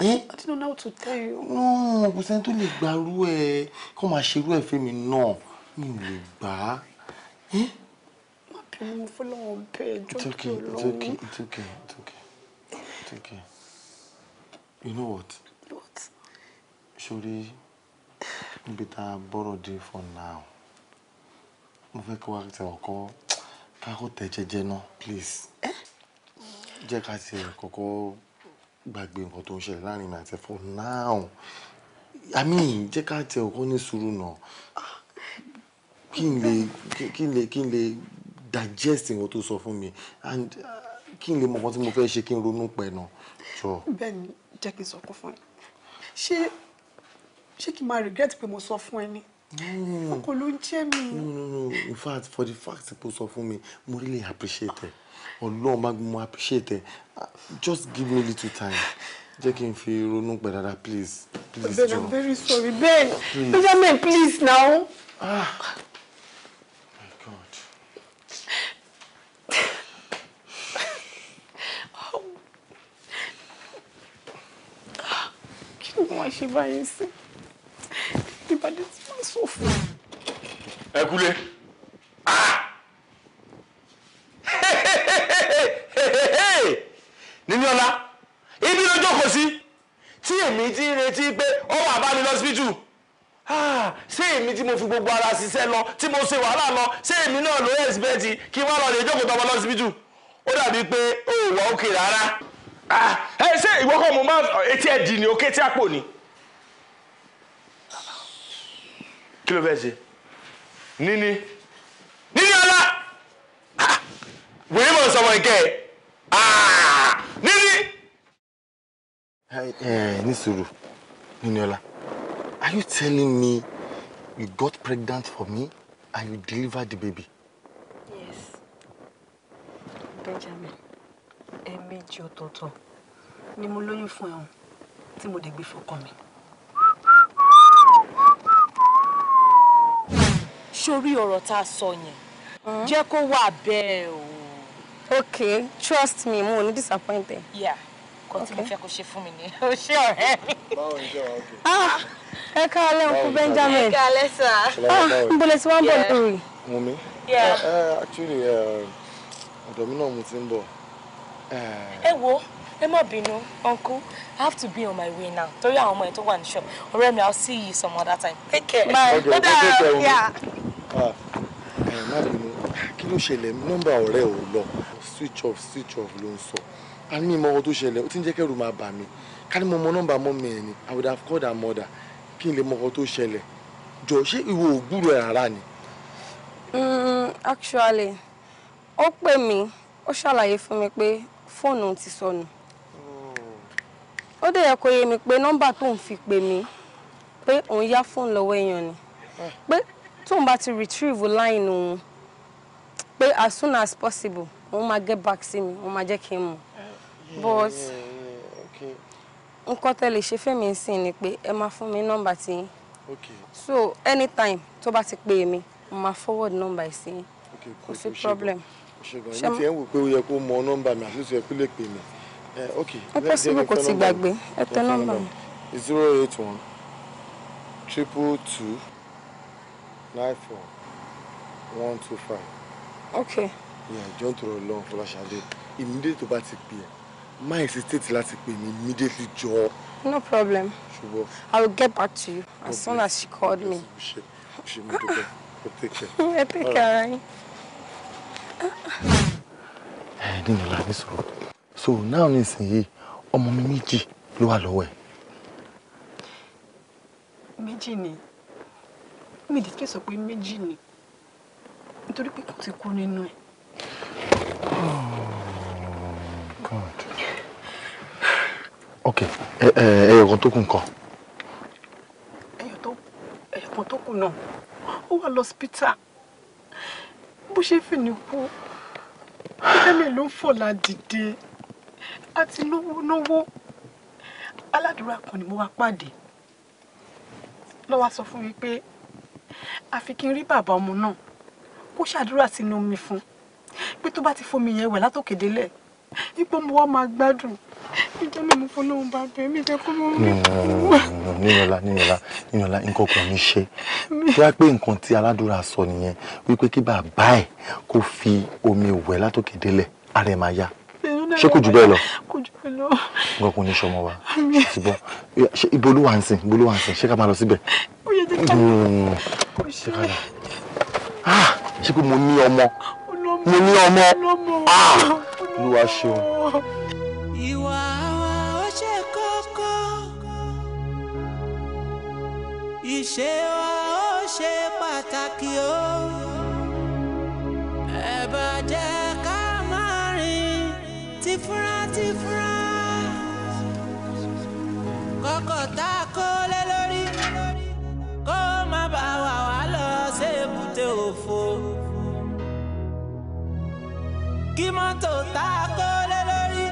Eh? I don't know how to tell you. No, kò sẹ́ni tó lè gbarú ẹ̀ kó máa ṣerú ẹ̀ fẹ́mi náà mi ò lè gbà á má bínú fọlọ́wọ́n bẹ́ẹ̀ jọ́kì ọlọ́run. It's okay, it's okay, it's okay, it's okay. You know what? What? Ṣorí we better borrow the dé for now, mo fẹ́ kí wá ti ọkọ kákó tẹ jẹjẹ náà, please. Eh? Jẹ́ I say, Coco, back being tó ń ṣẹlẹ̀ láàrin mi àti for now. I mean, jẹ́ I ti ọkọ ní sùúrù náà kí n lè kí n lè kí n lè digest nǹkan tó sọ fún mi and uh, kí n lè mọ nǹkan tí mo fẹ́ ṣe kí n ronú pẹ̀ náà. bẹ́ẹ̀ni jẹ́ kí n sọ kó fún ẹ ṣé ṣé kí n máa regret pé mo sọ fún ẹ ni ọkọ ló ń jẹ́ mi. no no no in fact for the fact pé o sọ fún mi mo really appreciate ẹ ọlọ́run má mo appreciate it. just give me little time jẹ́ kí n fi ronú pẹ̀ dáadáa please please jọ. bẹ́ẹ̀ i'm very sorry bẹ́ẹ̀ benjamin please now. Ah. kí wọ́n ṣe báyìí sí ìbàdí tí wọ́n sọ fún un. ẹ kúlé nínú ọlá ibi ló jókòó sí tí èmi ti ń retí pé ó wà bá mi lọ́sibítù ṣé èmi tí mo fi gbogbo ara ṣiṣẹ́ lọ tí mo ṣe wàhálà lọ ṣé èmi náà ló ẹ̀sìpẹ́ẹ̀tì kí n wá lọ lè jókòó tọmọ lọ́sibítù ó dàbí pé ó wà òkè rárá. Ah, ẹ ṣe ìwọ kọ́ mo máa etí ẹ̀ dì ní òkè tí àpò ni kí ló fẹ́ ṣe níní níní ọlá ah, wèé mọ̀ sọmọ ìkẹ́ ah, níní. ní níní ọlá are you telling me you got pregnant for me and you delivered the baby. yes benjamin ẹ̀ẹ̀mejì ọ̀tọ̀ọ̀tọ̀ ni mo lóyún fún ẹ̀hún tí mo dẹ̀ gbé fọkàn mi. sórí ọ̀rọ̀ tá a sọ yẹn hmm? jẹ́ kó wà bẹ́ẹ̀ o. okay trust me mo ò ní disappointed. yeah nǹkan tí mo fẹ́ kó ṣe fún mi ni o ṣé ọ̀rẹ́ mi. báwo ni jọba ah, ok. ẹ káalẹ́ nkú benjamin. ẹ káalẹ́ sà. n bọ̀lẹ̀ tí wọ́n ń bọ̀ lórí. mumi. Eh, eh, actually eh, ọ̀dọ̀ mi náà mo ti ń bọ̀ ẹ eh. eh, wo ẹ má bínú uncle i have to be on my way now torí àwọn ọmọ ẹ tó wà ní shop ọ̀rẹ́ mi i'll see you some other time take care bye ọjọ ọjọ tó tẹ omi ẹ má bínú kí ló ṣẹlẹ̀ nọ́mbà ọ̀rẹ́ ò lọ switch off switch off ló ń sọ a ní ìmọ̀ ọkọ̀ tó ṣẹlẹ̀ ó ti ń jẹ́ kẹ́rù máa bà mí ká mo mọ nọ́mbà mọ́ mi ẹ̀ ni i would have called her mother kí n lè mọ ọkọ̀ tó ṣẹlẹ̀ jọ ṣé ìwọ ò ẹ̀ rárá ni. Mm, actually ó pè mí ó ṣàlàyé fún mi pé fóònù ti sọnù ó dẹ̀ yẹ kó yé mi pé nọ́mbà tó ń fi pè mí pé òun yá fóònù lọ́wọ́ èèyàn ni pé tóun bá ti retrieve line òun pé as soon as possible òun máa get back sí mi òun máa jẹ́ kí n mọ̀ but nǹkan tẹ́ lè ṣe fẹ́mi sìn ni pé ẹ máa fún mi nọ́mbà tí yín so anytime tó bá ti pè mí mo máa forward nọ́mbà ẹ̀ sí yín kò sí problem. Okay ṣùgbọ́n ní tiẹ̀ ń wò pé ó yẹ kó mọ nọ́mbà mi àti oṣù lè pè mí. ó pẹ́ síbò kò ti gbàgbé ẹ tẹ nọ́mbà mi. zero eight one triple two nine four one two five. ok. ìyá ìjọ ń tọrọ lọ́wọ́ Fọláṣadé immediately tó bá ti pè ẹ́ má hesitate láti pè mí immediately jọ. no problem i will get back to you as soon as she called me. ṣe mo dúpẹ́ o take care. ẹ take care ara yín ẹ eh, nínú la ní sọ̀rọ̀ so now nísìnyìí ọmọ mi méjì ló wà lọ́wọ́ ẹ̀. méjì ni mi ò tètè sọ pé méjì ni nítorí pé kò ti kú nínú ẹ̀. Oh, God. ok ẹyọkan tó kù nǹkan. ẹyọkan tó kù náà ó wà lọ́sípítà bó ṣe fi ní kú fẹ́mi ló ń fọ̀lá dìde àti lówó lówó aládùúrà kan ni mo wá pàdé lọ́wọ́ sọ fún mi pé àfi kí n rí bàbá ọmọ náà kó ṣàdúrà sínú omi fún pé tó bá ti fomi yẹn wẹ̀ látòkè délẹ̀ ipò mo wá máa gbádùn ìjọ náà mo fọlọ́run bá bẹ̀ mí jẹ́ kó mọ́ mi. níyànlá níyànlá níyànlá nǹkan kan ní ṣe bóyá pé nǹkan tí aládùúrà sọ nìyẹn wípé kí bàbá ẹ̀ kó fi omi wẹ̀ látòkè délẹ̀ ara ẹ̀ máa yá ṣé kò jù bẹ́ẹ̀ lọ. kò jù bẹ́ẹ̀ lọ. nǹkan kan ní sọmọ wa ṣùgbọ́n ṣe ibo ló wà ń sìn ibo ló wà ń sìn ṣé ká máa lọ síbẹ̀. ó yẹ jẹ́ hmm. ṣé kò ah! mo ní ọmọ mo ní ọmọ ah! olúwa ṣeun. ìwà wa ó ṣe kókó ìṣe wa ó ṣe pàtàkì o ẹ jẹ́ ká máa rìn tìfúnra tìfúnra kọ́kọ́ tá a kó lé lórí kó má bàa wà wá lọ sí èbúté òfo kí mọ́tò tá a kó lé lórí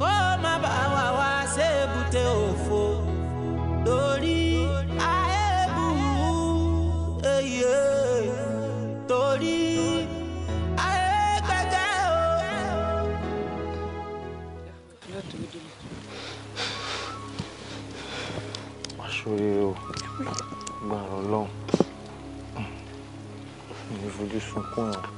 kó má bàa wà wá ṣe òfò lórí àébù èyí torí àégbẹ́gẹ́ o. aṣọ́rí o gbàrọ̀ lọ́hùn-ún ní fojú sunkún ọ̀hún.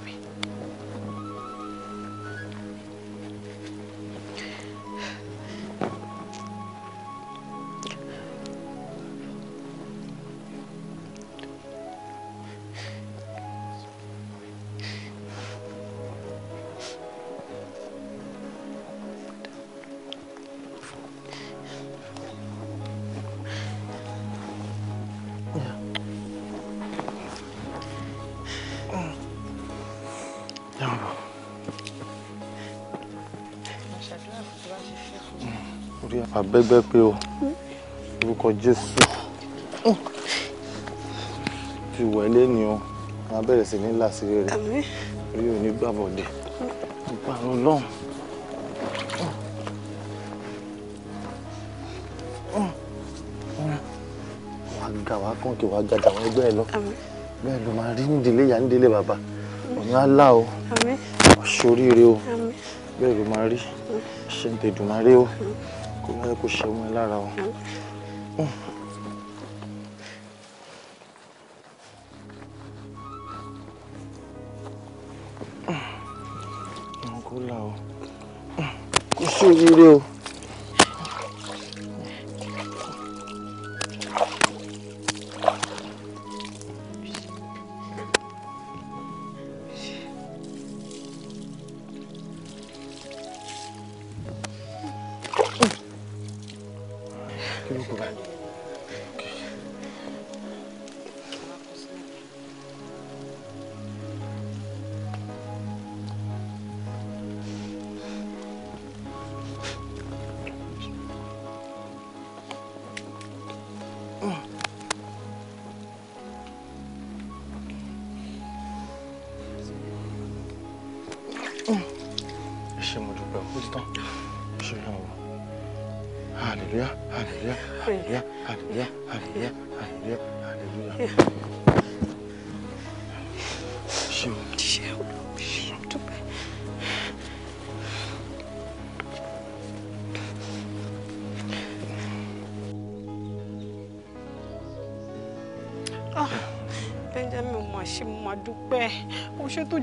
àbẹ́gbẹ́ pé o orúkọ Jésù oh. ti wọ̀ ẹ́ lẹ́ni o máa bẹ̀rẹ̀ sí ní làṣírí rẹ̀ orí ò ní gbàbọ̀dẹ̀ gbogbo àrùn ọlọ́run. wàá ga wàá kàn kí wàá gàdà wọ́n bẹ́ẹ̀ lọ bẹ́ẹ̀ ló máa rí nídìílé ìyá nídìílé bàbá ọ̀nà àlá o wàá ṣoríire o bẹ́ẹ̀ ló máa rí ṣe o. Amen ẹ kò ṣe wọn lára o.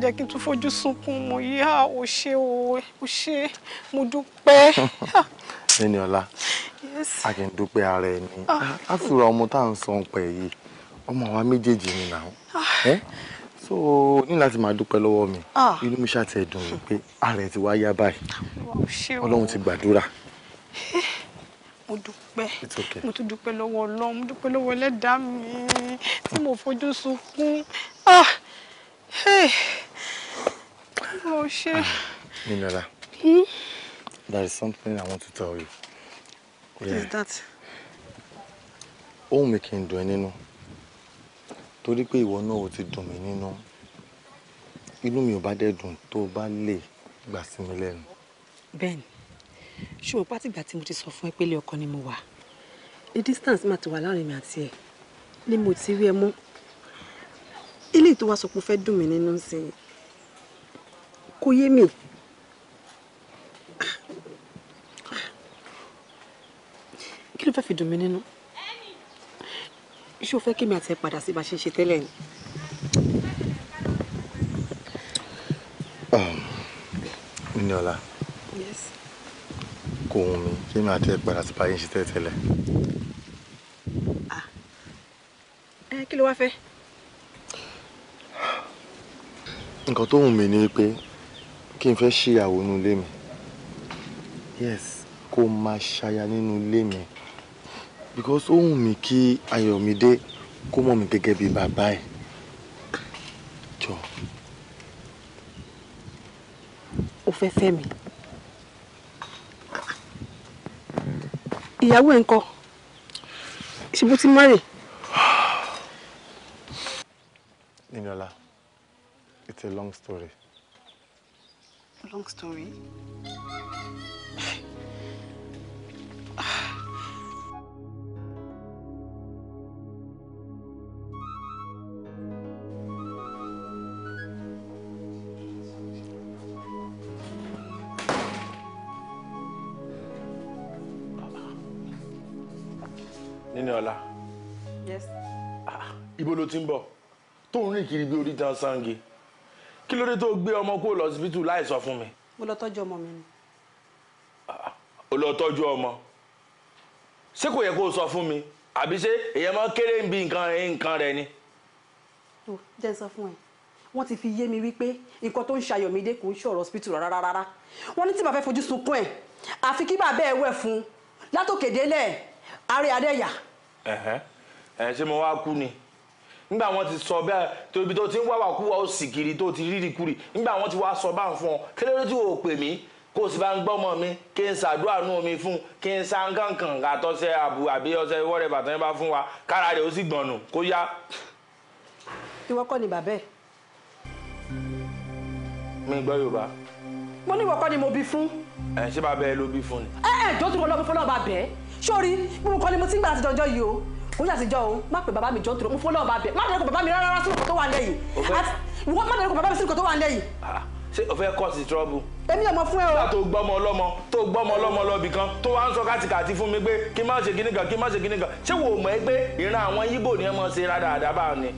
jẹ́ kí n tún fojú sunkún mo yá o ṣe o o ṣe mo dúpẹ́. Eniola a kì í dúpẹ́ ara ẹni àfihàn ah. ọmọ tá à ń sọ pẹ̀ yìí ọmọ àwa méjèèjì ni nà ó ah. so ní láti máa dúpẹ́ lọ́wọ́ mi ah. inú mi ṣàti ẹ̀dùn mi pé ara ẹ̀ ti wá yá báyìí ọlọ́run ti gbàdúrà eh, mo dúpẹ́ mo tún dúpẹ́ lọ́wọ́ ọlọ́run mo dúpẹ́ lọ́wọ́ ẹlẹ́dàá mi tí mo fojú sunkún ṣe. Ah, Ninola, hmm? there is something I want to tell you. What yeah. is that? Ohun making do any no. ẹ́ nínú. Torí pé ìwọ náà ò ti dùn mí nínú. Inú mi ò bá dẹ̀ dùn tó o bá lè gbà mi lẹ́nu. Bẹ́ẹ̀ni, ṣé o pátìgbà tí mo ti sọ fún ẹ pé ilé ni mo wà? The distance máa ti wà láàrin mi àti ẹ̀ ni mo ti rí ẹ mọ́. Ilé ìtò wa sọ pé o fẹ́ dùn mí nínú kò yé mi. kí ló fẹ́ fi dùn mí nínú ṣé o fẹ́ kí mi àti ẹ padà sí bá a ṣe ń ṣe tẹ́lẹ̀ ni. Um, Nínọ́lá kò wù mí kí mi àti ẹ padà sí bá a ṣe ń ṣe tẹ́lẹ̀. Ah. kí ló wá fẹ́. nǹkan tó wù mí ni pé kí n fẹ́ ṣèyàwó nínú ilé mi yes kó máa ṣaya nínú ilé mi because ó wù mí kí Ayọ̀mídé kó mọ̀ mí gẹ́gẹ́ bí bàbá ẹ̀ jọ. o fẹ́ fẹ́ mi ìyàwó ẹ̀ ń kọ́ ṣe bó ti má rè. Nílọ́lá it's a long story long story. Níníọlá. Yes. Ah, ibo ló ti Tony bọ̀? Tó ń kiri bí oríta sange kí ló dé tó gbé ọmọ kó lọ síbítù láì fún mi. mo lọ tọ́jú ọmọ mi ni. o lọ tọ́jú ọmọ ṣé kò yẹ kó o sọ fún mi àbí ṣé èèyàn máa kéré ń bi nǹkan nǹkan rẹ ni. tó jẹ́ ń sọ fún ẹ wọ́n ti fi yé mi wípé nǹkan tó ń ṣayọ̀mídé kò ń ṣọ̀rọ̀ hospital rárá rárá wọ́n ní tí màá fẹ́ fojú sunkún ẹ̀ àfi kí bàbá ẹ̀ wẹ̀ fún un látòkèdélẹ̀ àárẹ̀ adẹ́yà. ẹ̀hẹ́ ẹ̀ ṣé mo wá kú ni nígbà wọn ti sọ bẹ́ẹ̀ tóbi tó ti ń wáwà kúwà ó sì kiri tó ti rírì kúrì nígbà wọn ti wá sọ bá ń fún ọ kílódé tí o pè mí kó o sì bá ń gbọ́ ọmọ mi kí n ṣàdúrà nù omi fún kí n sa nkankan àtọ́sẹ́ àbù àbí ọsẹ wọ́rẹ́ bàtàn bá fún wa kára rẹ̀ ó sì gbọ̀nù kó yá. ìwọ kọ́ ni bàbá ẹ̀. mi gbọ́ yorùbá. mo ní ìwọ kọ́ ni mo bí fún. ẹ ṣé bàbá ẹ ló bí fún ni. ẹ ẹ jọ́sùn ọlọ́run fọlọ́ọ̀ kò ṣàtijọ́ o má pe bàbá mi jọ nítorí mo fọ́ lọ́wọ́ bá bẹ̀ má dẹ́rẹ́kọ̀ bàbá mi rárá sí nǹkan tó wà lẹ́yìn wọ́n má dẹ́rẹ́kọ̀ bàbá mi sí nǹkan tó wà lẹ́yìn. Ah, ṣé o fẹ́ kọ́ sí èmi ọmọ fún ẹ o. nígbà tó gbọ́ ọmọ ọlọ́mọ tó gbọ́ ọmọ ọlọ́mọ lọ́bì kan tó wá ń sọ káàtìkàtì fún mi pé kí n má ṣe kíní kan kí n má ṣe kíní kan ṣé wò mọ̀ ẹ́ pé ìran àwọn yíbò ni ẹ mọ̀ ṣe rádaràdà bá ni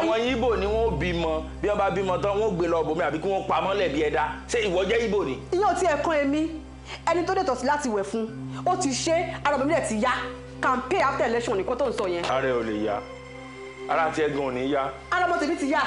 àwọn yíbò ni wọn ò bímọ bí wọn bá bímọ tán wọn ò gbé lọ bòmí àbí kí wọn pamọ́ lẹ̀ bí ẹ̀dá ṣé ìwọ jẹ́ yíbò ni. iye ò tí ẹ kán èmi ẹni tó dẹ̀tọ̀ sí láti wẹ̀ fún ó ti ṣe ara bàbá ti yá campaign after election nìkan tó ń sọ yẹn. ara ẹ ò lè yá ara tiẹ̀ gan ò ní yá. ara ọmọ tèmi ti yá.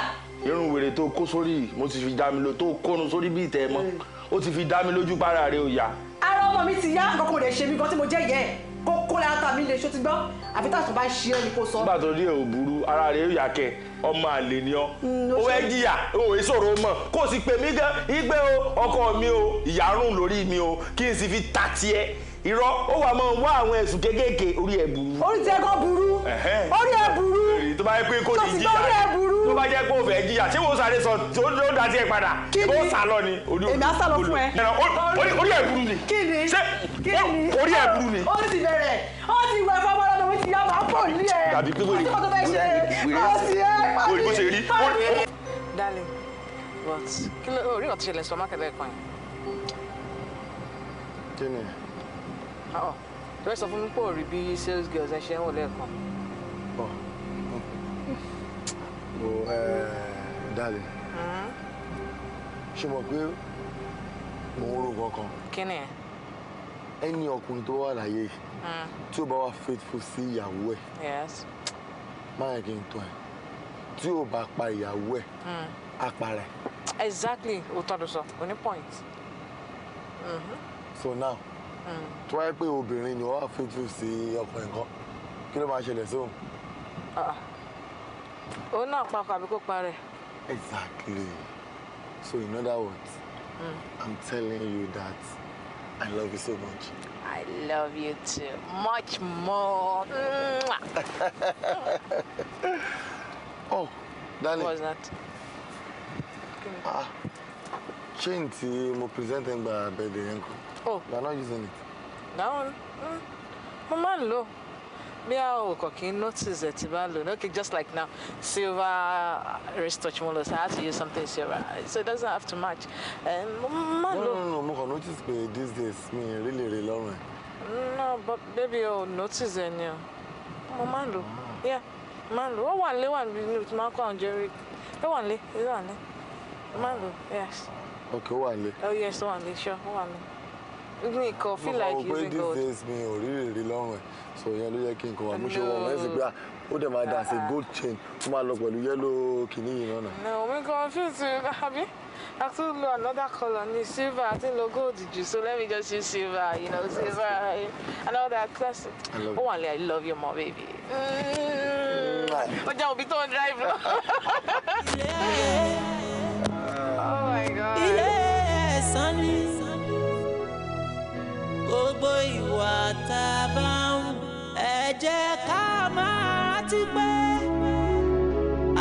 irun wèrè tó kó sórí mo ti fi dá mi lójú tó kónu sórí bí ìtẹ̀ mọ́ mm. ó ti fi dá mi lójú para rẹ ò yá. ara ọmọ mi ti yá nǹkan kò lè ṣe mí gan tí mo jẹ́ yẹ kó kó lára tàbí lè ṣó ti gbọ́ àfi táwọn bá ń ṣe ẹ́ ni kò sọ. nígbà tó dé ò burú ara rẹ ò yá kẹ ọmọ àlè ni ọ mm, ó ẹ jìyà òwe sọ̀rọ̀ mọ̀ kó o sì pè mí gan igbe o ọkọ mi o ìyá rùn lórí mi o kí n sì fi ta tiẹ̀ irọ́ ó wà máa wá àwọn ẹ̀sùn kéékèèké orí ẹ̀ burú. orí tiẹ̀ kọ́ burú orí ẹ̀ burú tó bá yẹ pé kò ní jìyà tó bá jẹ́ pé fẹ́ jìyà ṣé wọ́n sáré sọ tó ló dá sí ẹ padà ó ni èmi á sá fún ẹ orí ẹ̀ burú ni kí ni orí ẹ̀ burú ni. ó ti bẹ̀rẹ̀ ó ti wẹ̀ fọwọ́ lọ́dọ̀ ó ti yá pọ̀ ní ẹ̀ tàbí pé wèrè wèrè bó ṣe rí. darling what kí ló Ah, tó fẹ́ sọ fún mi pọ̀ rí bí sales girls ẹ ṣe ń wò lẹ́ẹ̀kan. bọ̀ Oh, eh, darling hmm? ṣe mọ̀ pé mò ń ro kankan. kí ni Any ẹni ọkùnrin tó wà láyé hmm. tí ó faithful sí ìyàwó ẹ. yes. má yẹ kí n tán ẹ tí ò bá pa ìyàwó hmm. exactly òótọ́ ló sọ oní point. Mm-hmm. so now Mm. tó wáyé pé obìnrin ni wọ́n wá fẹ́tù sí ọkùnrin kan kí ló máa ṣẹlẹ̀ sóhun. Ah. òun náà papọ̀ àbí kó parẹ́. exactly so in other words mm. i'm telling you that i love you so much. i love you too much more. oh darling. was that. ah chain tí mo present ń gba birthday yẹn kan. Oh. You are not using it. That one? Mm. Mo máa ń lò. Bí a notice ẹ̀ tí bá lò. Okay, just like now, silver wristwatch mo lò I had to use something silver. So it doesn't have to match. Mo No, no, no, mo kàn notice pé these days me really really lọ́rùn No, but baby you notice ẹ̀ ni o. Mo máa Yeah, máa ń lò. Ó wà nílé wà níbi tí jerry. Ó one, nílé, ó one. nílé. yes. Okay, ó wà Oh yes, ó wà sure, ó wà mi kò feel like using God. mo kàn wọ́n pé these days mi ò rí rèrè lọ́rùn ẹ̀ so ìyẹn ló yẹ kí n kàn wá mú ṣe wọ́n mẹ́sì pé ah, ó dẹ̀ máa dàsí gold chain tó máa lọ pẹ̀lú yellow kìíní yìí náà. no mi confuse mi àbí I tún lo another colour ni silver àti lo gold jù so let me just use silver you know silver and all that classic. ó wà lẹ́yìn I love you more baby. Mm. ó jẹ́ òbí tó ń drive lọ. oh my god. Yeah. gbogbo ìwà tá a bá ń wù ẹ jẹ́ ká máa ti pé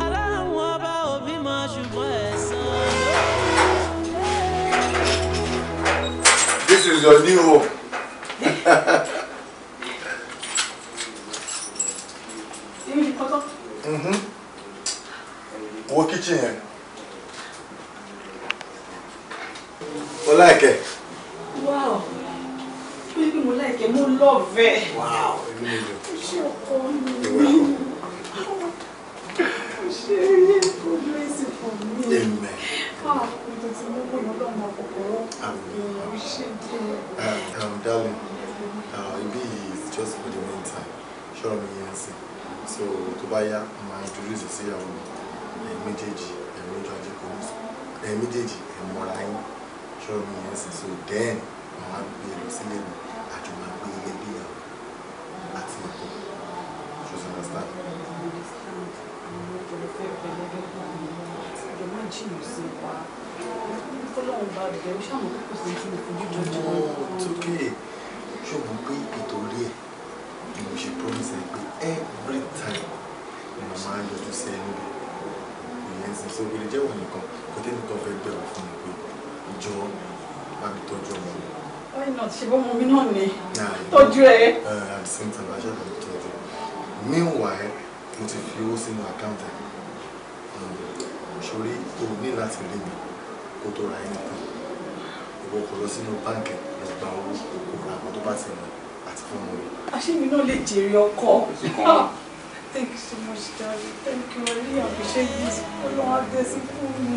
aláwọn ọba òbí mọ ṣùgbọ́n ẹ̀san ló ń This is your new home. mm-hmm. Wo kitchen yẹn. Ọlá ẹ̀kẹ́. Wow tó yẹ pé mo láìkẹ́ mo lọ́ọ̀vẹ́. ṣé ọkọ Ah, mo ti um, um, uh, just for the meantime. Ṣọ́ra mi yẹn sí. So tó bá yá, màá introduce sí àwọn ẹ̀yin méjèèjì ẹ̀yin méjì ajé kò ní sùn. Ẹ̀yin méjèèjì ẹ̀ mi yẹn sí. So then, màá gbé e lọ sílé mi àti ẹ̀kọ́ ṣoṣo mọ́sítà. ìjọba jìnnà sí wa it's okay ṣọ́ọ̀bù pé ìtòrí ẹ̀ ni mo ṣe every eh, time My mo to ń yọjú sí ẹnu rẹ̀ ìyẹn sì sọ pé lè jẹ́ wà nìkan kò tẹ́lẹ̀ tó fẹ́ bẹ̀rù fún mi pé ìjọ bá mi tọ́jú why not She won't move in on me. tọ́jú ẹ. Uh, at the same just want to tell you meanwhile mo ti fi owó account surely sórí o ní láti rí mi kó tó ra ẹni tán ìwọ kò lọ sínú báńkì lọ bank. owó kó ra àwọn tó bá ti rìn àti fún ọmọ rẹ. àṣẹ́mi náà lè jèrè Thank you so much, darling. Thank you. I really appreciate this. Ọlọ́run á dé sí fún mi.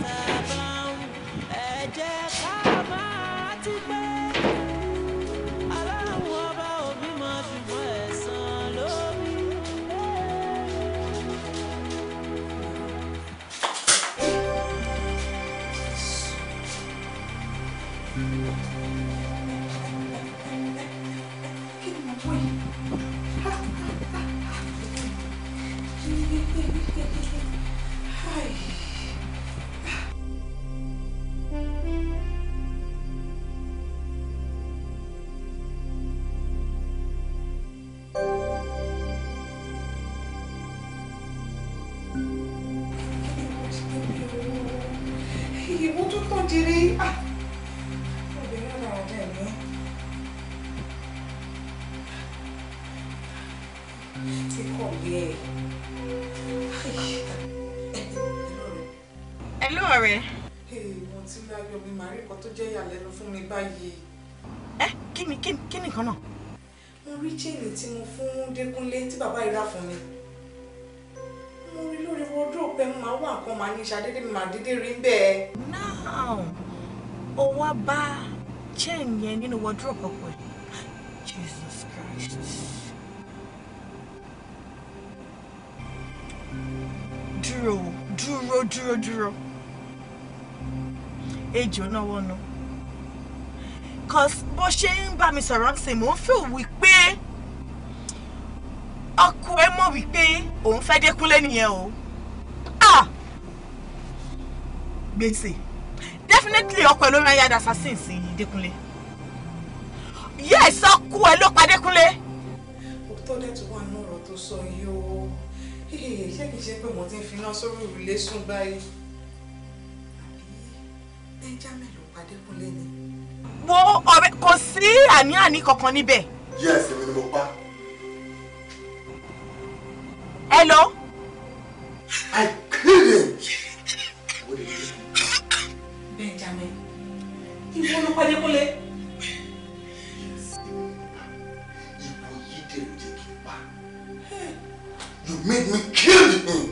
bàbá yìí fún mi mo rí lórí wọ́ọ́dúrópẹ́ mo máa wá nǹkan máa ní ṣàdédé mi máa dédé rí bẹ́ẹ̀. now ó wá bá chain yẹn nínú wọ́ọ́dúrópẹ́ ọkọ ẹ̀ Jesus Christ. dúró dúró dúró dúró ejò náà wọnú cause bó ṣe ń bá mi sọ̀rọ̀ ń mò ń feel wípé. òun fẹ́ dékúnlé nìyẹn o ah! gbèsè definitely ọkọ ẹ ló máa ń yáda assassin sí dékúnlé yes ọkọ ẹ ló pa dékúnlé. òótọ́ lẹ́tọ̀ wà nínú ọ̀rọ̀ tó sọ yìí o ṣé kìí ṣe pé mo ti ń finá sórí ìrùlé sùn báyìí àbí benjamin ló pa dékúnlé ni. wo ọ̀rẹ́ kò sí àní-àní kankan níbẹ̀. yes èmi ni mo pa. Hello? I couldn't. Benjamin, you want to ìwọ ló pàdé kúnlẹ̀. You made me kill him.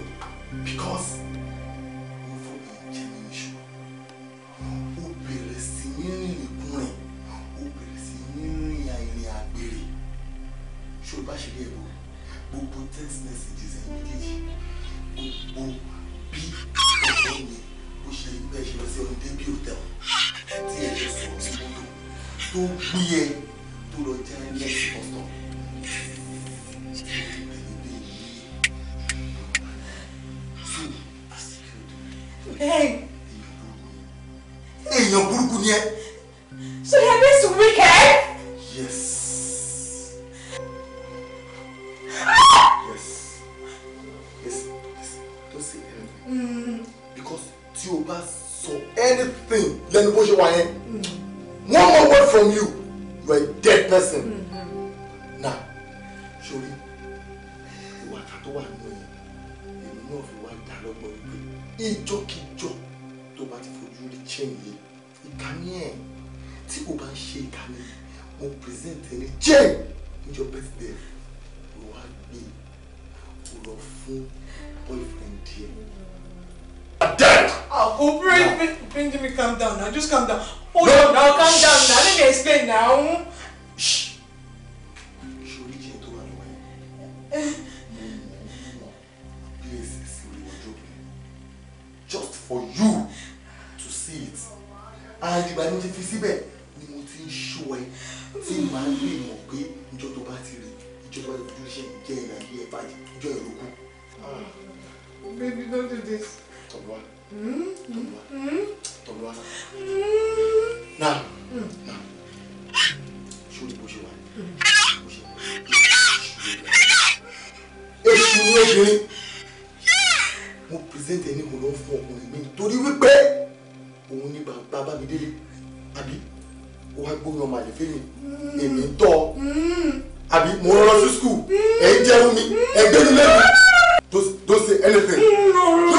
bàbá mi délé àbí ó wá gbóyún ọmọ àlè fẹ́mi èmi ń tọ́ àbí mo rán lọ sí skul ẹ̀ ń jẹ́rú mi ẹ̀ gbẹ́nu lẹ́nu tó ṣe anything. Mm,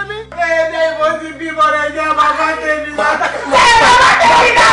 ṣe mí. ẹ̀ẹ́dẹ́ ìbò ti bímọ rẹ̀ jẹ́ bàbá tèmi náà. bàbá tèmi náà.